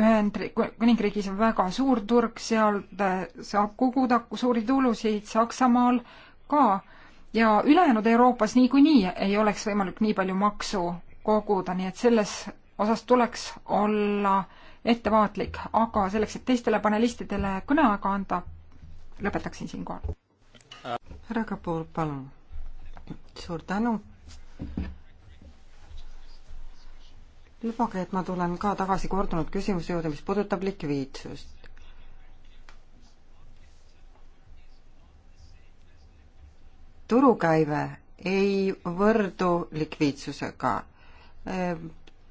S3: Ühendri-, Kuningriigis on väga suur turg, seal saab koguda suuri tulusid, Saksamaal ka ja ülejäänud Euroopas niikuinii ei oleks võimalik nii palju maksu koguda, nii et selles osas tuleks olla ettevaatlik, aga selleks, et teistele panelistidele kõneaega anda,
S1: lõpetaksin siinkohal. härra Kapoor, palun. suur tänu. lubage, et ma tulen ka tagasi kordunud küsimuse juurde, mis puudutab likviidsust turukäive ei võrdu likviidsusega.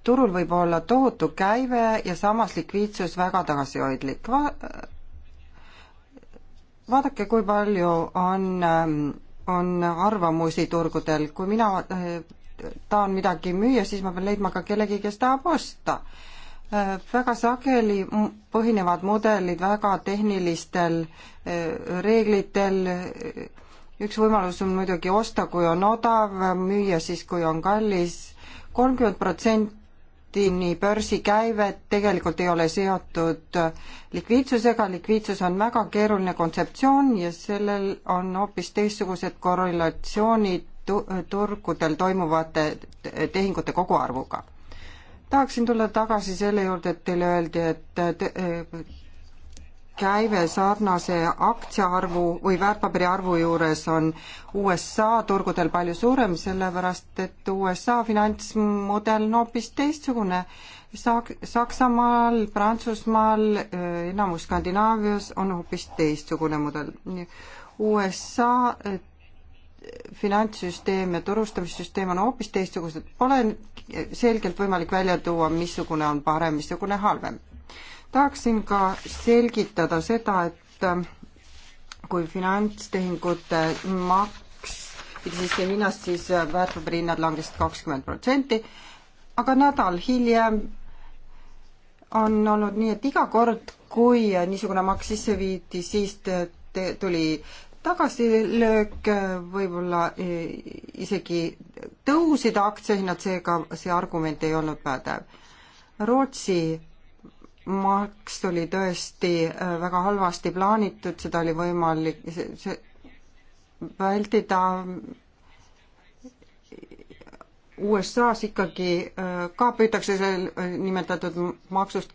S1: turul võib olla tohutu käive ja samas likviidsus väga tagasihoidlik Va. vaadake, kui palju on, on arvamusi turgudel, kui mina eh, tahan midagi müüa, siis ma pean leidma ka kellegi, kes tahab osta. Eh, väga sageli põhinevad mudelid väga tehnilistel eh, reeglitel üks võimalus on muidugi osta, kui on odav, müüa siis, kui on kallis. kolmkümmend protsenti nii börsikäivet tegelikult ei ole seotud likviidsusega, likviidsus on väga keeruline kontseptsioon ja sellel on hoopis teistsugused korrelatsioonid turgudel toimuvate tehingute koguarvuga tahaksin tulla tagasi selle juurde, et teile öeldi, et käive sarnase aktsiaarvu või väärtpaberi arvu juures on USA turgudel palju suurem, sellepärast et USA finantsmudel on hoopis teistsugune. Sak-, Saksamaal, Prantsusmaal, enamus Skandinaavias on hoopis teistsugune mudel. USA eh, finantssüsteem ja turustamissüsteem on hoopis teistsugused, pole selgelt võimalik välja tuua, missugune on parem, missugune halvem tahaksin ka selgitada seda, et äh, kui finantstehingute maks pidi sisse hinnast, siis äh, väärtpaberihinnad langesid kakskümmend protsenti, aga nädal hiljem on olnud nii, et iga kord, kui äh, niisugune maks sisse viidi, siis te, tuli tagasilöök, võib-olla isegi tõusid aktsiahinnad, seega see argument ei olnud pädev. Rootsi maks oli tõesti äh, väga halvasti plaanitud, seda oli võimalik see, vältida. Äh, USA-s ikkagi äh, ka püütakse sel nimetatud maksust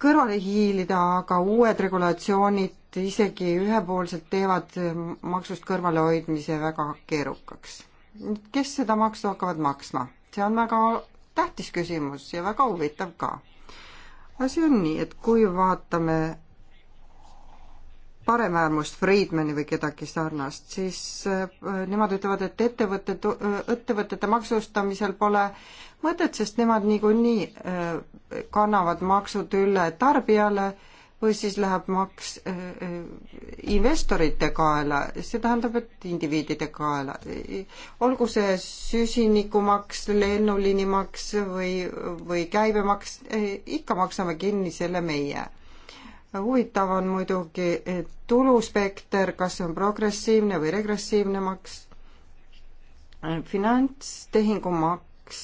S1: kõrvale hiilida, aga uued regulatsioonid isegi ühepoolselt teevad maksust kõrvalehoidmise väga keerukaks. kes seda maksu hakkavad maksma? see on väga tähtis küsimus ja väga huvitav ka asi on nii, et kui vaatame paremäärmust Friedmani või kedagi sarnast, siis äh, nemad ütlevad, et ettevõtte, äh, ettevõtete maksustamisel pole mõtet, sest nemad niikuinii äh, kannavad maksud üle tarbijale äh, või siis läheb maks äh, äh, investorite kaela, see tähendab, et indiviidide kaela. olgu see süsinikumaks, lennuliinimaks või, või käibemaks, äh, ikka maksame kinni selle meie. huvitav on muidugi tuluspekter, kas see on progressiivne või regressiivne maks. finantstehingumaks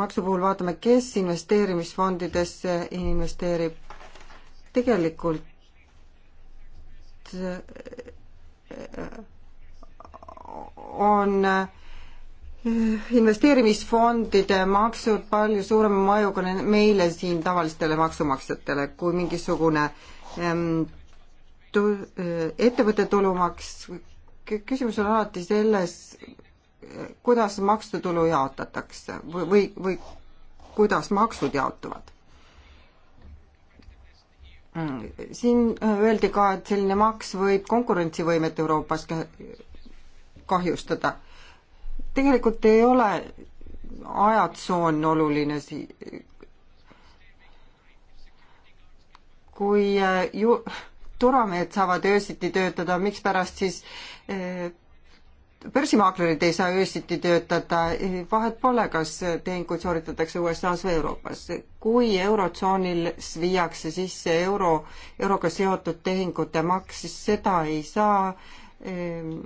S1: maksu puhul vaatame, kes investeerimisfondidesse investeerib tegelikult äh, on äh, investeerimisfondide maksud palju suurema mõjuga meile siin tavalistele maksumaksjatele kui mingisugune ähm, tu-, äh, ettevõtte tulumaks. küsimus on alati selles, kuidas maksutulu jaotatakse või, või, või kuidas maksud jaotuvad. Mm. siin äh, öeldi ka, et selline maks võib konkurentsivõimet Euroopas kahjustada. tegelikult ei ole ajatsoon oluline si-, kui äh, ju turvamehed saavad öösiti töötada, mikspärast siis äh, börsimaaklerid ei saa öösiti töötada, vahet pole, kas tehinguid sooritatakse USA-s või Euroopas. kui Eurotsoonil viiakse sisse euro, euroga seotud tehingute maks, siis seda ei saa, ehm,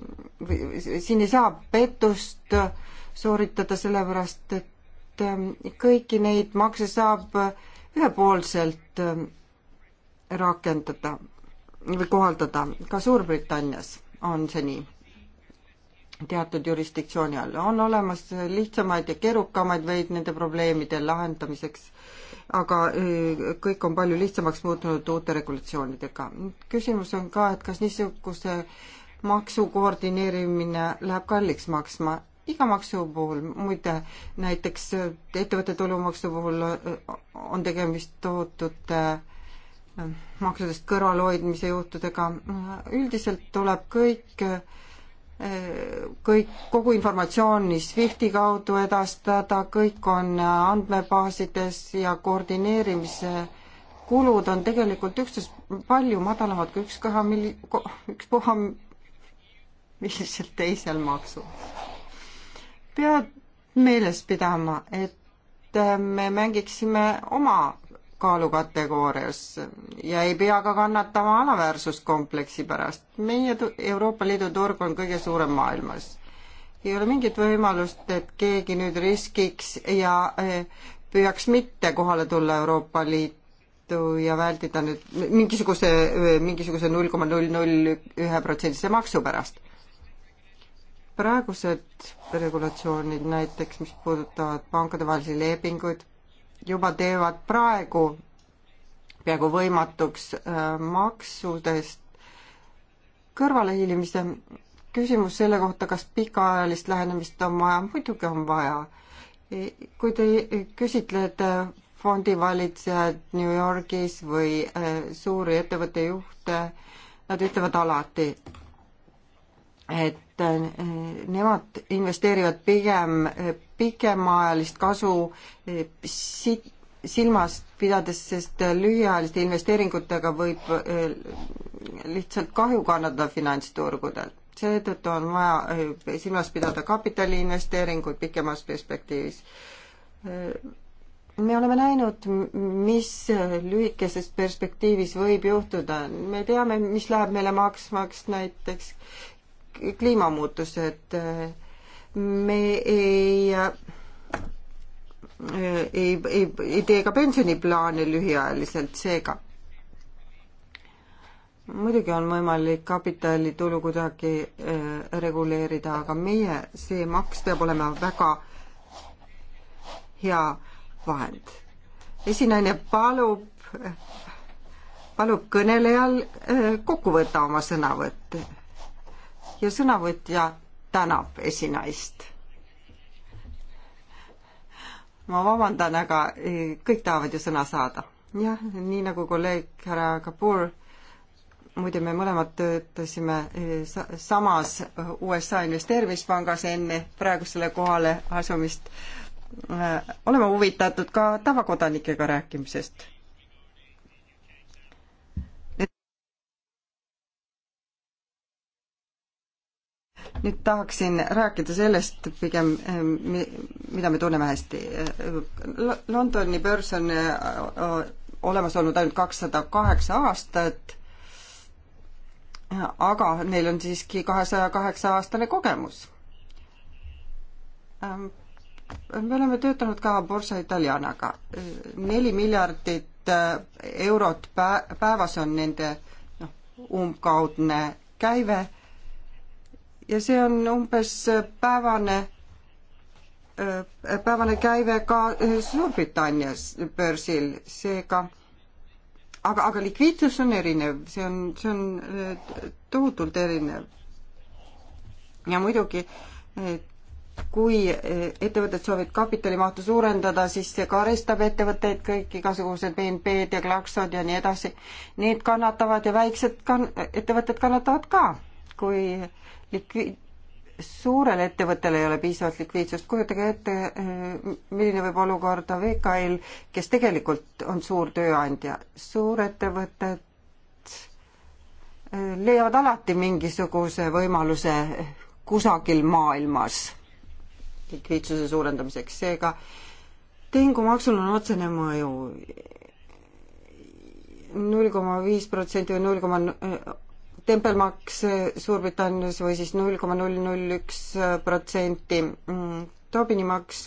S1: siin ei saa pettust sooritada, sellepärast et ehm, kõiki neid makse saab ühepoolselt ehm, rakendada või kohaldada, ka Suurbritannias on see nii teatud jurisdiktsiooni all. on olemas lihtsamaid ja keerukamaid veid nende probleemide lahendamiseks, aga äh, kõik on palju lihtsamaks muutunud uute regulatsioonidega. küsimus on ka, et kas niisuguse maksu koordineerimine läheb kalliks maksma? iga maksu puhul, muide näiteks ettevõtte tulumaksu puhul äh, on tegemist tohutute äh, maksudest kõrvalhoidmise juhtudega. üldiselt tuleb kõik äh, kõik, kogu informatsiooni SWIFTi kaudu edastada, kõik on andmebaasides ja koordineerimise kulud on tegelikult üksteist palju madalamad kui üks kaha mil-, ükspuha millisel teisel maksul. pead meeles pidama, et me mängiksime oma kaalukategoorias ja ei pea ka kannatama alaväärsuskompleksi pärast. meie Euroopa Liidu turg on kõige suurem maailmas. ei ole mingit võimalust, et keegi nüüd riskiks ja eh, püüaks mitte kohale tulla Euroopa Liitu ja vältida nüüd mingisuguse, mingisuguse null koma null null ühe protsendise maksu pärast. praegused regulatsioonid näiteks, mis puudutavad pankadevahelisi lepinguid juba teevad praegu peaaegu võimatuks äh, maksudest kõrvalehiilimise. küsimus selle kohta, kas pikaajalist lähenemist on vaja, muidugi on vaja. E, kui te küsitlete fondivalitsejad New Yorgis või äh, suuri ettevõtte juhte, nad ütlevad alati, et et äh, nemad investeerivad pigem äh, pikemaajalist kasu äh, si-, silmas pidades, sest lühiajaliste investeeringutega võib lihtsalt kahju kannatada finantsturgudel. seetõttu on vaja silmas pidada kapitaliinvesteeringuid pikemas perspektiivis. me oleme näinud, mis lühikeses perspektiivis võib juhtuda. me teame, mis läheb meile maksmaks näiteks kliimamuutused. me ei ei, ei, ei tee ka pensioniplaane lühiajaliselt, seega muidugi on võimalik kapitalitulu kuidagi äh, reguleerida, aga meie, see maks peab olema väga hea vahend. esinaine palub, palub kõnelejal äh, kokku võtta oma sõnavõtte ja sõnavõtja tänab esinaist. ma vabandan, aga e, kõik tahavad ju sõna saada. jah, nii nagu kolleeg härra Kapoor, muide me mõlemad töötasime e, samas USA investeerimispangas enne praegusele kohale asumist äh, oleme huvitatud ka tavakodanikega rääkimisest. nüüd tahaksin rääkida sellest pigem, ehm, mida me tunneme hästi. Londoni börs on olemas olnud ainult kakssada kaheksa aastat, aga neil on siiski kahesaja kaheksa aastane kogemus. Ehm, me oleme töötanud ka Borsa Italianaga. neli miljardit eh, eurot päevas on nende noh, umbkaudne käive ja see on umbes päevane, päevane käive ka Suurbritannias börsil, seega aga, aga likviidsus on erinev, see on, see on äh, tohutult erinev. ja muidugi, kui äh, ettevõtted soovivad kapitalimahtu suurendada, siis see karistab ettevõtteid kõik, igasugused BNP-d ja klaksod ja nii edasi. Need kannatavad ja väiksed kann-, ettevõtted kannatavad ka, kui likvi-, suurel ettevõttel ei ole piisavalt likviidsust, kujutage ette, eh, milline võib olukord VKI-l, kes tegelikult on suur tööandja. suurettevõtted eh, leiavad alati mingisuguse võimaluse kusagil maailmas likviidsuse suurendamiseks, seega tehingumaksul on otsene mõju null koma viis protsenti või null koma eh, tempelmaks Suurbritannias või siis null koma null null üks protsenti. Tobini maks,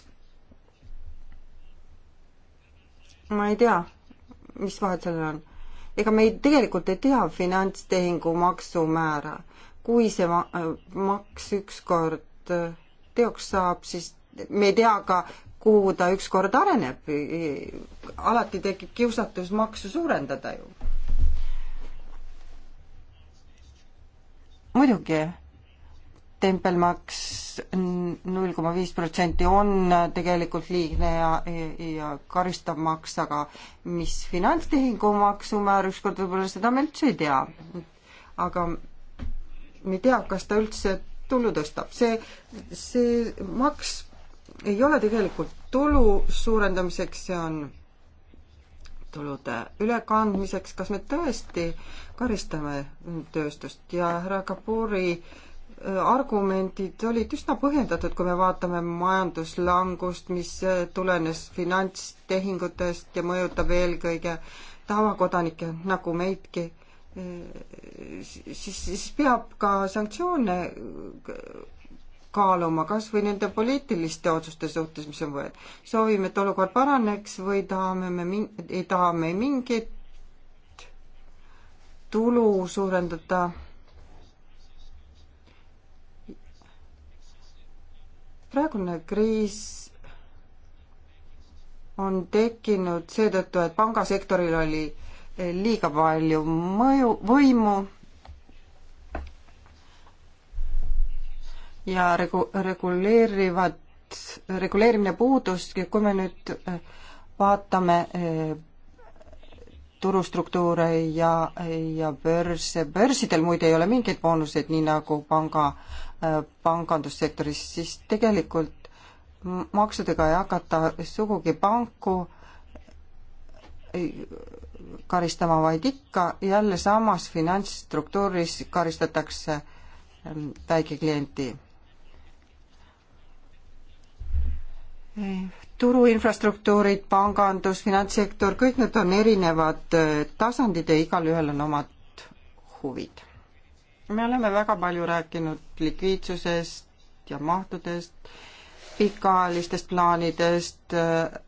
S1: ma ei tea, mis vahet sellel on. ega me ei, tegelikult ei tea finantstehingu maksumäära. kui see ma-, maks ükskord teoks saab, siis me ei tea ka, kuhu ta ükskord areneb. alati tekib kiusatus maksu suurendada ju muidugi, tempelmaks null koma viis protsenti on tegelikult liigne ja, ja karistav maks, aga mis finantstehingu maksumäär ükskord võib-olla, seda me üldse ei tea. aga me ei tea, kas ta üldse tulu tõstab, see, see maks ei ole tegelikult tulu suurendamiseks, see on tulude ülekandmiseks, kas me tõesti karistame tööstust ja härra Kapuri äh, argumendid olid üsna põhjendatud, kui me vaatame majanduslangust, mis äh, tulenes finantstehingutest ja mõjutab eelkõige tavakodanikke nagu meidki, äh, siis, siis peab ka sanktsioone kaaluma, kas või nende poliitiliste otsuste suhtes, mis on võetud. soovime, et olukord paraneks või tahame me min-, ei taha me mingit tulu suurendada. praegune kriis on tekkinud seetõttu, et pangasektoril oli liiga palju mõju, võimu ja regu-, reguleerivad, reguleerimine puudust, kui me nüüd äh, vaatame äh, turustruktuure ja, ja börse, börsidel muide ei ole mingeid boonuseid, nii nagu panga, äh, pangandussektoris, siis tegelikult maksudega ei hakata sugugi panku karistama, vaid ikka jälle samas finantsstruktuuris karistatakse väikeklienti turuinfrastruktuurid, pangandus, finantssektor, kõik need on erinevad äh, tasandid ja igalühel on omad huvid. me oleme väga palju rääkinud likviidsusest ja mahtudest, pikaajalistest plaanidest, äh,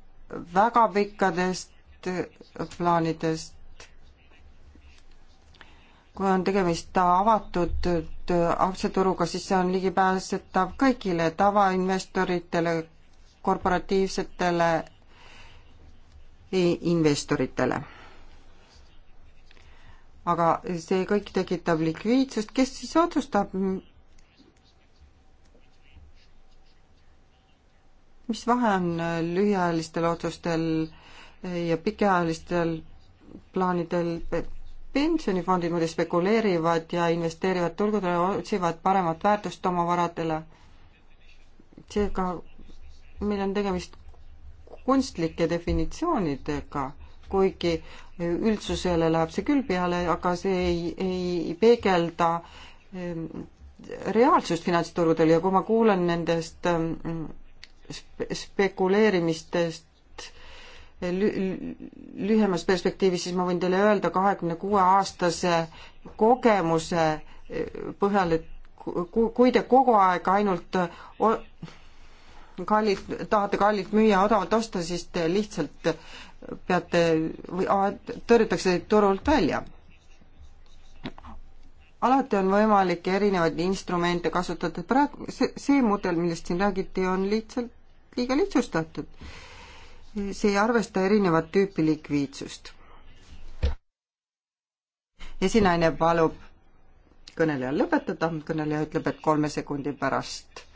S1: väga pikkadest äh, plaanidest, kui on tegemist avatud aktsiaturuga, siis see on ligipääsetav kõigile tavainvestoritele, korporatiivsetele investoritele. aga see kõik tekitab likviidsust, kes siis otsustab, mis vahe on lühiajalistel otsustel ja pikaajalistel plaanidel? pensionifondid muide spekuleerivad ja investeerivad turgudele, otsivad paremat väärtust oma varadele. seega meil on tegemist kunstlike definitsioonidega, kuigi üldsusele läheb see küll peale, aga see ei, ei peegelda ehm, reaalsust finantsturgudel ja kui ma kuulen nendest ehm, spekuleerimistest lühemas perspektiivis, siis ma võin teile öelda kahekümne kuue aastase kogemuse eh, põhjal, et kui te kogu aeg ainult kallilt, tahate kallilt müüa, odavalt osta, siis te lihtsalt peate või tõrjutakse teid turult välja. alati on võimalik erinevaid instrumente kasutada, praegu see, see mudel, millest siin räägiti, on lihtsalt liiga lihtsustatud. see ei arvesta erinevat tüüpi likviidsust. esinaine palub kõnelejal lõpetada, kõneleja ütleb, et kolme sekundi pärast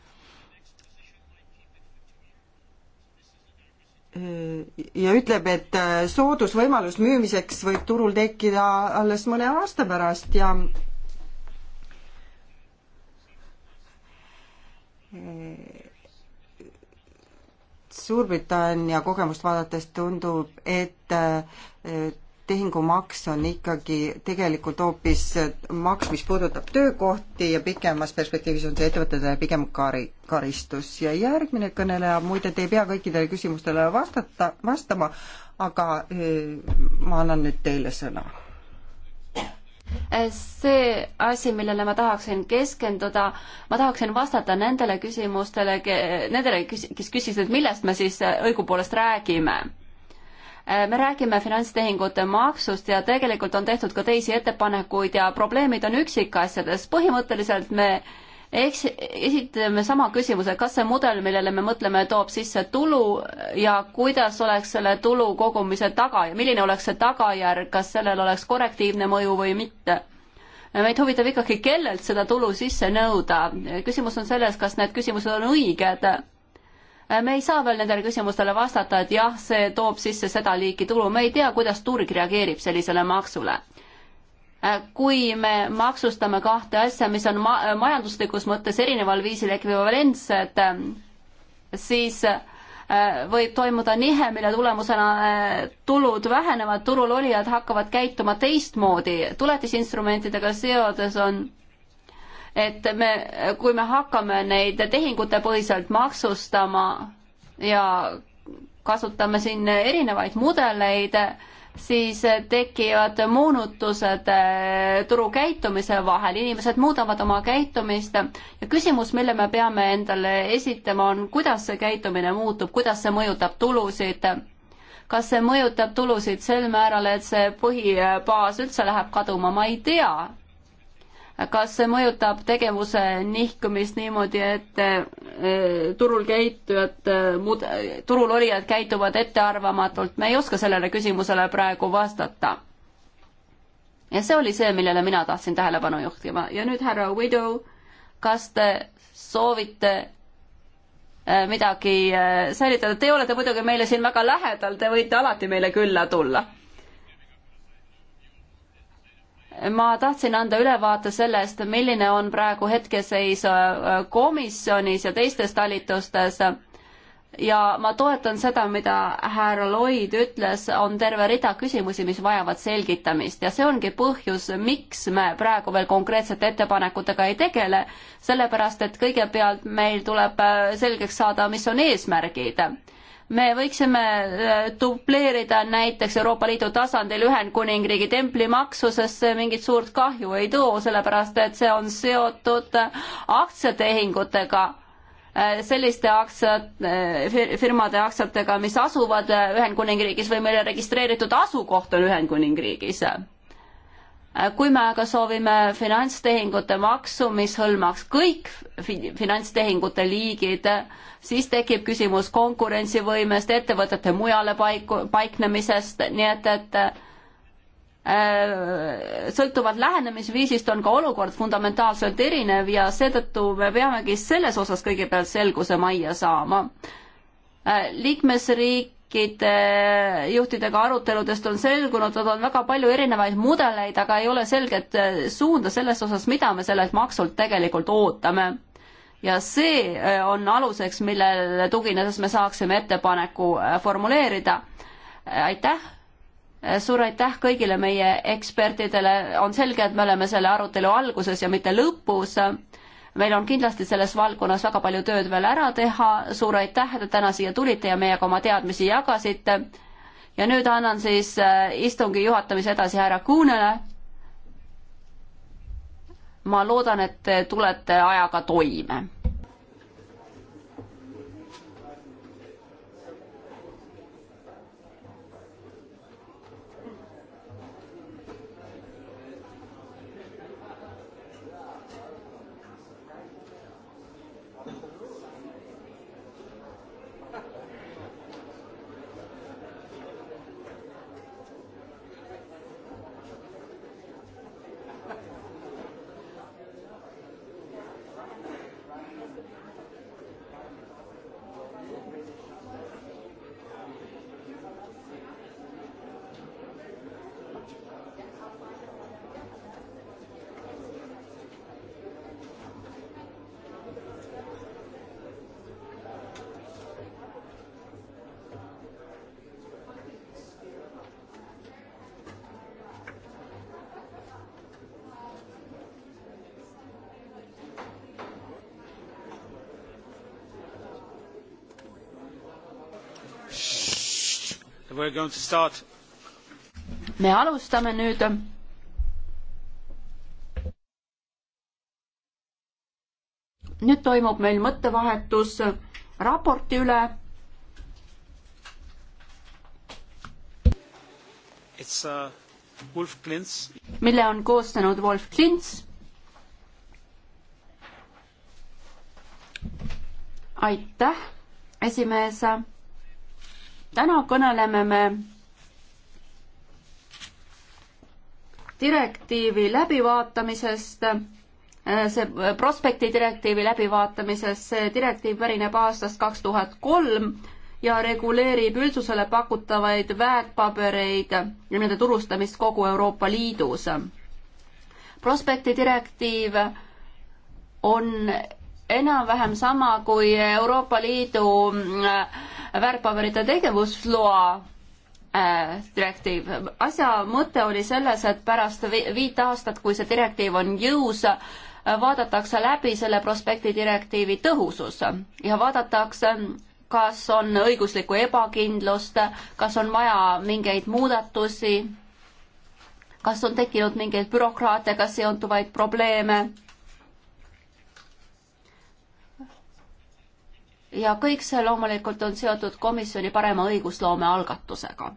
S1: ja ütleb, et äh, soodusvõimalus müümiseks võib turul tekkida alles mõne aasta pärast ja Suurbritannia kogemust vaadates tundub, et äh, tehingumaks on ikkagi tegelikult hoopis maks, mis puudutab töökohti ja pikemas perspektiivis on see ettevõtetele pigem kari, karistus. ja järgmine kõneleja, muide, te ei pea kõikidele küsimustele vastata, vastama, aga eh, ma annan nüüd teile sõna.
S2: see asi, millele ma tahaksin keskenduda, ma tahaksin vastata nendele küsimustele, nendele, kes küsisid, millest me siis õigupoolest räägime Äh, me räägime finantstehingute maksust ja tegelikult on tehtud ka teisi ettepanekuid ja probleemid on üksikasjades. põhimõtteliselt me eks esitame sama küsimuse, kas see mudel, millele me mõtleme, toob sisse tulu ja kuidas oleks selle tulu kogumise taga ja milline oleks see tagajärg, kas sellel oleks korrektiivne mõju või mitte meid huvitab ikkagi, kellelt seda tulu sisse nõuda. küsimus on selles, kas need küsimused on õiged Äh, me ei saa veel nendele küsimustele vastata, et jah, see toob sisse seda liiki tulu, me ei tea, kuidas turg reageerib sellisele maksule. Äh, kui me maksustame kahte asja, mis on ma-, majanduslikus mõttes erineval viisil ekvivalentsed, äh, siis võib toimuda nihe, mille tulemusena tulud vähenevad, turul olijad hakkavad käituma teistmoodi. tuletisinstrumentidega seoses on et me, kui me hakkame neid tehingute põhiselt maksustama ja kasutame siin erinevaid mudeleid, siis tekivad moonutused eh, turu käitumise vahel, inimesed muudavad oma käitumist ja küsimus, mille me peame endale esitama, on kuidas see käitumine muutub, kuidas see mõjutab tulusid, kas see mõjutab tulusid sel määral, et see põhibaas üldse läheb kaduma, ma ei tea kas see mõjutab tegevuse nihkumist niimoodi, et eh, turul käitujad, eh, muud, eh, turul olijad käituvad ettearvamatult, me ei oska sellele küsimusele praegu vastata. ja see oli see, millele mina tahtsin tähelepanu juhtima ja nüüd härra Widow, kas te soovite midagi säilitada, te olete muidugi meile siin väga lähedal, te võite alati meile külla tulla ma tahtsin anda ülevaate sellest, milline on praegu hetkeseis äh, komisjonis ja teistes talitustes ja ma toetan seda, mida härra Lloyd ütles, on terve rida küsimusi, mis vajavad selgitamist ja see ongi põhjus, miks me praegu veel konkreetsete ettepanekutega ei tegele, sellepärast et kõigepealt meil tuleb äh, selgeks saada, mis on eesmärgid me võiksime äh, dubleerida näiteks Euroopa Liidu tasandil Ühendkuningriigi templimaksu, sest see mingit suurt kahju ei too, sellepärast et see on seotud äh, aktsiatehingutega, äh, selliste aktsiat-, firmade aktsiatega, mis asuvad Ühendkuningriigis või mille registreeritud asukoht on Ühendkuningriigis Äh, kui me aga soovime finantstehingute maksu, mis hõlmaks kõik finantstehingute liigid, siis tekib küsimus konkurentsivõimest, ettevõtete mujale paiku, paiknemisest, nii et, et äh, sõltuvalt lähenemisviisist on ka olukord fundamentaalselt erinev ja seetõttu me peamegi selles osas kõigepealt selguse majja saama äh,. liikmesriik riikide eh, juhtidega aruteludest on selgunud, et on väga palju erinevaid mudeleid, aga ei ole selget eh, suunda selles osas, mida me sellelt maksult tegelikult ootame. ja see eh, on aluseks, millele tuginedes me saaksime ettepaneku formuleerida. aitäh suur aitäh kõigile meie ekspertidele, on selge, et me oleme selle arutelu alguses ja mitte lõpus meil on kindlasti selles valdkonnas väga palju tööd veel ära teha, suur aitäh, et täna siia tulite ja meiega oma teadmisi jagasite. ja nüüd annan siis äh, istungi juhatamise edasi härra Kuunele. ma loodan, et te tulete ajaga toime
S3: We're going
S1: to start.
S2: me alustame nüüd. nüüd toimub meil mõttevahetus raporti üle.
S3: It's uh, Wolf Klints. mille
S2: on koostanud Wolf Klints. aitäh, esimees täna kõneleme me direktiivi läbivaatamisest, äh, see äh, prospekti direktiivi läbivaatamisest, see direktiiv pärineb aastast kaks tuhat kolm ja reguleerib üldsusele pakutavaid väärtpabereid ja nende turustamist kogu Euroopa Liidus. prospekti direktiiv on enam-vähem sama kui Euroopa Liidu äh, väärtpaberite tegevusloa äh, direktiiv. asja mõte oli selles, et pärast viit aastat, kui see direktiiv on jõus, äh, vaadatakse läbi selle prospekti direktiivi tõhusus ja vaadatakse, kas on õiguslikku ebakindlust, kas on vaja mingeid muudatusi, kas on tekkinud mingeid bürokraatiaga seonduvaid probleeme ja kõik see loomulikult on seotud komisjoni parema õigusloome algatusega.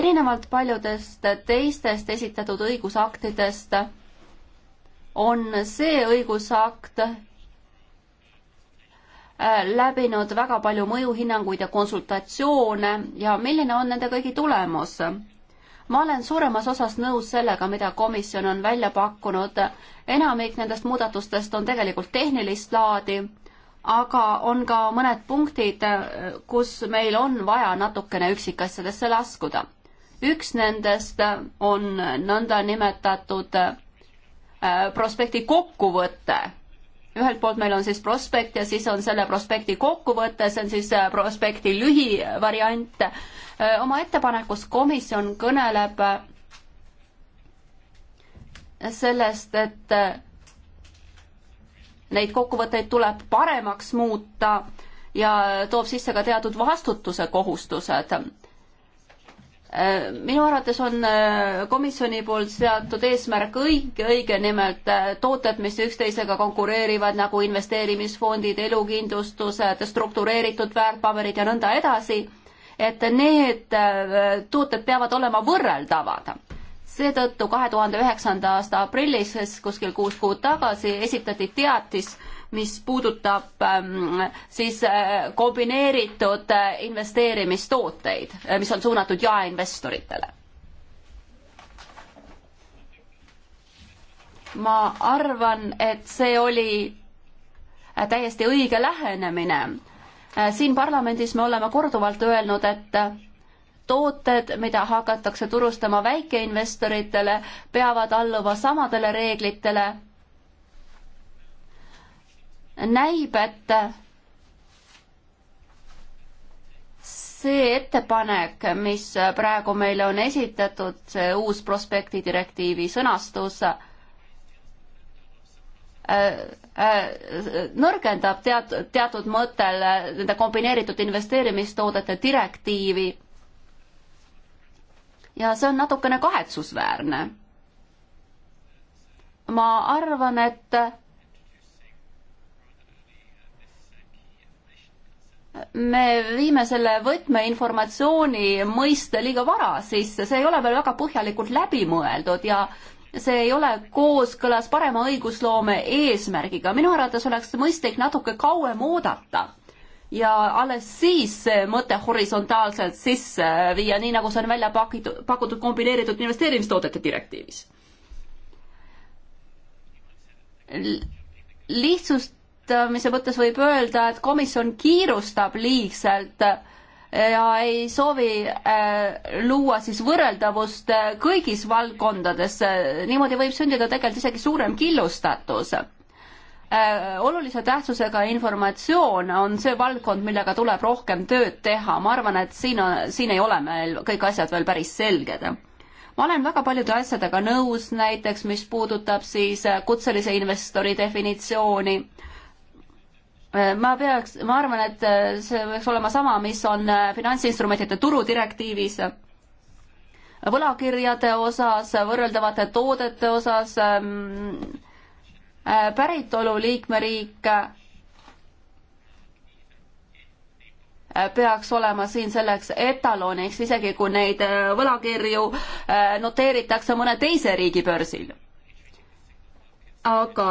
S2: erinevalt paljudest teistest esitatud õigusaktidest on see õigusakt äh, läbinud väga palju mõjuhinnanguid ja konsultatsioone ja milline on nende kõigi tulemus? ma olen suuremas osas nõus sellega, mida komisjon on välja pakkunud. enamik nendest muudatustest on tegelikult tehnilist laadi aga on ka mõned punktid, kus meil on vaja natukene üksikasjadesse laskuda. üks nendest on nõndanimetatud äh, prospekti kokkuvõte. ühelt poolt meil on siis prospekt ja siis on selle prospekti kokkuvõte, see on siis äh, prospekti lühivariant. Äh, oma ettepanekus komisjon kõneleb sellest, et neid kokkuvõtteid tuleb paremaks muuta ja toob sisse ka teatud vastutuse kohustused. Äh, minu arvates on äh, komisjoni poolt seatud eesmärk õige, õige nimelt äh, tooted, mis üksteisega konkureerivad nagu investeerimisfondid, elukindlustused, struktureeritud väärtpaberid ja nõnda edasi, et need tooted peavad olema võrreldavad seetõttu kahe tuhande üheksanda aasta aprillis, kuskil kuus kuud tagasi, esitati teatis, mis puudutab ähm, siis äh, kombineeritud äh, investeerimistooteid, äh, mis on suunatud jaeinvestoritele. ma arvan, et see oli äh, täiesti õige lähenemine. Äh, siin parlamendis me oleme korduvalt öelnud, et tooted, mida hakatakse turustama väikeinvestoritele, peavad alluma samadele reeglitele. näib, et see ettepanek, mis praegu meile on esitatud, see uus prospekti direktiivi sõnastus äh,, äh, nõrgendab teat-, teatud mõttel nende kombineeritud investeerimistoodete direktiivi ja see on natukene kahetsusväärne. ma arvan, et me viime selle võtmeinformatsiooni mõiste liiga vara sisse, see ei ole veel väga põhjalikult läbi mõeldud ja see ei ole kooskõlas parema õigusloome eesmärgiga. minu arvates oleks mõistlik natuke kauem oodata ja alles siis see mõte horisontaalselt sisse viia, nii nagu see on välja pakitud, pakutud kombineeritud investeerimistoodete direktiivis. lihtsustamise mõttes võib öelda, et komisjon kiirustab liigselt ja ei soovi äh, luua siis võrreldavust äh, kõigis valdkondades, niimoodi võib sündida tegelikult isegi suurem killustatus Äh, olulise tähtsusega informatsioon on see valdkond, millega tuleb rohkem tööd teha, ma arvan, et siin on, siin ei ole meil kõik asjad veel päris selged. ma olen väga paljude asjadega nõus, näiteks mis puudutab siis kutselise investori definitsiooni. Äh, ma peaks, ma arvan, et äh, see peaks olema sama, mis on finantsinstrumentide turudirektiivis võlakirjade osas, võrreldavate toodete osas ähm, Äh, päritolu liikmeriik äh, peaks olema siin selleks etaloniks, isegi kui neid äh, võlakirju noteeritakse mõne teise riigi börsil. aga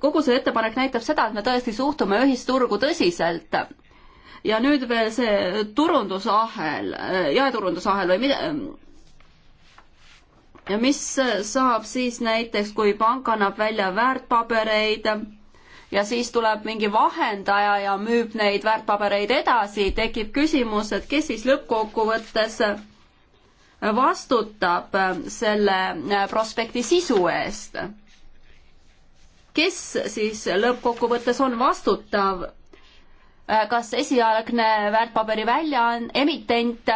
S2: kogu see ettepanek näitab seda, et me tõesti suhtume ühisturgu tõsiselt. ja nüüd veel see turundusahel, jaeturundusahel või mida ja mis äh, saab siis näiteks, kui pank annab välja väärtpabereid ja siis tuleb mingi vahendaja ja müüb neid väärtpabereid edasi, tekib küsimus, et kes siis lõppkokkuvõttes vastutab äh, selle äh, prospekti sisu eest. kes siis lõppkokkuvõttes on vastutav kas esialgne väärtpaberi väljaanne, emitent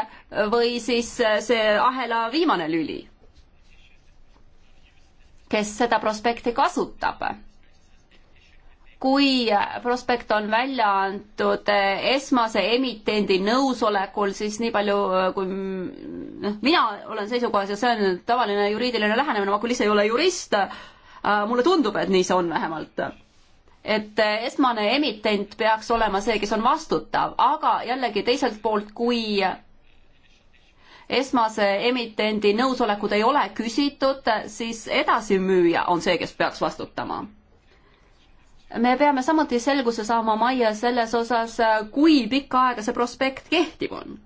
S2: või siis see ahela viimane lüli kes seda prospekti kasutab. kui prospekt on välja antud esmase emitendi nõusolekul, siis nii palju kui noh, mina olen seisukohas ja see on tavaline juriidiline lähenemine, ma küll ise ei ole jurist, äh, mulle tundub, et nii see on vähemalt et esmane emitent peaks olema see, kes on vastutav, aga jällegi teiselt poolt, kui esmase emitendi nõusolekut ei ole küsitud, siis edasimüüja on see, kes peaks vastutama. me peame samuti selguse saama majja selles osas, kui pikka aega see prospekt kehtiv on.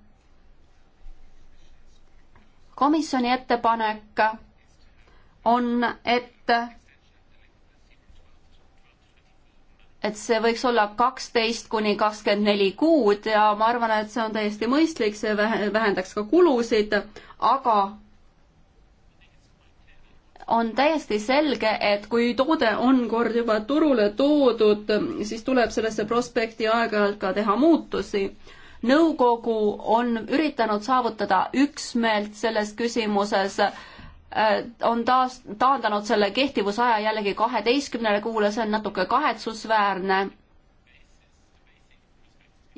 S2: komisjoni ettepanek on, et et see võiks olla kaksteist kuni kakskümmend neli kuud ja ma arvan, et see on täiesti mõistlik, see vähendaks ka kulusid, aga on täiesti selge, et kui toode on kord juba turule toodud, siis tuleb sellesse prospekti aeg-ajalt ka teha muutusi. nõukogu on üritanud saavutada üksmeelt selles küsimuses äh, Äh, on taas, taandanud selle kehtivusaja jällegi kaheteistkümnele kuule, see on natuke kahetsusväärne.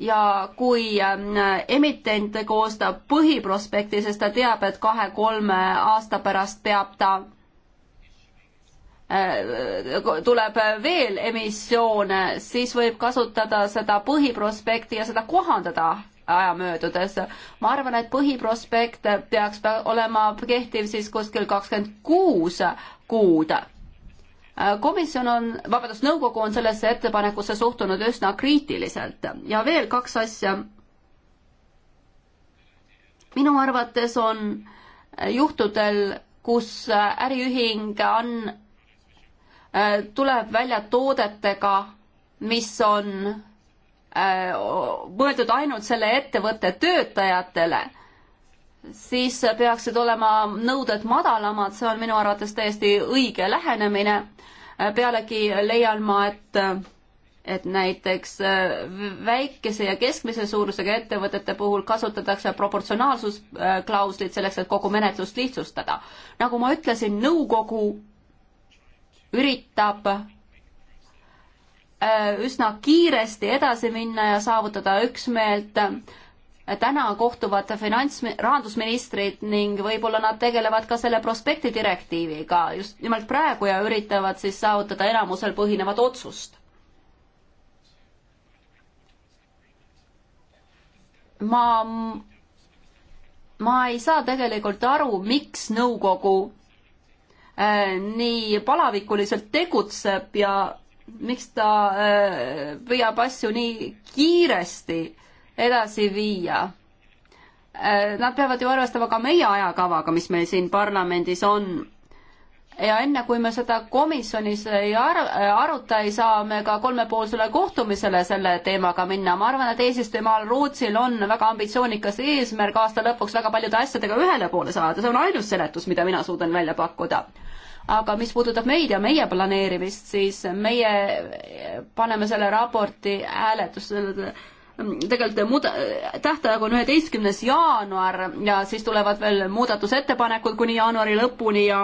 S2: ja kui äh, emitent koostab põhiprospekti, siis ta teab, et kahe-kolme aasta pärast peab ta äh, tuleb veel emissioone, siis võib kasutada seda põhiprospekti ja seda kohandada aja möödudes. ma arvan, et põhiprospekt peaks olema kehtiv siis kuskil kakskümmend kuus kuud. komisjon on, vabandust, nõukogu on sellesse ettepanekusse suhtunud üsna kriitiliselt ja veel kaks asja. minu arvates on juhtudel, kus äriühing on, äh, tuleb välja toodetega, mis on Äh, mõeldud ainult selle ettevõtte töötajatele, siis peaksid olema nõuded madalamad, see on minu arvates täiesti õige lähenemine. Äh, pealegi leian ma, et et näiteks äh, väikese ja keskmise suurusega ettevõtete puhul kasutatakse proportsionaalsusklauslit selleks, et kogu menetlust lihtsustada. nagu ma ütlesin, nõukogu üritab Äh, üsna kiiresti edasi minna ja saavutada üksmeelt. täna kohtuvad finants, rahandusministrid ning võib-olla nad tegelevad ka selle prospekti direktiiviga just nimelt praegu ja üritavad siis saavutada enamusel põhinevat otsust. ma, ma ei saa tegelikult aru, miks nõukogu äh, nii palavikuliselt tegutseb ja miks ta äh, püüab asju nii kiiresti edasi viia. Äh, nad peavad ju arvestama ka meie ajakavaga, mis meil siin parlamendis on ja enne, kui me seda komisjonis ei ar äh, aruta, ei saa me ka kolmepoolsele kohtumisele selle teemaga minna. ma arvan, et eesistujamaal Rootsil on väga ambitsioonikas eesmärk aasta lõpuks väga paljude asjadega ühele poole saada, see on ainus seletus, mida mina suudan välja pakkuda aga mis puudutab meid ja meie planeerimist, siis meie paneme selle raporti hääletusele tegelikult muud-, tähtaeg on üheteistkümnes jaanuar ja siis tulevad veel muudatusettepanekud kuni jaanuari lõpuni ja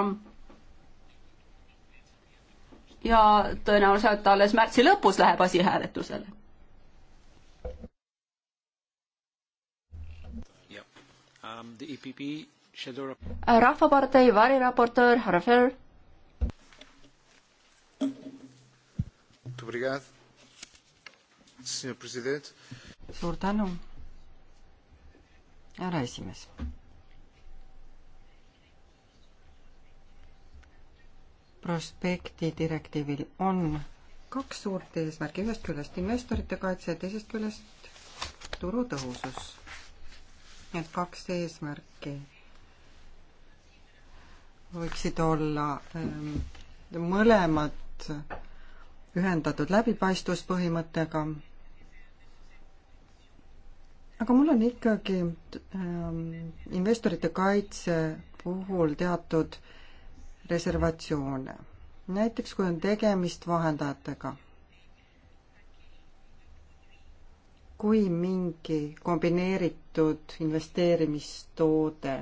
S2: ja tõenäoliselt alles märtsi lõpus läheb asi hääletusele.
S3: Um, e
S2: rahvapartei variraportöör härra Ferr
S1: suur tänu, härra esimees. prospekti direktiivil on kaks suurt eesmärki, ühest küljest investorite kaitse ja teisest küljest turu tõhusus. Need kaks eesmärki võiksid olla ähm, mõlemad ühendatud läbipaistvuspõhimõttega. aga mul on ikkagi ähm, investorite kaitse puhul teatud reservatsioone, näiteks kui on tegemist vahendajatega. kui mingi kombineeritud investeerimistoode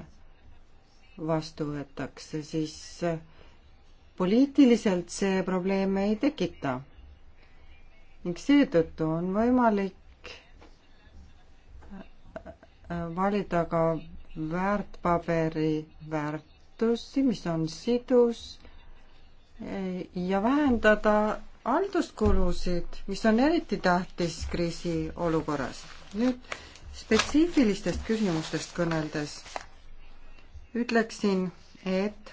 S1: vastu võetakse, siis äh, poliitiliselt see probleeme ei tekita. ning seetõttu on võimalik valida ka väärtpaberi väärtusi, mis on sidus ja vähendada halduskulusid, mis on eriti tähtis kriisiolukorras. nüüd spetsiifilistest küsimustest kõneldes ütleksin, et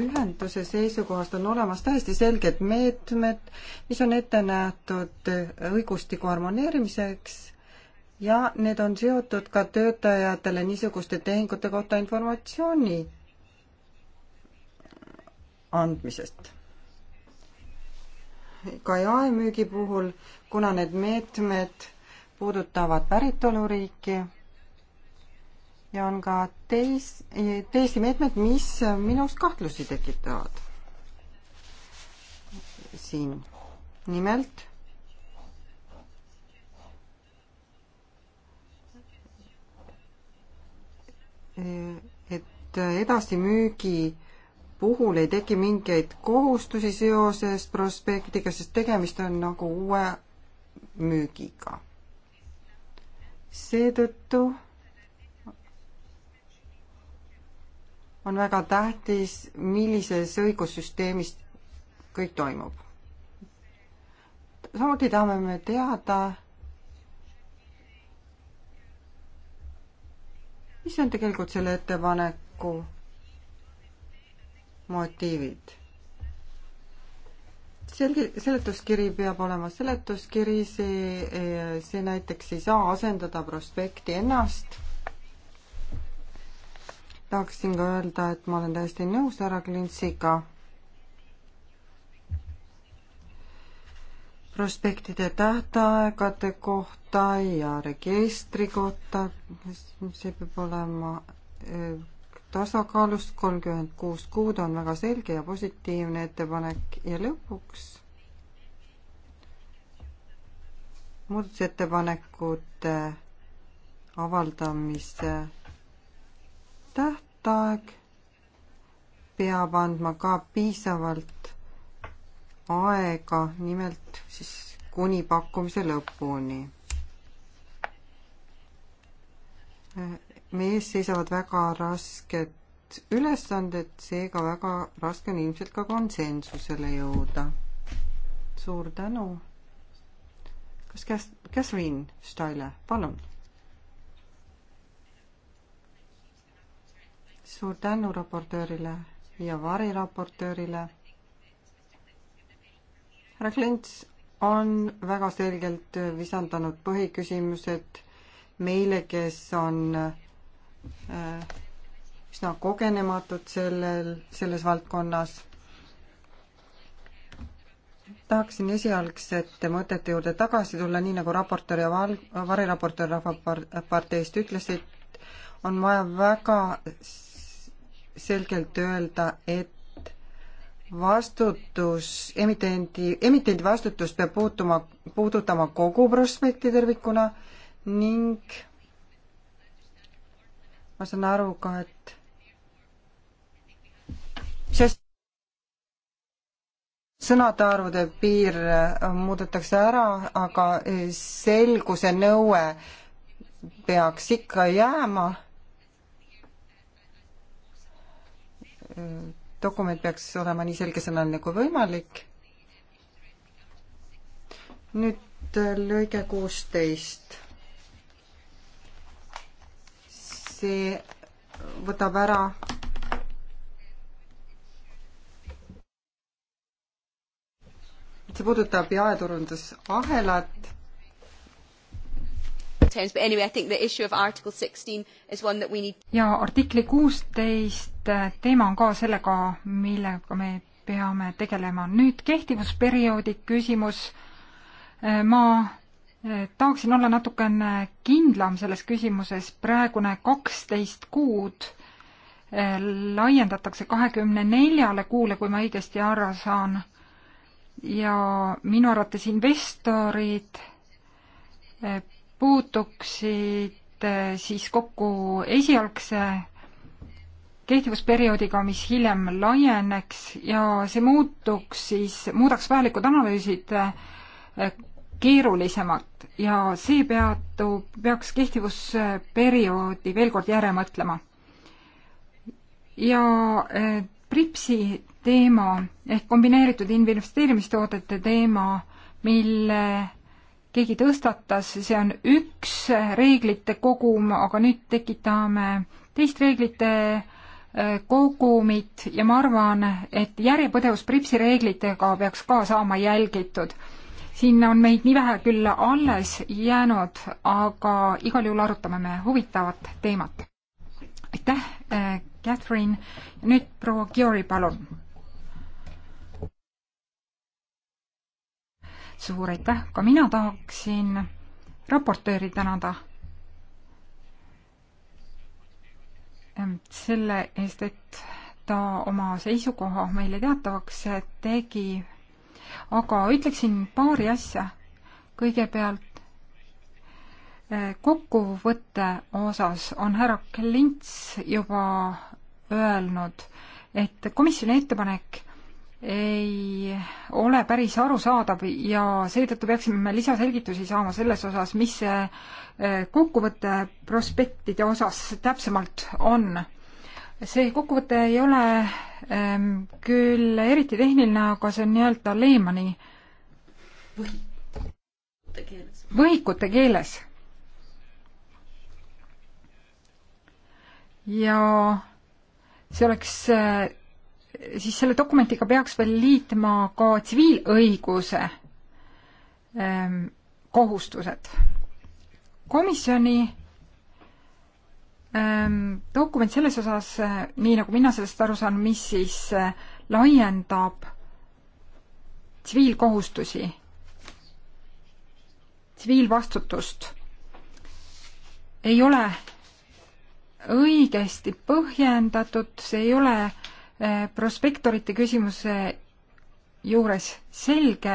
S1: ühenduse seisukohast on olemas täiesti selged meetmed, mis on ette nähtud õigustiku harmoneerimiseks ja need on seotud ka töötajatele niisuguste tehingute kohta informatsiooni andmisest. ka jaemüügi puhul, kuna need meetmed puudutavad päritoluriiki ja on ka teis-, teisi meetmeid, mis minus kahtlusi tekitavad. siin nimelt et edasimüügi puhul ei teki mingeid kohustusi seoses prospektiga, sest tegemist on nagu uue müügiga. seetõttu on väga tähtis, millises õigussüsteemis kõik toimub. samuti tahame me teada, mis on tegelikult selle ettepaneku motiivid selgi-, seletuskiri peab olema seletuskiri, see, see näiteks ei saa asendada prospekti ennast tahaksin ka öelda, et ma olen täiesti nõus härra Klintsiga. prospektide tähtaegade kohta ja registri kohta, see peab olema e, tasakaalus, kolmkümmend kuus kuud on väga selge ja positiivne ettepanek ja lõpuks muudatusettepanekute avaldamise tähtaeg peab andma ka piisavalt aega, nimelt siis kuni pakkumise lõpuni. meie ees seisavad väga rasked ülesanded, seega väga raske on ilmselt ka konsensusele jõuda. suur tänu. kas Käs-, Catherine Steiler, palun suur tänu raportöörile ja variraportöörile. härra Klints on väga selgelt visandanud põhiküsimused meile, kes on äh, üsna kogenematud sellel, selles valdkonnas tahaksin esialgsete mõtete juurde tagasi tulla, nii nagu raportöör ja val-, variraportöör Rahvaparteist ütlesid, on vaja väga selgelt öelda, et vastutus, emitendi, emitendi vastutus peab puutuma, puudutama kogu prospekti tervikuna ning ma saan aru ka, et sest sõnade arvude piir muudetakse ära, aga selguse nõue peaks ikka jääma dokument peaks olema nii selgesõnaline kui võimalik. nüüd äh, lõige kuusteist. see võtab ära see puudutab jaeturundusahelat
S2: terms, but anyway, I think the issue of article sixteen is one that we need.
S3: ja artikli kuusteist eh, teema on ka sellega, millega me peame tegelema. nüüd kehtivusperioodi küsimus. Eh, ma eh, tahaksin olla natukene kindlam selles küsimuses. praegune kaksteist kuud laiendatakse kahekümne neljale kuule, kui ma õigesti aru saan. ja minu arvates investorid puutuksid äh, siis kokku esialgse kehtivusperioodiga, mis hiljem laieneks ja see muutuks siis, muudaks vajalikud analüüsid äh, keerulisemalt ja see peatub, peaks kehtivusperioodi veel kord järele mõtlema. ja äh, Pripsi teema ehk kombineeritud investeerimistoodete teema, mille keegi tõstatas, see on üks reeglite kogum, aga nüüd tekitame teist reeglite äh, kogumit ja ma arvan, et järjepõdevus Pripsi reeglitega peaks ka saama jälgitud. siin on meid nii vähe küll alles jäänud, aga igal juhul arutame me huvitavat teemat. aitäh, äh, Catherine, ja nüüd proua Giori, palun suur aitäh, ka mina tahaksin raportööri tänada selle eest, et ta oma seisukoha meile teatavaks tegi. aga ütleksin paari asja. kõigepealt kokkuvõtte osas on härra Klints juba öelnud, et komisjoni ettepanek ei ole päris arusaadav ja seetõttu peaksime me lisaselgitusi saama selles osas, mis see eh, kokkuvõte prospektide osas täpsemalt on. see kokkuvõte ei ole ähm, küll eriti tehniline, aga see on nii-öelda Lehmani võhikute keeles. ja see oleks äh, siis selle dokumendiga peaks veel liitma ka tsiviilõiguse ehm, kohustused. komisjoni ehm, dokument selles osas, nii nagu mina sellest aru saan, mis siis eh, laiendab tsiviilkohustusi, tsiviilvastutust, ei ole õigesti põhjendatud, see ei ole Eh, prospektorite küsimuse juures selge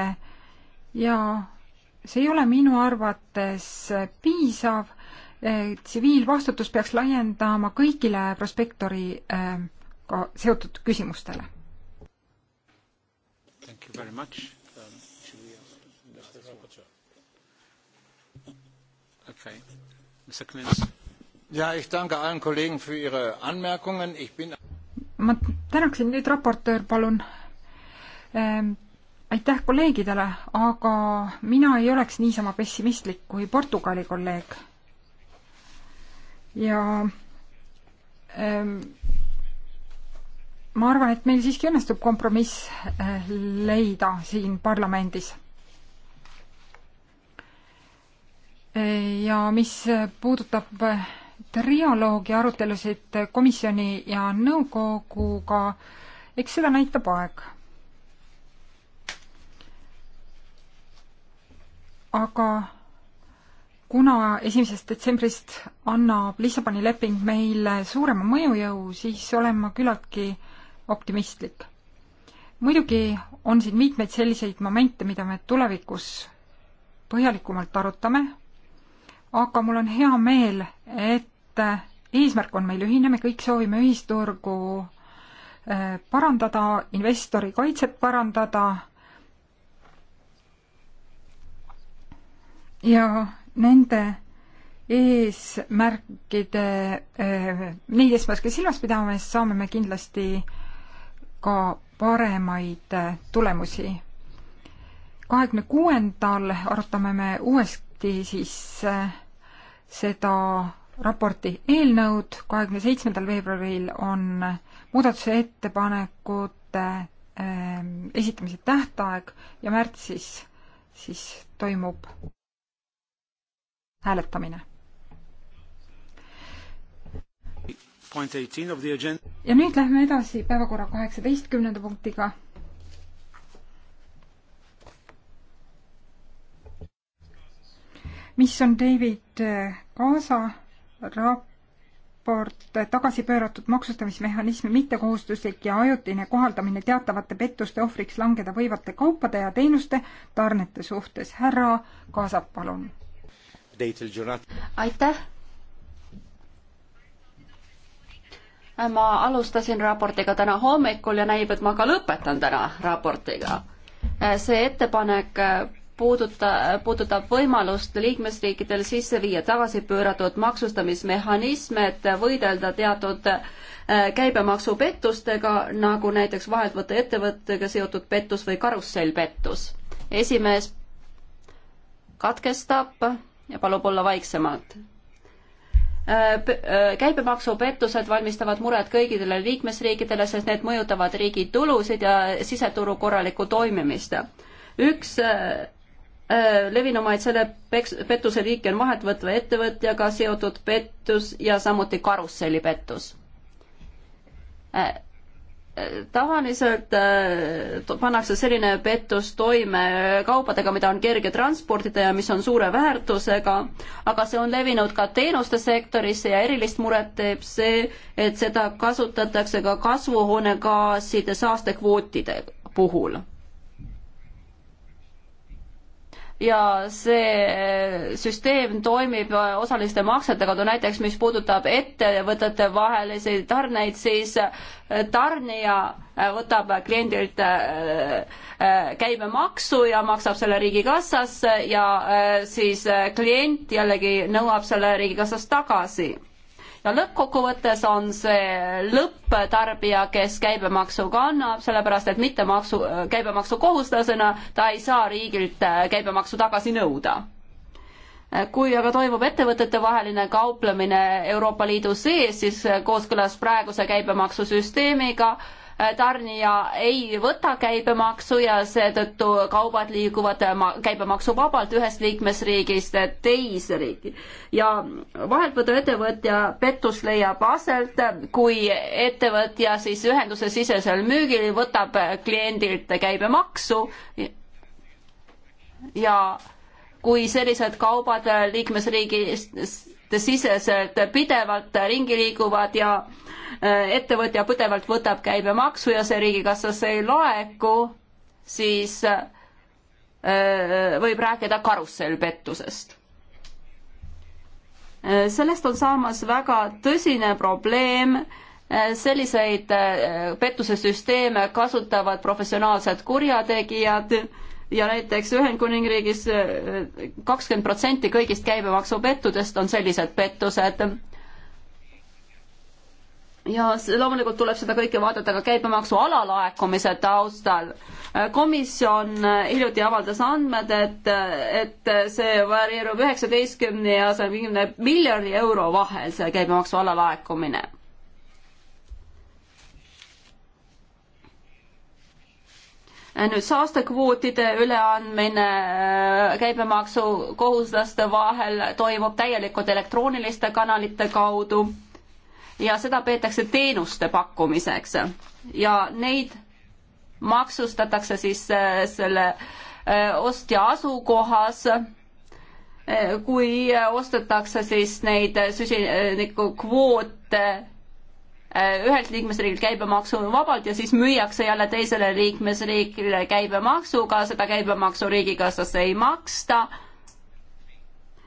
S3: ja see ei ole minu arvates piisav. Eh, tsiviilvastutus peaks laiendama kõigile prospektoriga eh, seotud küsimustele. Thank you very much. Um, ja ich danke allen kollegen für ihre anmerkungen. ich bin ma tänaksin teid, raportöör, palun. Ähm, aitäh kolleegidele, aga mina ei oleks niisama pessimistlik kui Portugali kolleeg. ja ähm, ma arvan, et meil siiski õnnestub kompromiss äh, leida siin parlamendis. Äh, ja mis puudutab äh, trialoogi arutelusid komisjoni ja nõukoguga, eks seda näitab aeg. aga kuna esimesest detsembrist annab Lissaboni leping meile suurema mõjujõu, siis olen ma küllaltki optimistlik. muidugi on siin mitmeid selliseid momente, mida me tulevikus põhjalikumalt arutame, aga mul on hea meel, et et eh, eesmärk on meil ühine, me kõik soovime ühisturgu eh, parandada, investori kaitset parandada ja nende eesmärkide, eh, neid eesmärke silmas pidama, siis saame me kindlasti ka paremaid tulemusi. kahekümne kuuendal arutame me uuesti siis seda raporti eelnõud, kahekümne seitsmendal veebruaril on muudatusettepanekute ähm, esitamise tähtaeg ja märtsis siis toimub hääletamine. ja nüüd lähme edasi päevakorra kaheksateistkümnenda punktiga mis on David äh, Kaasa raport tagasi pööratud maksustamismehhanismi mittekohustuslik ja ajutine kohaldamine teatavate pettuste ohvriks langeda võivate kaupade ja teenuste tarnete suhtes. härra Kaasap, palun. aitäh. ma alustasin raportiga täna
S2: hommikul ja näib, et ma ka lõpetan täna raportiga. see ettepanek puuduta, puudutab võimalust liikmesriikidel sisse viia tagasipööratud maksustamismehhanisme, et võidelda teatud äh, käibemaksupettustega, nagu näiteks vahelt võtta ettevõttega seotud pettus või karussellpettus. esimees katkestab ja palub olla vaiksemalt äh, äh, käibemaksupettused valmistavad muret kõigile liikmesriikidele, sest need mõjutavad riigi tulusid ja siseturu korralikku toimimist. üks Äh, levinumaid selle peks, pettuse liike on vahet võtva ettevõtjaga seotud pettus ja samuti karussellipettus. Äh, äh, tavaliselt pannakse selline pettus toime kaupadega, mida on kerge transportida ja mis on suure väärtusega, aga see on levinud ka teenuste sektorisse ja erilist muret teeb see, et seda kasutatakse ka kasvuhoonegaaside saastekvootide puhul ja see eh, süsteem toimib eh, osaliste maksetega, näiteks mis puudutab ettevõtete vahelisi tarneid, siis eh, tarnija võtab kliendilt käibemaksu ja maksab selle riigikassasse ja siis klient jällegi nõuab selle riigikassast tagasi ja lõppkokkuvõttes on see lõpptarbija, kes käibemaksu kannab, sellepärast et mitte maksu, käibemaksukohustusena ta ei saa riigilt äh, käibemaksu tagasi nõuda kui aga toimub ettevõtetevaheline kauplemine Euroopa Liidu sees, siis äh, kooskõlas praeguse käibemaksusüsteemiga äh, Äh, tarnija ei võta käibemaksu ja seetõttu kaubad liiguvad äh, käibemaksuvabalt ühest liikmesriigist äh, teise riiki. ja vaheltveduettevõtja pettus leiab aset, kui ettevõtja siis ühenduse sisesel müügil võtab kliendilt käibemaksu ja kui sellised kaubad liikmesriigist siseselt pidevalt ringi liiguvad ja äh, ettevõtja põdevalt võtab käibemaksu ja see riigikassasse ei laeku, siis äh, võib rääkida karussellpettusest. Äh, sellest on saamas väga tõsine probleem, selliseid pettusesüsteeme kasutavad professionaalsed kurjategijad ja näiteks Ühendkuningriigis äh, kakskümmend protsenti kõigist käibemaksupettudest on sellised pettused. ja loomulikult tuleb seda kõike vaadata ka käibemaksu alalaekumise taustal. komisjon äh, hiljuti avaldas andmed, et, äh, et see varieerub üheksateistkümne ja saja viiekümne miljoni euro vahel, see käibemaksu alalaekumine Äh, nüüd saastekvootide üleandmine äh, käibemaksukohuslaste vahel toimub täielikult elektrooniliste kanalite kaudu ja seda peetakse teenuste pakkumiseks ja neid maksustatakse siis äh, selle ostja asukohas kui ostetakse siis neid süsinikukvoote Äh, ühelt liikmesriigilt käibemaksu vabalt ja siis müüakse jälle teisele liikmesriigile käibemaksuga, seda käibemaksu riigikassasse ei maksta.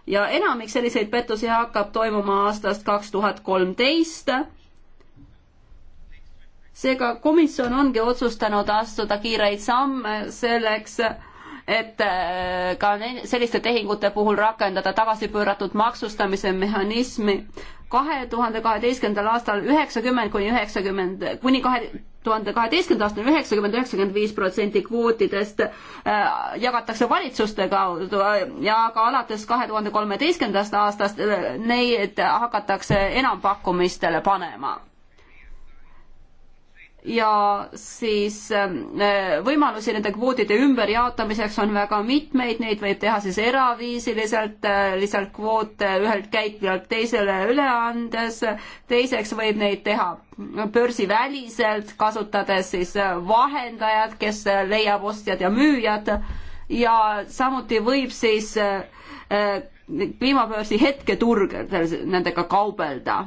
S2: ja enamik selliseid pettusi hakkab toimuma aastast kaks tuhat kolmteist. seega komisjon ongi otsustanud astuda kiireid samme selleks, et äh, ka selliste tehingute puhul rakendada tagasipööratud maksustamise mehhanismi kahe tuhande kaheteistkümnendal aastal üheksakümmend kuni üheksakümmend, kuni kahe tuhande kaheteistkümnenda aastani üheksakümmend, üheksakümmend viis protsenti kvootidest äh, jagatakse valitsuste kaudu äh, ja ka alates kahe tuhande kolmeteistkümnendast aastast äh, neid hakatakse enampakkumistele panema ja siis ähm, äh, võimalusi nende kvootide ümberjaotamiseks on väga mitmeid, neid võib teha siis eraviisiliselt, äh, lihtsalt kvoote ühelt käitlejalt teisele üle andes, teiseks võib neid teha börsiväliselt, kasutades siis äh, vahendajat, kes leiab ostjad ja müüjad ja samuti võib siis kliimapöörsi hetketurgedel nendega kaubelda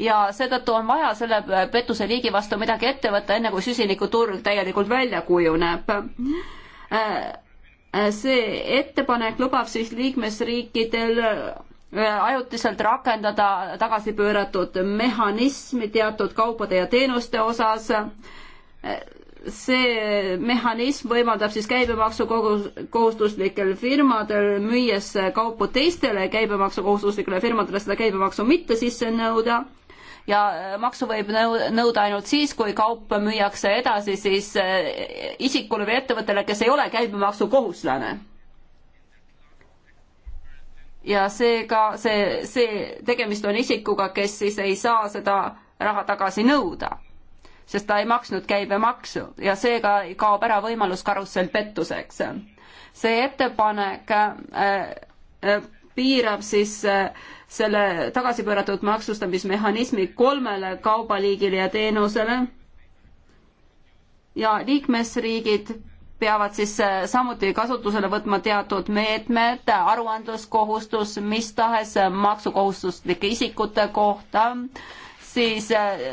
S2: ja seetõttu on vaja selle pettuse liigi vastu midagi ette võtta, enne kui süsinikuturg täielikult välja kujuneb. Äh, äh, see ettepanek lubab siis liikmesriikidel äh, ajutiselt rakendada tagasipööratud mehhanismi teatud kaupade ja teenuste osas see mehhanism võimaldab siis käibemaksukohustuslikel firmadel müües kaupu teistele käibemaksukohustuslikele firmadele seda käibemaksu mitte sisse nõuda ja äh, maksu võib nõuda ainult siis, kui kaup müüakse edasi siis äh, isikule või ettevõttele, kes ei ole käibemaksukohuslane. ja seega see, see, tegemist on isikuga, kes siis ei saa seda raha tagasi nõuda, sest ta ei maksnud käibemaksu ja seega kaob ära võimalus karussellpettuseks. see ettepanek äh, äh, piirab siis äh, selle tagasipööratud maksustamismehhanismi kolmele kaubaliigile ja teenusele. ja liikmesriigid peavad siis äh, samuti kasutusele võtma teatud meetmed, aruandluskohustus, mis tahes äh, maksukohustuslike isikute kohta, siis äh,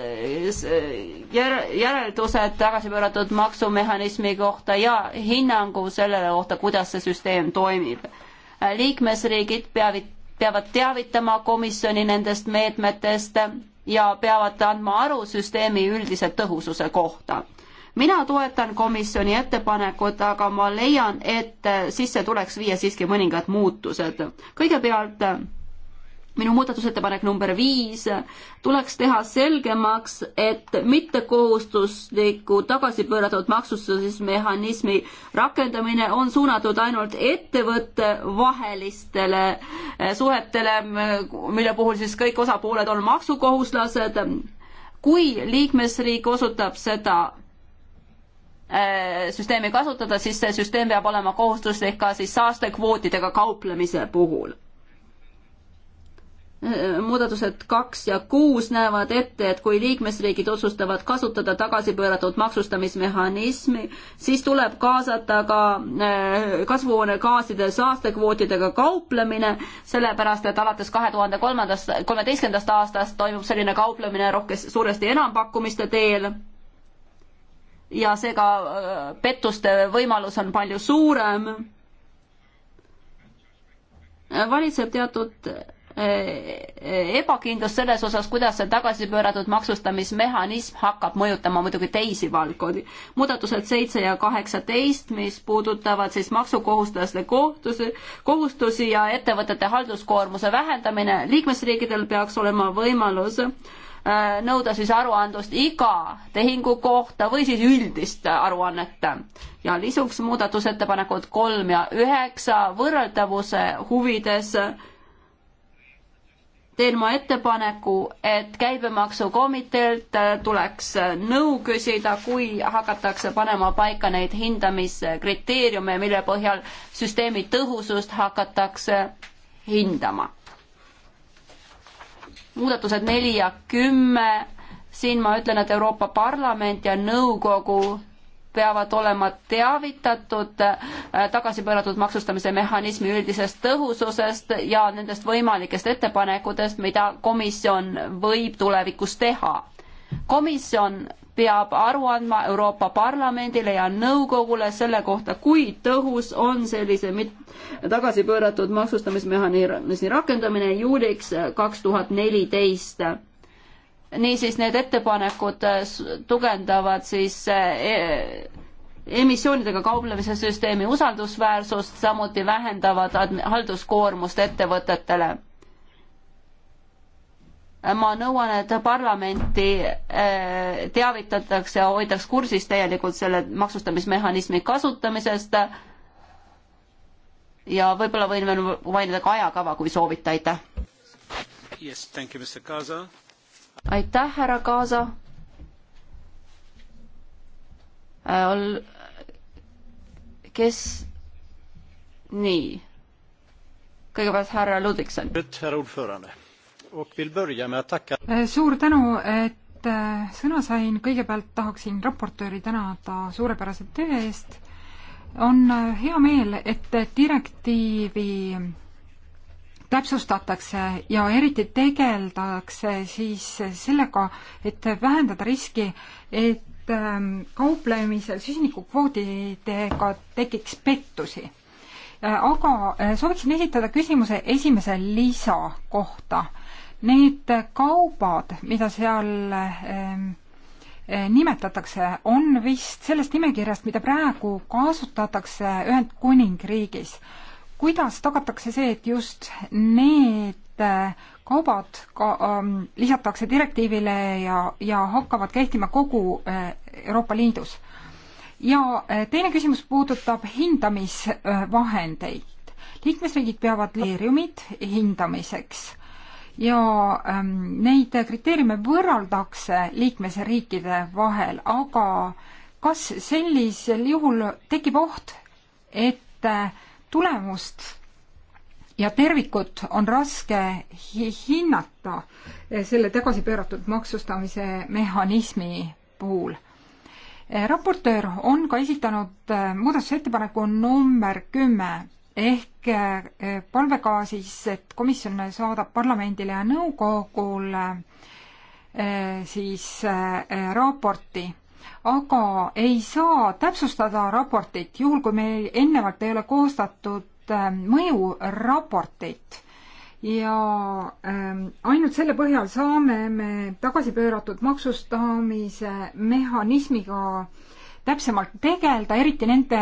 S2: järeldused tagasipööratud maksumehhanismi kohta ja hinnangu sellele kohta, kuidas see süsteem toimib. liikmesriigid peavad peavad teavitama komisjoni nendest meetmetest ja peavad andma aru süsteemi üldise tõhususe kohta. mina toetan komisjoni ettepanekut, aga ma leian, et sisse tuleks viia siiski mõningad muutused. kõigepealt minu muudatusettepanek number viis, tuleks teha selgemaks, et mittekohustusliku tagasipööratud maksustamismehhanismi rakendamine on suunatud ainult ettevõttevahelistele eh, suhetele, mille puhul siis kõik osapooled on maksukohuslased. kui liikmesriik osutab seda eh, süsteemi kasutada, siis see süsteem peab olema kohustuslik ka siis saastekvootidega kauplemise puhul muudatused kaks ja kuus näevad ette, et kui liikmesriigid otsustavad kasutada tagasipööratud maksustamismehhanismi, siis tuleb kaasata ka äh, kasvuhoonegaaside saastekvootidega kauplemine, sellepärast et alates kahe tuhande kolmandast, kolmeteistkümnendast aastast toimub selline kauplemine rohkes, suuresti enampakkumiste teel ja seega äh, pettuste võimalus on palju suurem. Äh, valitseb teatud Äh, ebakindlus selles osas, kuidas see tagasipööratud maksustamismehhanism hakkab mõjutama muidugi teisi valdkondi. muudatused seitse ja kaheksateist, mis puudutavad siis maksukohustuslaste kohtusi, kohustusi ja ettevõtete halduskoormuse vähendamine, liikmesriikidel peaks olema võimalus äh, nõuda siis aruandlust iga tehingu kohta või siis üldist aruannet. ja lisuks muudatusettepanekud kolm ja üheksa võrreldavuse huvides teen ma ettepaneku, et käibemaksukomiteelt äh, tuleks äh, nõu küsida, kui hakatakse panema paika neid hindamiskriteeriume, mille põhjal süsteemi tõhusust hakatakse
S3: hindama.
S2: muudatused neli ja kümme, siin ma ütlen, et Euroopa Parlament ja nõukogu peavad olema teavitatud äh, tagasipööratud maksustamise mehhanismi üldisest tõhususest ja nendest võimalikest ettepanekutest, mida komisjon võib tulevikus teha. komisjon peab aru andma Euroopa Parlamendile ja nõukogule selle kohta, kui tõhus on sellise mit-, tagasipööratud maksustamismehhanismi rakendamine juuliks kaks tuhat neliteist niisiis need ettepanekud äh, tugevdavad siis äh, e-, emissioonidega kauplemise süsteemi usaldusväärsust, samuti vähendavad halduskoormust ettevõtetele. ma nõuan, et parlamenti äh, teavitatakse ja hoitaks kursis täielikult selle maksustamismehhanismi kasutamisest ja võib-olla võin veel mainida ka ajakava, kui soovite, aitäh.
S3: Yes, thank you, Mr Kaasa
S2: aitäh, härra Kaasa. Äh, kes?
S3: nii. kõigepealt härra Ludvigson. Äh, suur tänu, et äh, sõna sain. kõigepealt tahaksin raportööri tänada suurepärase töö eest. on hea meel, et direktiivi täpsustatakse ja eriti tegeldakse siis sellega, et vähendada riski, et ähm, kauplemisel süsinikukvoodidega tekiks pettusi. Äh, aga äh, sooviksin esitada küsimuse esimese lisa kohta. Need kaubad, mida seal ähm, äh, nimetatakse, on vist sellest nimekirjast, mida praegu kasutatakse Ühendkuningriigis kuidas tagatakse see, et just need äh, kaubad ka, ähm, lisatakse direktiivile ja, ja hakkavad kehtima kogu äh, Euroopa Liidus? ja äh, teine küsimus puudutab hindamisvahendeid äh,. liikmesriigid peavad kriteeriumid hindamiseks ja ähm, neid kriteeriume võrreldakse liikmesriikide vahel, aga kas sellisel juhul tekib oht, et äh, tulemust ja tervikut on raske hinnata eh, selle tagasipööratud maksustamise mehhanismi puhul. Eh, raportöör on ka esitanud eh, muudatusettepaneku number kümme ehk palvega siis, et komisjon saadab parlamendile ja nõukogule siis raporti aga ei saa täpsustada raportit, juhul kui meil eelnevalt ei ole koostatud ähm, mõjuraportit. ja ähm, ainult selle põhjal saame me tagasipööratud maksustamise mehhanismiga täpsemalt tegeleda, eriti nende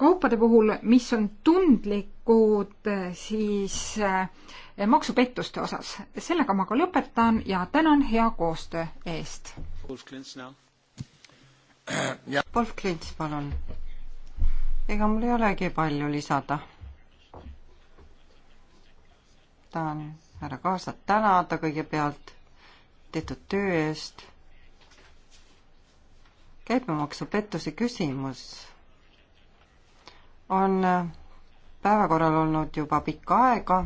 S3: kaupade puhul, mis on tundlikud äh, siis äh, maksupettuste osas. sellega ma ka lõpetan ja tänan hea koostöö eest
S1: ja Wolf Klints, palun. ega mul ei olegi palju lisada. tahan härra Kaasat tänada kõigepealt tehtud töö eest. käibemaksupettuse küsimus on päevakorral olnud juba pikka aega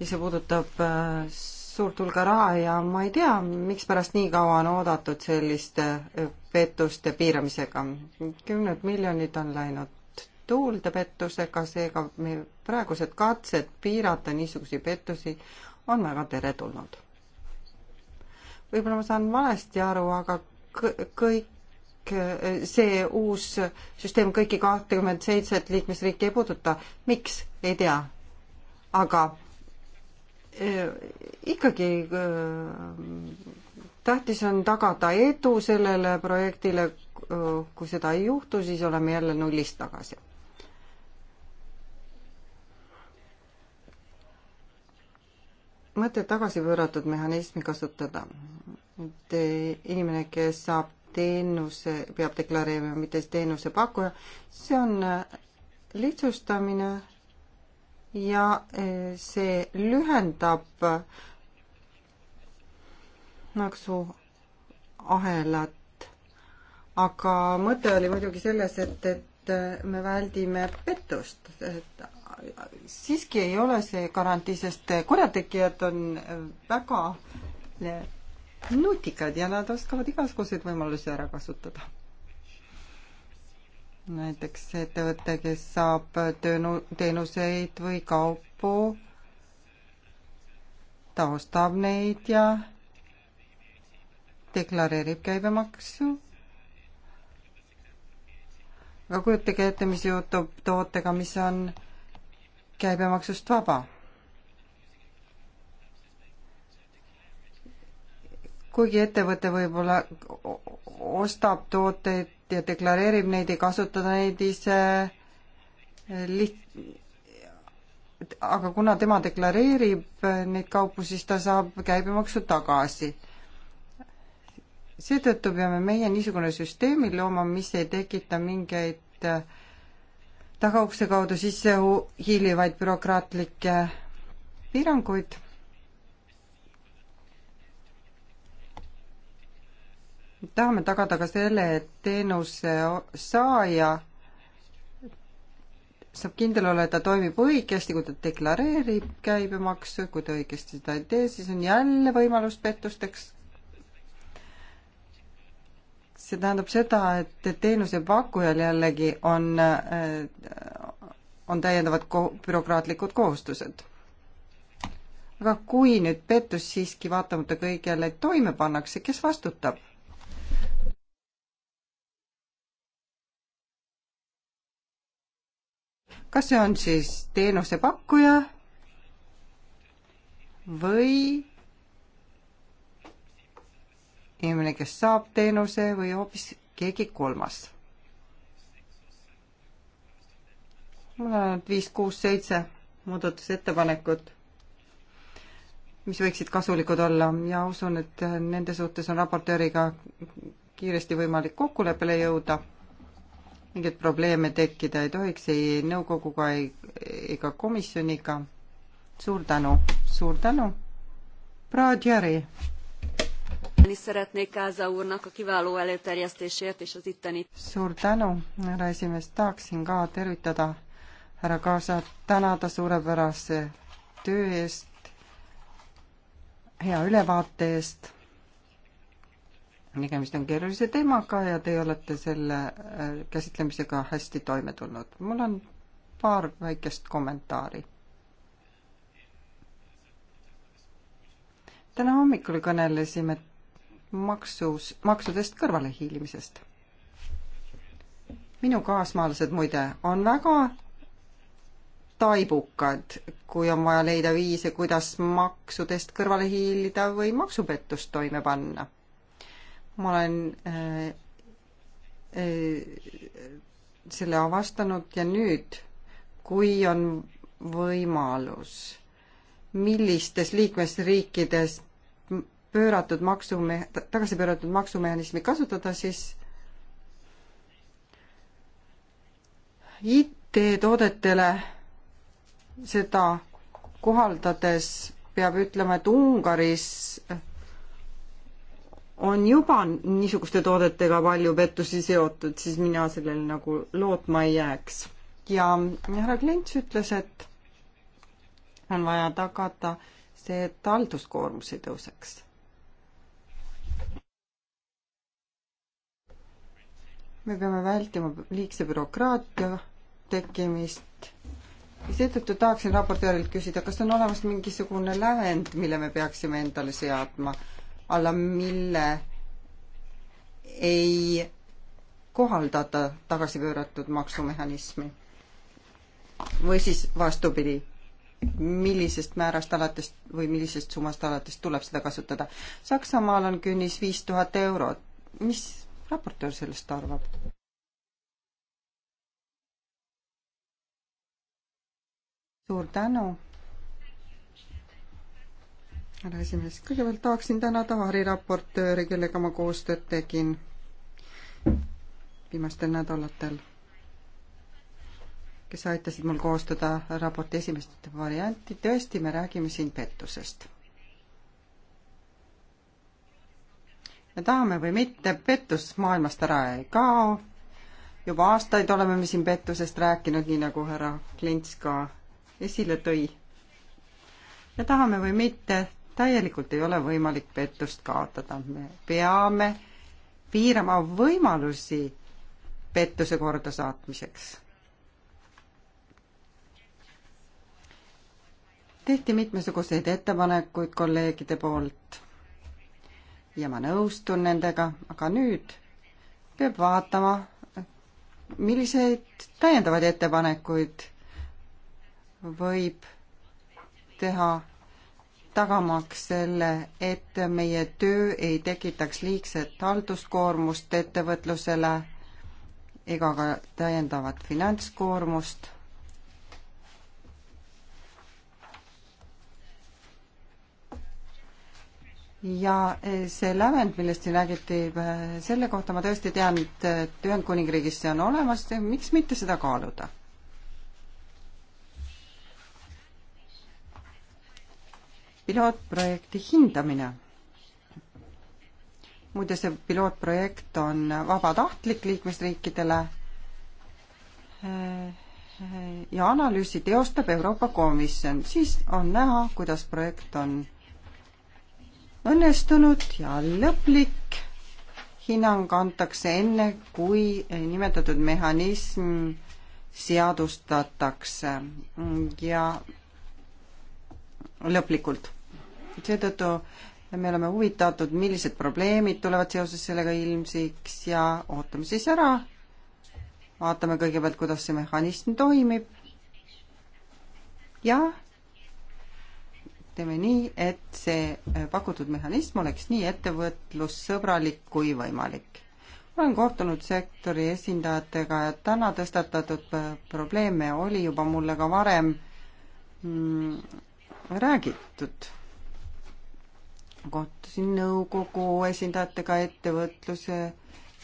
S1: ja see puudutab äh, suurt hulka raha ja ma ei tea, mikspärast nii kaua on oodatud selliste äh, pettuste piiramisega. kümned miljonid on läinud tuulde pettusega, seega meie praegused katsed piirata niisuguseid pettusi on väga teretulnud. võib-olla ma saan valesti aru, aga kõik äh, see uus süsteem kõiki kahtekümmet seitset liikmesriiki ei puuduta. miks? ei tea. aga Äh, ikkagi äh, tähtis on tagada edu sellele projektile, äh, kui seda ei juhtu, siis oleme jälle nullist tagasi. mõte tagasi pööratud mehhanismi kasutada. et inimene, kes saab teenuse, peab deklareerima, mitte teenusepakkuja, see on lihtsustamine ja e, see lühendab maksuahelat. aga mõte oli muidugi selles, et, et e, me väldime pettust, et siiski ei ole see garantii, sest kurjategijad on väga e, nutikad ja nad oskavad igasuguseid võimalusi ära kasutada näiteks ettevõte, kes saab töönu-, teenuseid või kaupu, ta ostab neid ja deklareerib käibemaksu. aga kujutage ette, mis juhtub tootega, mis on käibemaksust vaba. kuigi ettevõte võib-olla ostab tooteid ja deklareerib neid, ei kasutada neid ise liht-, aga kuna tema deklareerib neid kaupu, siis ta saab käibemaksu tagasi. seetõttu peame meie niisugune süsteemi looma, mis ei tekita mingeid tagaukse kaudu sisse hiilivaid bürokraatlikke piiranguid tahame tagada ka selle, et teenuse saaja saab kindel olla, et ta toimib õigesti, kui ta deklareerib käibemaksu, kui ta õigesti seda ei tee, siis on jälle võimalus pettusteks. see tähendab seda, et teenusepakkujal jällegi on, äh, on täiendavad ko-, bürokraatlikud kohustused. aga kui nüüd pettus siiski vaatamata kõigele toime pannakse, kes vastutab? kas see on siis teenusepakkuja või inimene, kes saab teenuse või hoopis keegi kolmas. mul on ainult viis, kuus, seitse muudatusettepanekut, mis võiksid kasulikud olla ja usun, et nende suhtes on raportööriga kiiresti võimalik kokkuleppele jõuda mingeid probleeme tekkida ei tohiks ei nõukoguga ega komisjoniga. suur tänu, suur tänu. Praadjari.
S2: Szeretnék Káza úrnak a kiváló előterjesztésért és az itteni.
S1: Suur tänu, härra esimees, tahaksin ka tervitada härra Kaasat, tänada suurepärase töö eest, hea ülevaate eest tegemist on keerulise teemaga ja te olete selle äh, käsitlemisega hästi toime tulnud. mul on paar väikest kommentaari. täna hommikul kõnelesime maksus, maksudest kõrvalehiilimisest. minu kaasmaalased muide on väga taibukad, kui on vaja leida viise, kuidas maksudest kõrvale hiilida või maksupettust toime panna ma olen äh, äh, selle avastanud ja nüüd, kui on võimalus, millistes liikmesriikides pööratud maksume-, tagasipööratud maksumehhanismi kasutada, siis IT-toodetele seda kohaldades peab ütlema, et Ungaris on juba niisuguste toodetega palju pettusi seotud, siis mina sellele nagu lootma ei jääks. ja härra Klints ütles, et on vaja tagada see, et halduskoormus ei tõuseks. me peame vältima liigse bürokraatia tekkimist ja seetõttu tahaksin raportöörilt küsida, kas on olemas mingisugune lävend, mille me peaksime endale seadma alla mille ei kohaldata tagasipööratud maksumehhanismi. või siis vastupidi, millisest määrast alates või millisest summast alates tuleb seda kasutada. Saksamaal on künnis viis tuhat eurot. mis raportöör sellest arvab? suur tänu härra esimees, kõigepealt tahaksin tänada variraportööre, kellega ma koostööd tegin viimastel nädalatel, kes aitasid mul koostada raporti esimest varianti. tõesti, me räägime siin pettusest. me tahame või mitte, pettus maailmast ära ei kao. juba aastaid oleme me siin pettusest rääkinud, nii nagu härra Klints ka esile tõi me tahame või mitte, täielikult ei ole võimalik pettust kaotada. me peame piirama võimalusi pettuse kordasaatmiseks. tehti mitmesuguseid ettepanekuid kolleegide poolt ja ma nõustun nendega, aga nüüd peab vaatama, milliseid täiendavaid ettepanekuid võib teha tagamaks selle, et meie töö ei tekitaks liigset halduskoormust ettevõtlusele ega ka täiendavat finantskoormust. ja see lävend, millest siin räägiti, selle kohta ma tõesti tean, et Ühendkuningriigis see on olemas, miks mitte seda kaaluda pilootprojekti hindamine. muide, see pilootprojekt on vabatahtlik liikmesriikidele ja analüüsi teostab Euroopa Komisjon, siis on näha, kuidas projekt on õnnestunud ja lõplik hinnang antakse enne, kui nimetatud mehhanism seadustatakse ja lõplikult seetõttu me oleme huvitatud, millised probleemid tulevad seoses sellega ilmsiks ja ootame siis ära, vaatame kõigepealt, kuidas see mehhanism toimib ja teeme nii, et see äh, pakutud mehhanism oleks nii ettevõtlussõbralik kui võimalik. olen kohtunud sektori esindajatega ja täna tõstatatud äh, probleeme oli juba mulle ka varem mm, räägitud kohtusin nõukogu esindajatega, ettevõtluse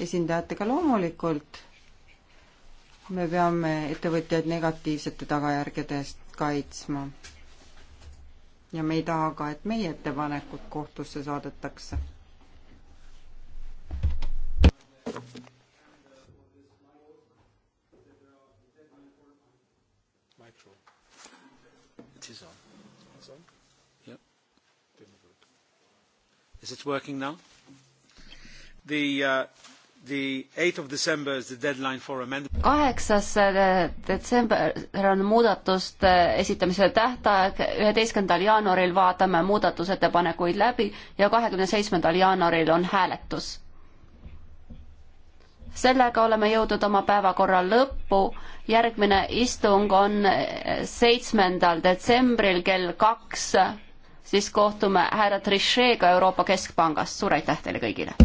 S1: esindajatega, loomulikult me peame ettevõtjaid negatiivsete tagajärgede eest kaitsma. ja me ei taha ka, et meie ettepanekud kohtusse saadetakse
S3: Is it working now? The, uh, the 8th of December is the deadline for amendment.
S2: kaheksas eh, detsember on muudatuste eh, esitamise tähtaeg, üheteistkümnendal jaanuaril vaatame muudatusettepanekuid läbi ja kahekümne seitsmendal jaanuaril on hääletus. sellega oleme jõudnud oma päevakorra lõppu, järgmine istung on eh, seitsmendal detsembril kell kaks siis kohtume härra Trichet'ga Euroopa Keskpangast. suur aitäh teile kõigile!